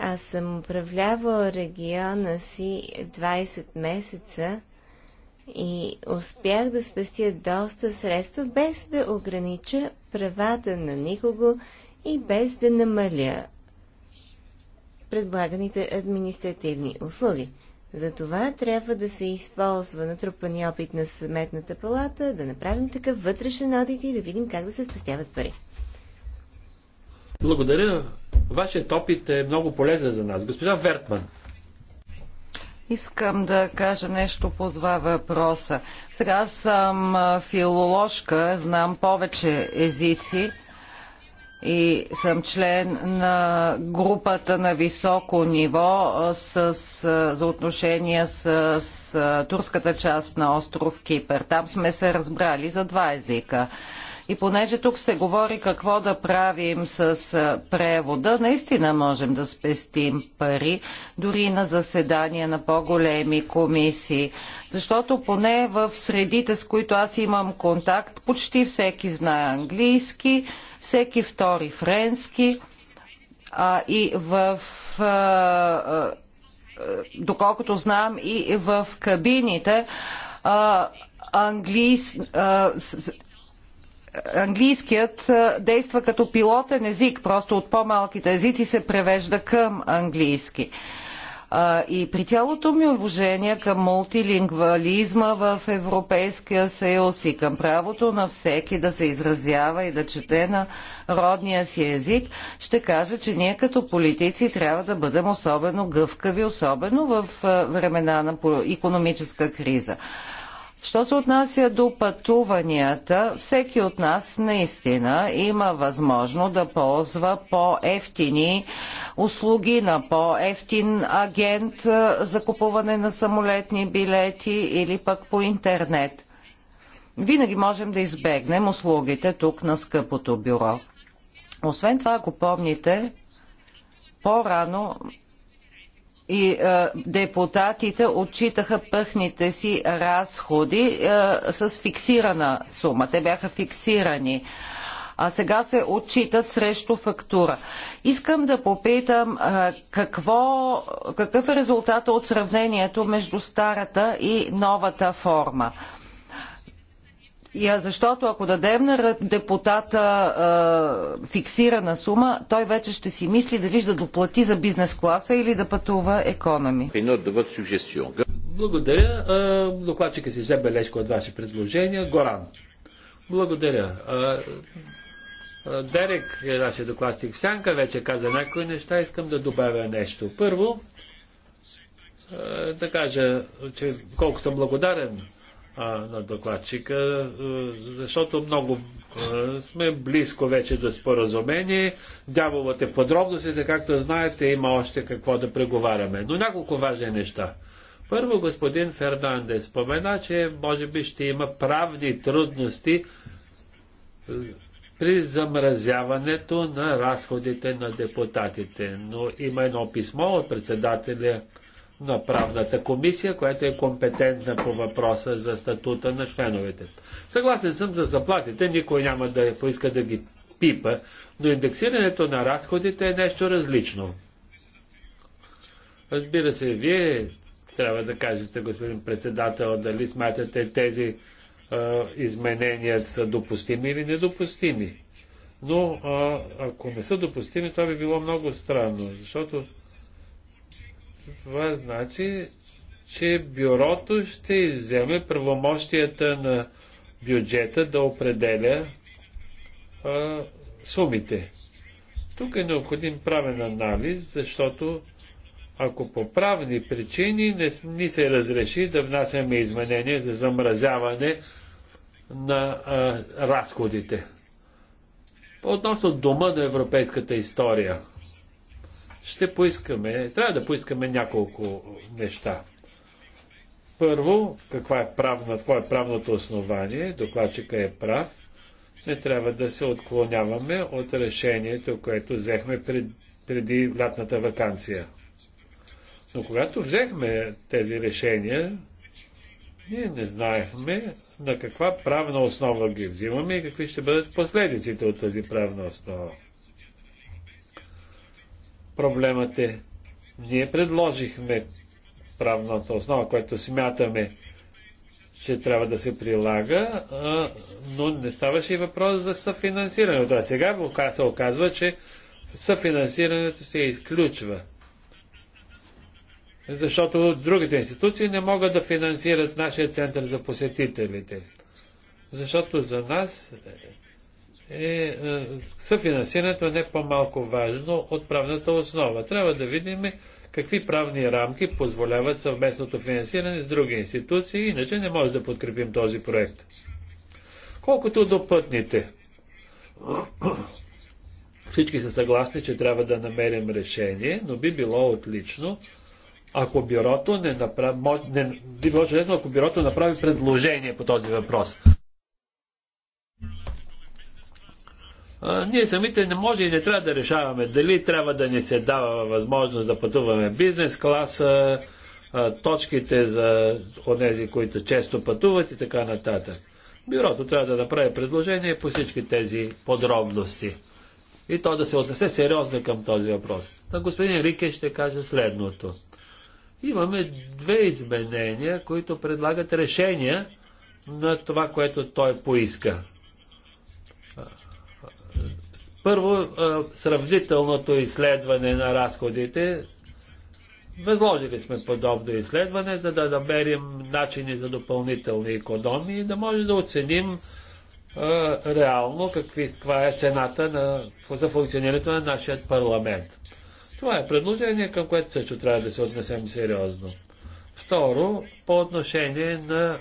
Аз съм управлявал региона си 20 месеца и успях да спестя доста средства, без да огранича правата на никого и без да намаля предлаганите административни услуги. За това трябва да се използва натрупани опит на съметната палата, да направим такъв вътрешен одит и да видим как да се спестяват пари. Благодаря. Вашият опит е много полезен за нас. Госпожа Вертман. Искам да кажа нещо по два въпроса. Сега съм филоложка, знам повече езици и съм член на групата на високо ниво с, за отношения с, с турската част на остров Кипър. Там сме се разбрали за два езика. И понеже тук се говори какво да правим с превода, наистина можем да спестим пари, дори на заседания на по-големи комисии. Защото поне в средите, с които аз имам контакт, почти всеки знае английски, всеки втори френски, а и в доколкото знам и в кабините английс, английският действа като пилотен език, просто от по-малките езици се превежда към английски. И при цялото ми уважение към мултилингвализма в Европейския съюз и към правото на всеки да се изразява и да чете на родния си език, ще кажа, че ние като политици трябва да бъдем особено гъвкави, особено в времена на економическа криза. Що се отнася до пътуванията, всеки от нас наистина има възможно да ползва по-ефтини услуги на по-ефтин агент за купуване на самолетни билети или пък по интернет. Винаги можем да избегнем услугите тук на скъпото бюро. Освен това, ако помните, по-рано и е, депутатите отчитаха пъхните си разходи е, с фиксирана сума. Те бяха фиксирани. А сега се отчитат срещу фактура. Искам да попитам е, какво, какъв е резултата от сравнението между старата и новата форма защото ако дадем на депутата фиксирана сума, той вече ще си мисли дали ще доплати за бизнес класа или да пътува економи. Благодаря. Докладчика си взе бележка от ваше предложение. Горан. Благодаря. Дерек е нашия докладчик Сянка, вече каза някои неща, искам да добавя нещо. Първо, да кажа, че колко съм благодарен на докладчика, защото много сме близко вече до споразумение. Дяволът е в подробностите, както знаете, има още какво да преговаряме. Но няколко важни неща. Първо, господин Фернандес спомена, че може би ще има правни трудности при замразяването на разходите на депутатите. Но има едно писмо от председателя на правната комисия, която е компетентна по въпроса за статута на членовете. Съгласен съм за заплатите, никой няма да поиска да ги пипа, но индексирането на разходите е нещо различно. Разбира се, вие трябва да кажете, господин председател, дали смятате тези а, изменения са допустими или недопустими. Но а, ако не са допустими, това би било много странно, защото това значи, че бюрото ще вземе правомощията на бюджета да определя а, сумите. Тук е необходим правен анализ, защото ако по правни причини не ни се разреши да внасяме изменения за замразяване на а, разходите. Относно дома на европейската история – ще поискаме, трябва да поискаме няколко неща. Първо, каква е правна, какво е правното основание, докладчика е прав, не трябва да се отклоняваме от решението, което взехме пред, преди лятната вакансия. Но когато взехме тези решения, ние не знаехме на каква правна основа ги взимаме и какви ще бъдат последиците от тази правна основа. Проблемът е, ние предложихме правната основа, която смятаме, че трябва да се прилага, а, но не ставаше и въпрос за съфинансирането. А сега се оказва, че съфинансирането се изключва. Защото другите институции не могат да финансират нашия център за посетителите. Защото за нас е, е, съфинансирането е не по-малко важно от правната основа. Трябва да видим какви правни рамки позволяват съвместното финансиране с други институции, иначе не може да подкрепим този проект. Колкото до пътните, всички са съгласни, че трябва да намерим решение, но би било отлично, ако бюрото не направи, не, би било чудесно, ако бюрото направи предложение по този въпрос ние самите не може и не трябва да решаваме дали трябва да ни се дава възможност да пътуваме бизнес класа, точките за онези, които често пътуват и така нататък. Бюрото трябва да направи предложение по всички тези подробности. И то да се отнесе сериозно към този въпрос. На господин Рике ще каже следното. Имаме две изменения, които предлагат решения на това, което той поиска. Първо, сравнителното изследване на разходите. Възложили сме подобно изследване, за да намерим начини за допълнителни економии, да можем да оценим реално какви, каква е цената на, за функционирането на нашия парламент. Това е предложение, към което също трябва да се отнесем сериозно. Второ, по отношение на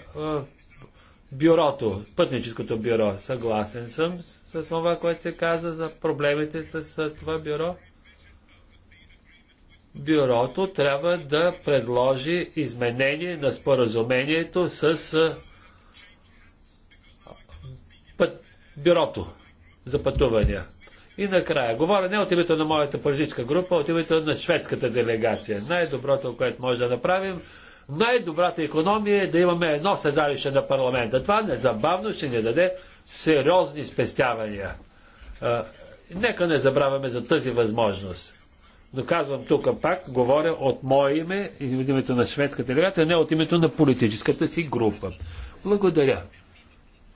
бюрото, пътническото бюро. Съгласен съм с това, което се каза за проблемите с това бюро. Бюрото трябва да предложи изменение на споразумението с път, бюрото за пътувания. И накрая, говоря не от името на моята политическа група, а от името на шведската делегация. Най-доброто, което може да направим, най-добрата економия е да имаме едно седалище на парламента. Това незабавно ще ни даде сериозни спестявания. нека не забравяме за тази възможност. Но казвам тук пак, говоря от мое име и от името на шведската делегация, не от името на политическата си група. Благодаря.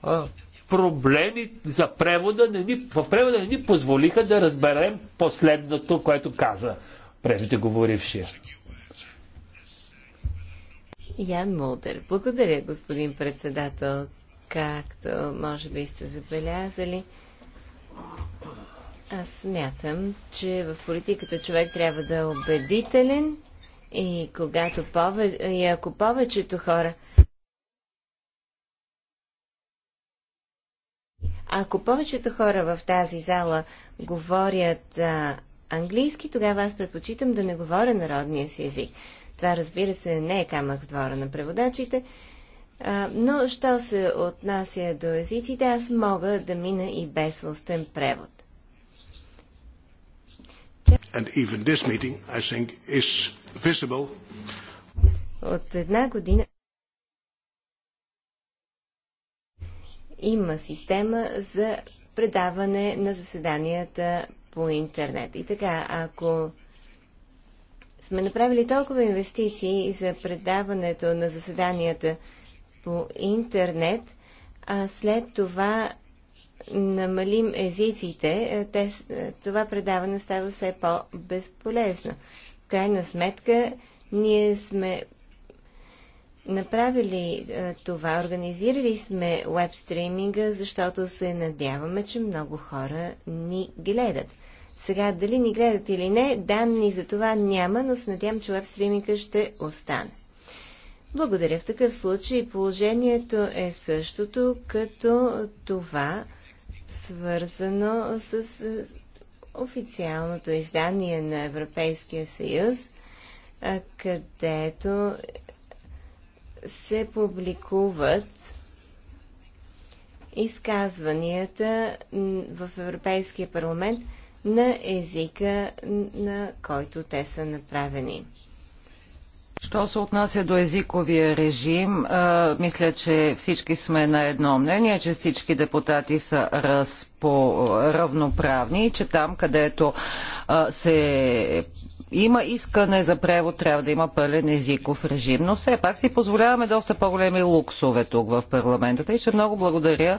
А, проблеми за превода не ни, в превода не ни позволиха да разберем последното, което каза преждеговорившия. Ян Мулдер. Благодаря, господин председател. Както може би сте забелязали, аз смятам, че в политиката човек трябва да е убедителен и, когато пове... и ако повечето хора Ако повечето хора в тази зала говорят а, английски, тогава аз предпочитам да не говоря народния си език. Това, разбира се, не е камък в двора на преводачите, но що се отнася до езиците, аз мога да мина и без устен превод. And even this meeting, I think, is visible. От една година има система за предаване на заседанията по интернет. И така, ако сме направили толкова инвестиции за предаването на заседанията по интернет, а след това намалим езиците, те, това предаване става все по-безполезно. В крайна сметка, ние сме направили това, организирали сме веб стриминга, защото се надяваме, че много хора ни гледат. Сега, дали ни гледат или не, данни за това няма, но се надявам, че веб Стримика ще остане. Благодаря. В такъв случай положението е същото като това, свързано с е, официалното издание на Европейския съюз, където се публикуват изказванията в Европейския парламент – на езика, на който те са направени. Що се отнася до езиковия режим, мисля, че всички сме на едно мнение, че всички депутати са разпо, равноправни и че там, където се има искане за превод, трябва да има пълен езиков режим. Но все пак си позволяваме доста по-големи луксове тук в парламента. и ще много благодаря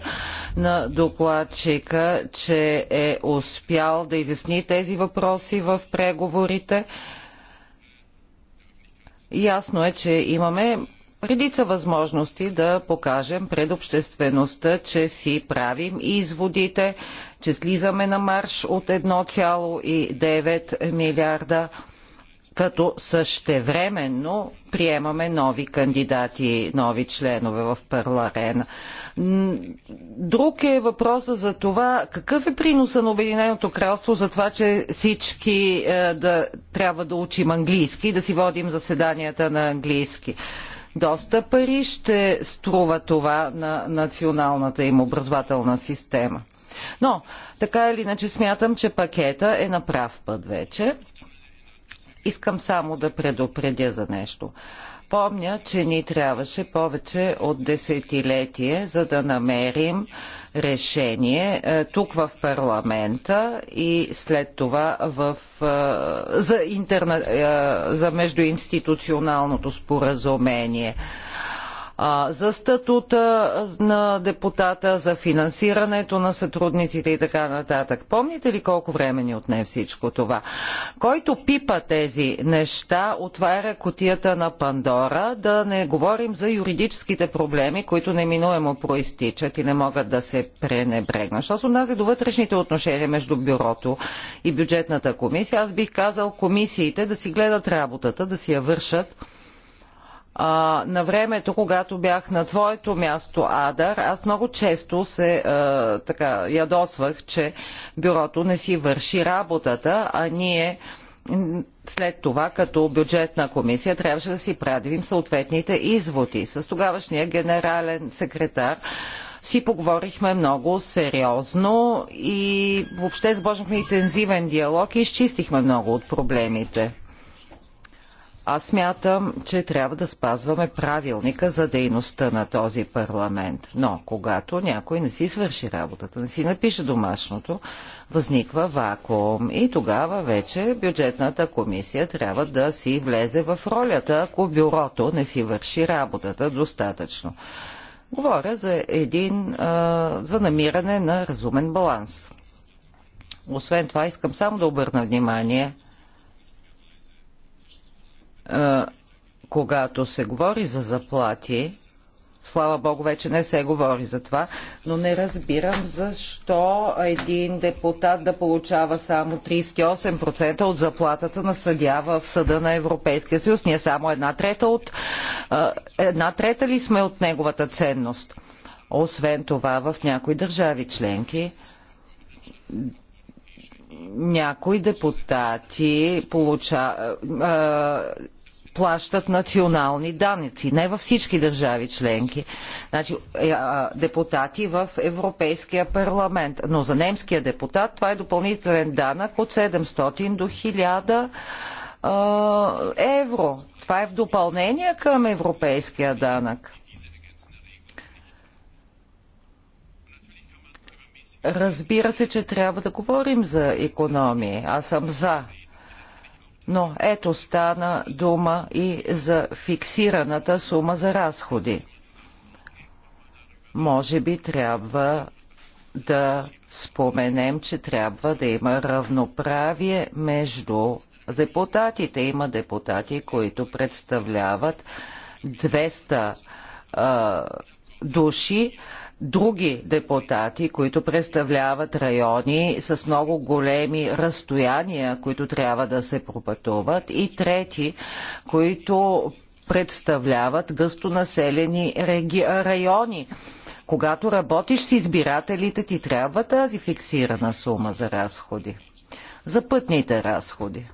на докладчика, че е успял да изясни тези въпроси в преговорите. Ясно е, че имаме редица възможности да покажем пред обществеността, че си правим изводите, че слизаме на марш от 1,9 милиарда, като същевременно приемаме нови кандидати, нови членове в парларен. Друг е въпросът за това какъв е приноса на Обединеното кралство за това, че всички е, да трябва да учим английски, и да си водим заседанията на английски. Доста пари ще струва това на националната им образователна система. Но, така или иначе, смятам, че пакета е на прав път вече. Искам само да предупредя за нещо. Помня, че ни трябваше повече от десетилетие, за да намерим решение е, тук в парламента и след това в, е, за, интерна, е, за междуинституционалното споразумение за статута на депутата, за финансирането на сътрудниците и така нататък. Помните ли колко време ни отне всичко това? Който пипа тези неща, отваря котията на Пандора, да не говорим за юридическите проблеми, които неминуемо проистичат и не могат да се пренебрегнат. Що се отнася до вътрешните отношения между бюрото и бюджетната комисия, аз бих казал комисиите да си гледат работата, да си я вършат а, на времето, когато бях на твоето място, Адар, аз много често се а, така, ядосвах, че бюрото не си върши работата, а ние след това, като бюджетна комисия, трябваше да си правим съответните изводи. С тогавашния генерален секретар си поговорихме много сериозно и въобще започнахме интензивен диалог и изчистихме много от проблемите. Аз смятам, че трябва да спазваме правилника за дейността на този парламент. Но когато някой не си свърши работата, не си напише домашното, възниква вакуум. И тогава вече бюджетната комисия трябва да си влезе в ролята, ако бюрото не си върши работата достатъчно. Говоря за един, а, за намиране на разумен баланс. Освен това, искам само да обърна внимание – когато се говори за заплати, слава Богу, вече не се говори за това, но не разбирам защо един депутат да получава само 38% от заплатата на съдя в Съда на Европейския съюз. Ние само една трета, от, една трета ли сме от неговата ценност? Освен това, в някои държави членки някои депутати получа, а, плащат национални данъци. Не във всички държави членки. Значи, е, а, депутати в Европейския парламент. Но за немския депутат това е допълнителен данък от 700 до 1000 евро. Това е в допълнение към европейския данък. Разбира се, че трябва да говорим за економии. Аз съм за. Но ето стана дума и за фиксираната сума за разходи. Може би трябва да споменем, че трябва да има равноправие между депутатите. Има депутати, които представляват 200 а, души, други депутати, които представляват райони с много големи разстояния, които трябва да се пропътуват и трети, които представляват гъстонаселени реги... райони. Когато работиш с избирателите, ти трябва тази фиксирана сума за разходи. За пътните разходи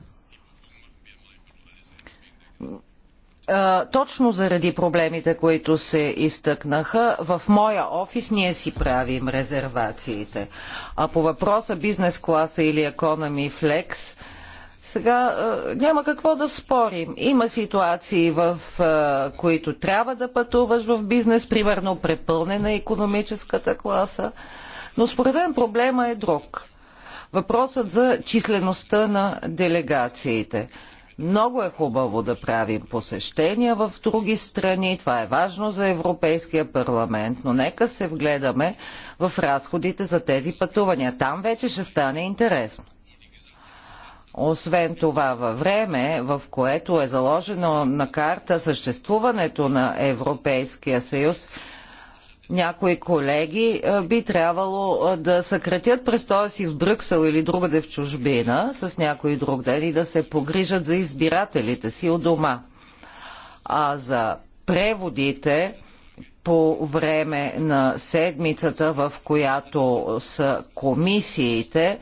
точно заради проблемите, които се изтъкнаха, в моя офис ние си правим резервациите. А по въпроса бизнес класа или економи флекс, сега няма какво да спорим. Има ситуации, в които трябва да пътуваш в бизнес, примерно препълнена економическата класа, но според мен проблема е друг. Въпросът за числеността на делегациите. Много е хубаво да правим посещения в други страни, това е важно за Европейския парламент, но нека се вгледаме в разходите за тези пътувания. Там вече ще стане интересно. Освен това, във време, в което е заложено на карта съществуването на Европейския съюз, някои колеги би трябвало да съкратят престоя си в Брюксел или другаде в чужбина с някой друг ден и да се погрижат за избирателите си от дома. А за преводите по време на седмицата, в която са комисиите,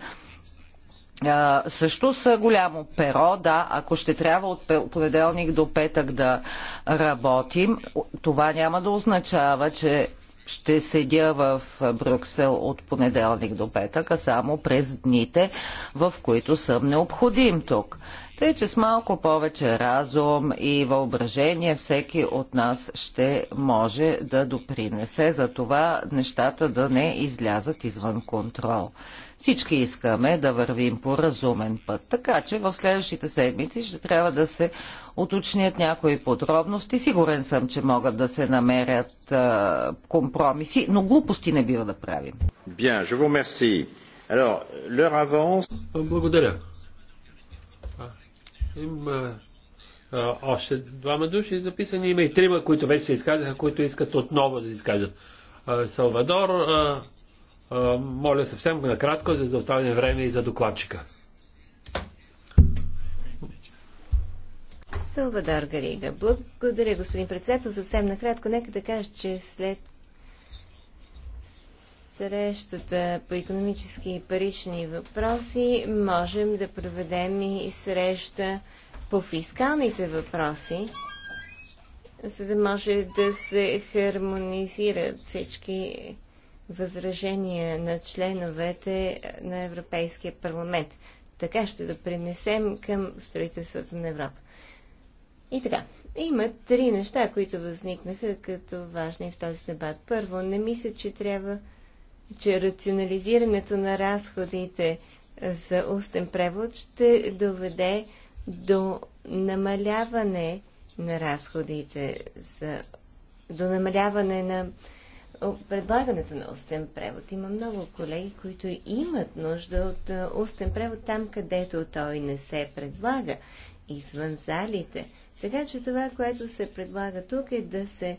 също са голямо перо, да, ако ще трябва от понеделник до петък да работим, това няма да означава, че ще седя в Брюксел от понеделник до петък, а само през дните, в които съм необходим тук. Тъй, че с малко повече разум и въображение всеки от нас ще може да допринесе за това нещата да не излязат извън контрол. Всички искаме да вървим по разумен път. Така че в следващите седмици ще трябва да се уточнят някои подробности. Сигурен съм, че могат да се намерят а, компромиси, но глупости не бива да правим. Bien, je vous remercie. Alors, leur avance... Благодаря. Има още двама души записани. Има и трима, които вече се изказаха, които искат отново да изкажат. Салвадор, моля съвсем накратко, за да оставим време и за докладчика. Салвадор Гарига. Благодаря, господин председател. Съвсем накратко, нека да кажа, че след срещата по економически и парични въпроси можем да проведем и среща по фискалните въпроси, за да може да се хармонизират всички възражения на членовете на Европейския парламент. Така ще допринесем към строителството на Европа. И така, има три неща, които възникнаха като важни в този дебат. Първо, не мисля, че трябва, че рационализирането на разходите за устен превод ще доведе до намаляване на разходите за до намаляване на предлагането на устен превод. Има много колеги, които имат нужда от устен превод там, където той не се предлага, извън залите. Така че това, което се предлага тук е да се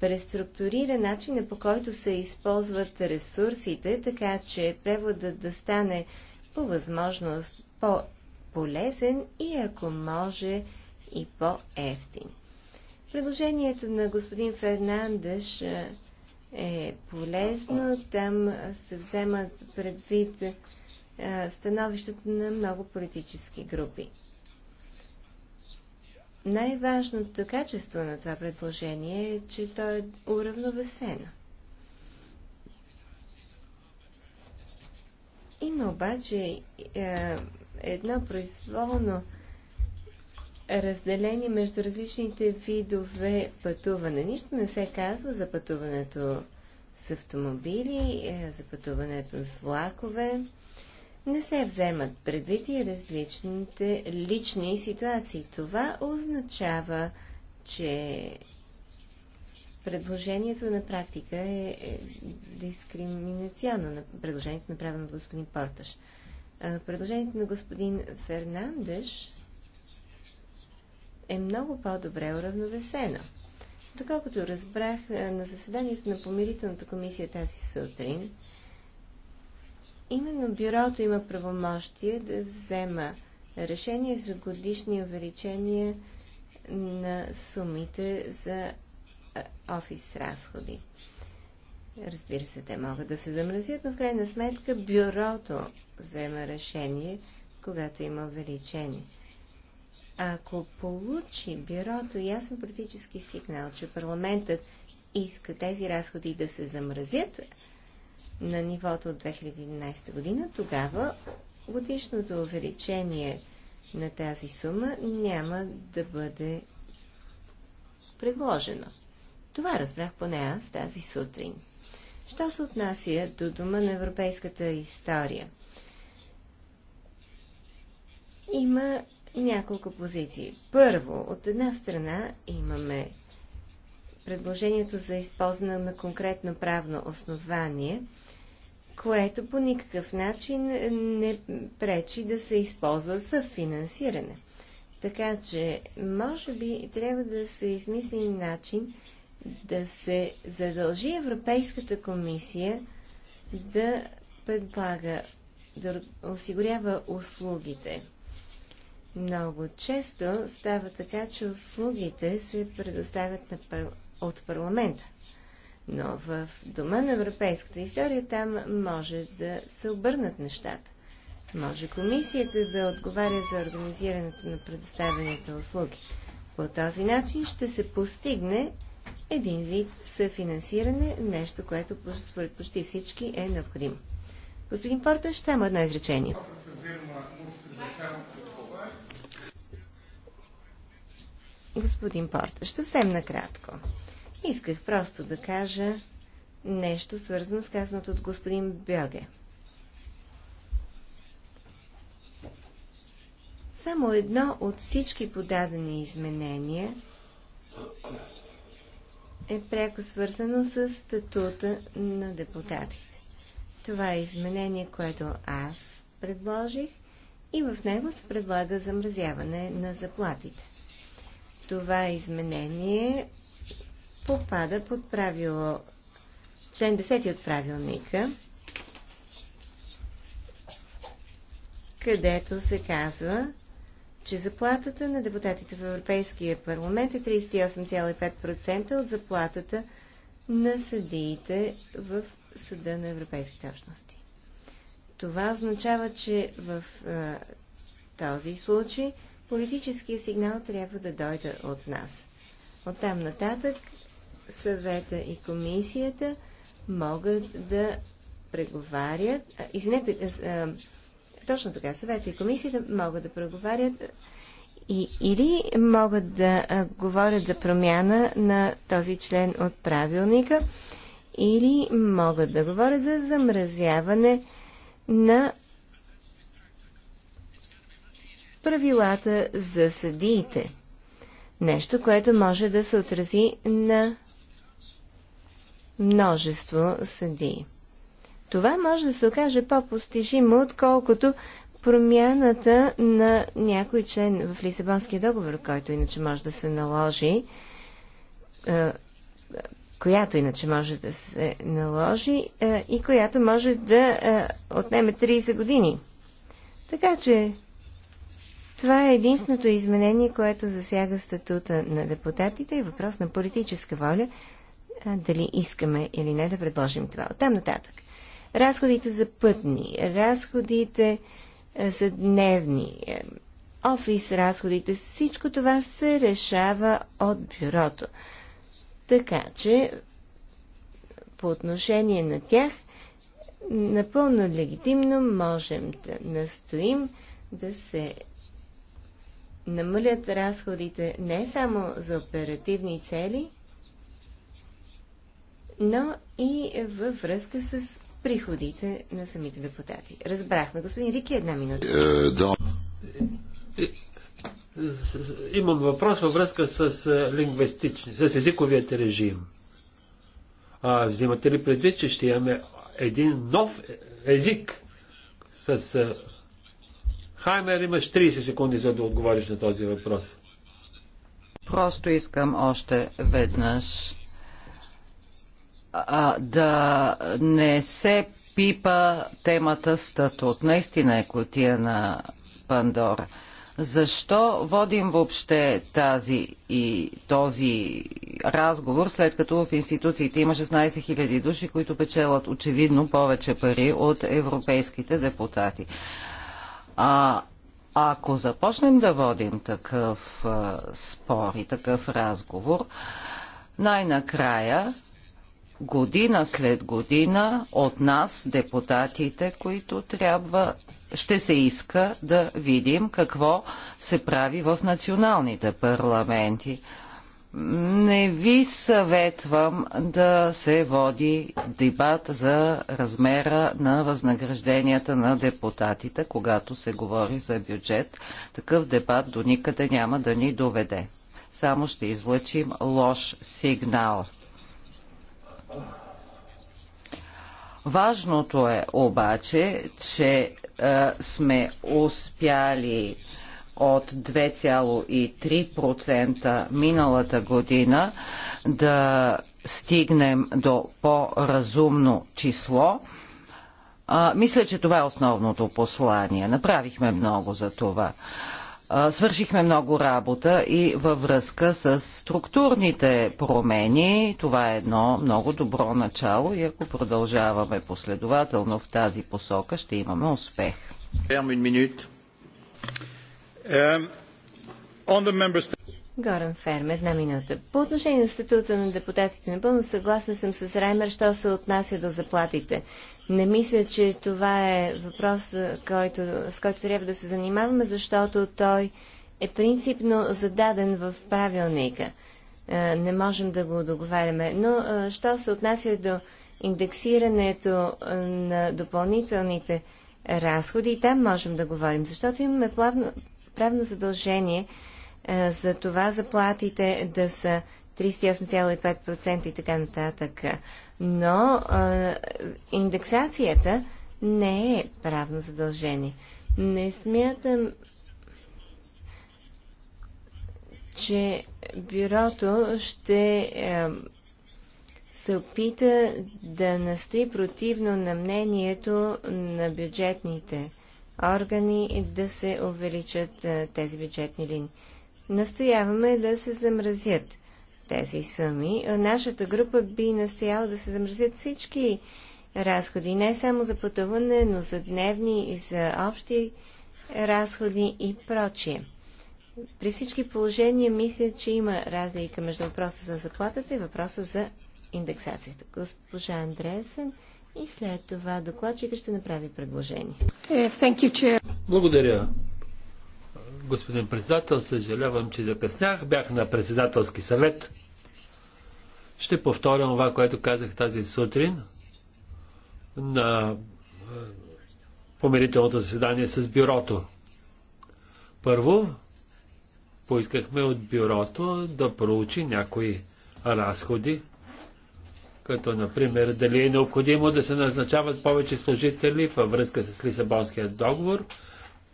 преструктурира начина по който се използват ресурсите, така че преводът да стане по възможност по-полезен и ако може и по-ефтин. Предложението на господин Фернандеш е полезно. Там се вземат предвид е, становищата на много политически групи. Най-важното качество на това предложение е, че то е уравновесено. Има обаче е, едно произволно разделение между различните видове пътуване. Нищо не се казва за пътуването с автомобили, е, за пътуването с влакове. Не се вземат предвид и различните лични ситуации. Това означава, че предложението на практика е, е дискриминационно. Предложението направено от господин Порташ. Е, предложението на господин Фернандеш е много по-добре уравновесено. Доколкото разбрах е, на заседанието на помирителната комисия тази сутрин, именно бюрото има правомощие да взема решение за годишни увеличения на сумите за е, офис разходи. Разбира се, те могат да се замразят, но в крайна сметка бюрото взема решение, когато има увеличение. Ако получи бюрото ясен политически сигнал, че парламентът иска тези разходи да се замразят на нивото от 2011 година, тогава годишното увеличение на тази сума няма да бъде предложено. Това разбрах поне аз тази сутрин. Що се отнася до Дома на европейската история? Има няколко позиции. Първо, от една страна имаме предложението за използване на конкретно правно основание, което по никакъв начин не пречи да се използва за финансиране. Така че, може би, трябва да се измисли начин да се задължи Европейската комисия да предлага, да осигурява услугите много често става така, че услугите се предоставят на пар... от парламента. Но в Дома на европейската история там може да се обърнат нещата. Може комисията да отговаря за организирането на предоставените услуги. По този начин ще се постигне един вид съфинансиране, нещо, което според почти всички е необходимо. Господин Порта, ще само едно изречение. господин Порташ. Съвсем накратко. Исках просто да кажа нещо свързано с казаното от господин Бьоге. Само едно от всички подадени изменения е пряко свързано с статута на депутатите. Това е изменение, което аз предложих и в него се предлага замразяване на заплатите. Това изменение попада под правило член 10 от правилника, където се казва, че заплатата на депутатите в Европейския парламент е 38,5% от заплатата на съдиите в Съда на Европейските общности. Това означава, че в а, този случай политическия сигнал трябва да дойде от нас. От там нататък съвета и комисията могат да преговарят. Извинете, точно така, съвета и комисията могат да преговарят и, или могат да говорят за промяна на този член от правилника, или могат да говорят за замразяване на правилата за съдиите. Нещо, което може да се отрази на множество съдии. Това може да се окаже по-постижимо, отколкото промяната на някой член в Лисабонския договор, който иначе може да се наложи, е, която иначе може да се наложи е, и която може да е, отнеме 30 години. Така че това е единственото изменение, което засяга статута на депутатите и е въпрос на политическа воля, дали искаме или не да предложим това. Оттам нататък. Разходите за пътни, разходите за дневни, офис разходите, всичко това се решава от бюрото. Така че по отношение на тях напълно легитимно можем да настоим да се намалят разходите не само за оперативни цели, но и във връзка с приходите на самите депутати. Разбрахме. Господин Рики, една минута. Е, имам въпрос във връзка с е, лингвистични, с езиковият режим. А, взимате ли предвид, че ще имаме един нов език с е, Хаймер, имаш 30 секунди за да отговориш на този въпрос. Просто искам още веднъж а, да не се пипа темата статут. Наистина е котия на Пандора. Защо водим въобще тази и този разговор, след като в институциите има 16 000 души, които печелят очевидно повече пари от европейските депутати? А ако започнем да водим такъв а, спор и такъв разговор, най-накрая, година след година, от нас, депутатите, които трябва, ще се иска да видим какво се прави в националните парламенти не ви съветвам да се води дебат за размера на възнагражденията на депутатите, когато се говори за бюджет. Такъв дебат до никъде няма да ни доведе. Само ще излъчим лош сигнал. Важното е обаче, че е, сме успяли е, от 2,3% миналата година да стигнем до по-разумно число. А, мисля, че това е основното послание. Направихме много за това. А, свършихме много работа и във връзка с структурните промени. Това е едно много добро начало и ако продължаваме последователно в тази посока, ще имаме успех. Една Um, Горан Ферм, една минута. По отношение на статута на депутатите, напълно съгласна съм с Раймер, що се отнася до заплатите. Не мисля, че това е въпрос, който, с който трябва да се занимаваме, защото той е принципно зададен в правилника. Не можем да го договаряме. Но, що се отнася до индексирането на допълнителните разходи, и там можем да говорим, защото имаме плавно, правно задължение е, за това заплатите да са 38,5% и така нататък. Но е, индексацията не е правно задължение. Не смятам, че бюрото ще е, се опита да настои противно на мнението на бюджетните органи да се увеличат е, тези бюджетни линии. Настояваме да се замразят тези суми. Нашата група би настояла да се замразят всички разходи, не само за пътуване, но за дневни и за общи разходи и прочие. При всички положения мисля, че има разлика между въпроса за заплатата и въпроса за индексацията. Госпожа Андреасен и след това докладчика ще направи предложение. Е, you, Благодаря. Господин председател, съжалявам, че закъснях. Бях на председателски съвет. Ще повторя това, което казах тази сутрин на е, помирителното заседание с бюрото. Първо, поискахме от бюрото да проучи някои разходи, като например дали е необходимо да се назначават повече служители във връзка с Лисабонския договор,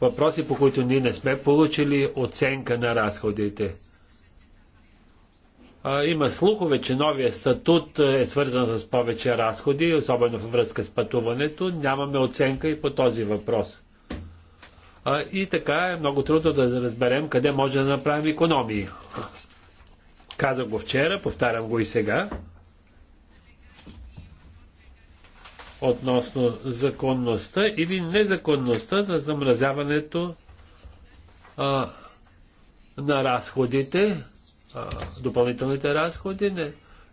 въпроси, по които ние не сме получили оценка на разходите. А, има слухове, че новия статут е, е свързан с повече разходи, особено във връзка с пътуването. Нямаме оценка и по този въпрос. А, и така е много трудно да разберем къде може да направим економии. Казах го вчера, повтарям го и сега. относно законността или незаконността на замразяването а, на разходите, а, допълнителните разходи. Не.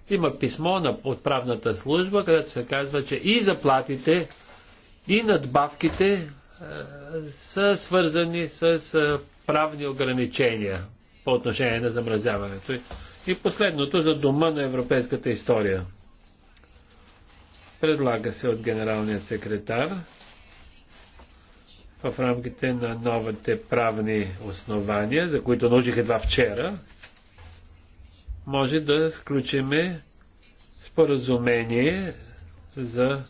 Има писмо на отправната служба, където се казва, че и заплатите, и надбавките а, са свързани с а, правни ограничения по отношение на замразяването. И последното за дома на европейската история. Предлага се от генералния секретар в рамките на новите правни основания, за които научих едва вчера, може да сключиме споразумение за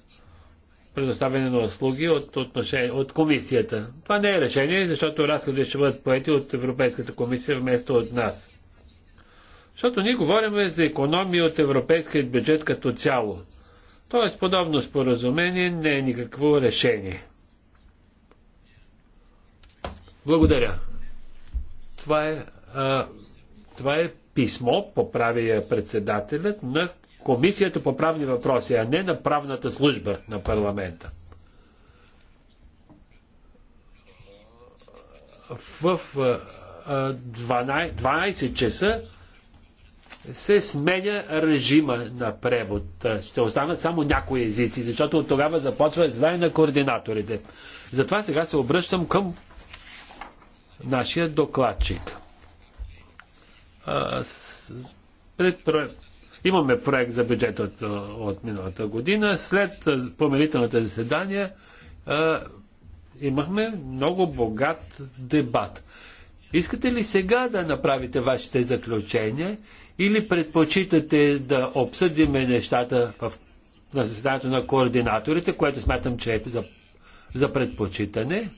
предоставяне на услуги от, отношение, от комисията. Това не е решение, защото разходите ще бъдат поети от Европейската комисия вместо от нас. Защото ние говорим за економия от европейския бюджет като цяло. Тоест, подобно споразумение не е никакво решение. Благодаря. Това е, а, това е писмо, поправи я председателят, на Комисията по правни въпроси, а не на правната служба на парламента. В а, 12, 12 часа се сменя режима на превод. Ще останат само някои езици, защото от тогава започва знае на координаторите. Затова сега се обръщам към нашия докладчик. Пред, имаме проект за бюджет от, от миналата година. След помирителната заседания имахме много богат дебат. Искате ли сега да направите вашите заключения или предпочитате да обсъдиме нещата в, на заседанието на координаторите, което смятам, че е за, за предпочитане?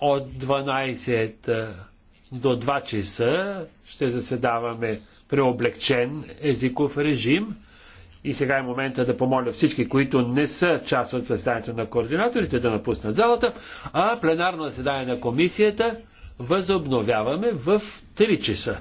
От 12 до 2 часа ще заседаваме при облегчен езиков режим. И сега е момента да помоля всички, които не са част от заседанието на координаторите, да напуснат залата, а пленарно заседание на комисията възобновяваме в 3 часа.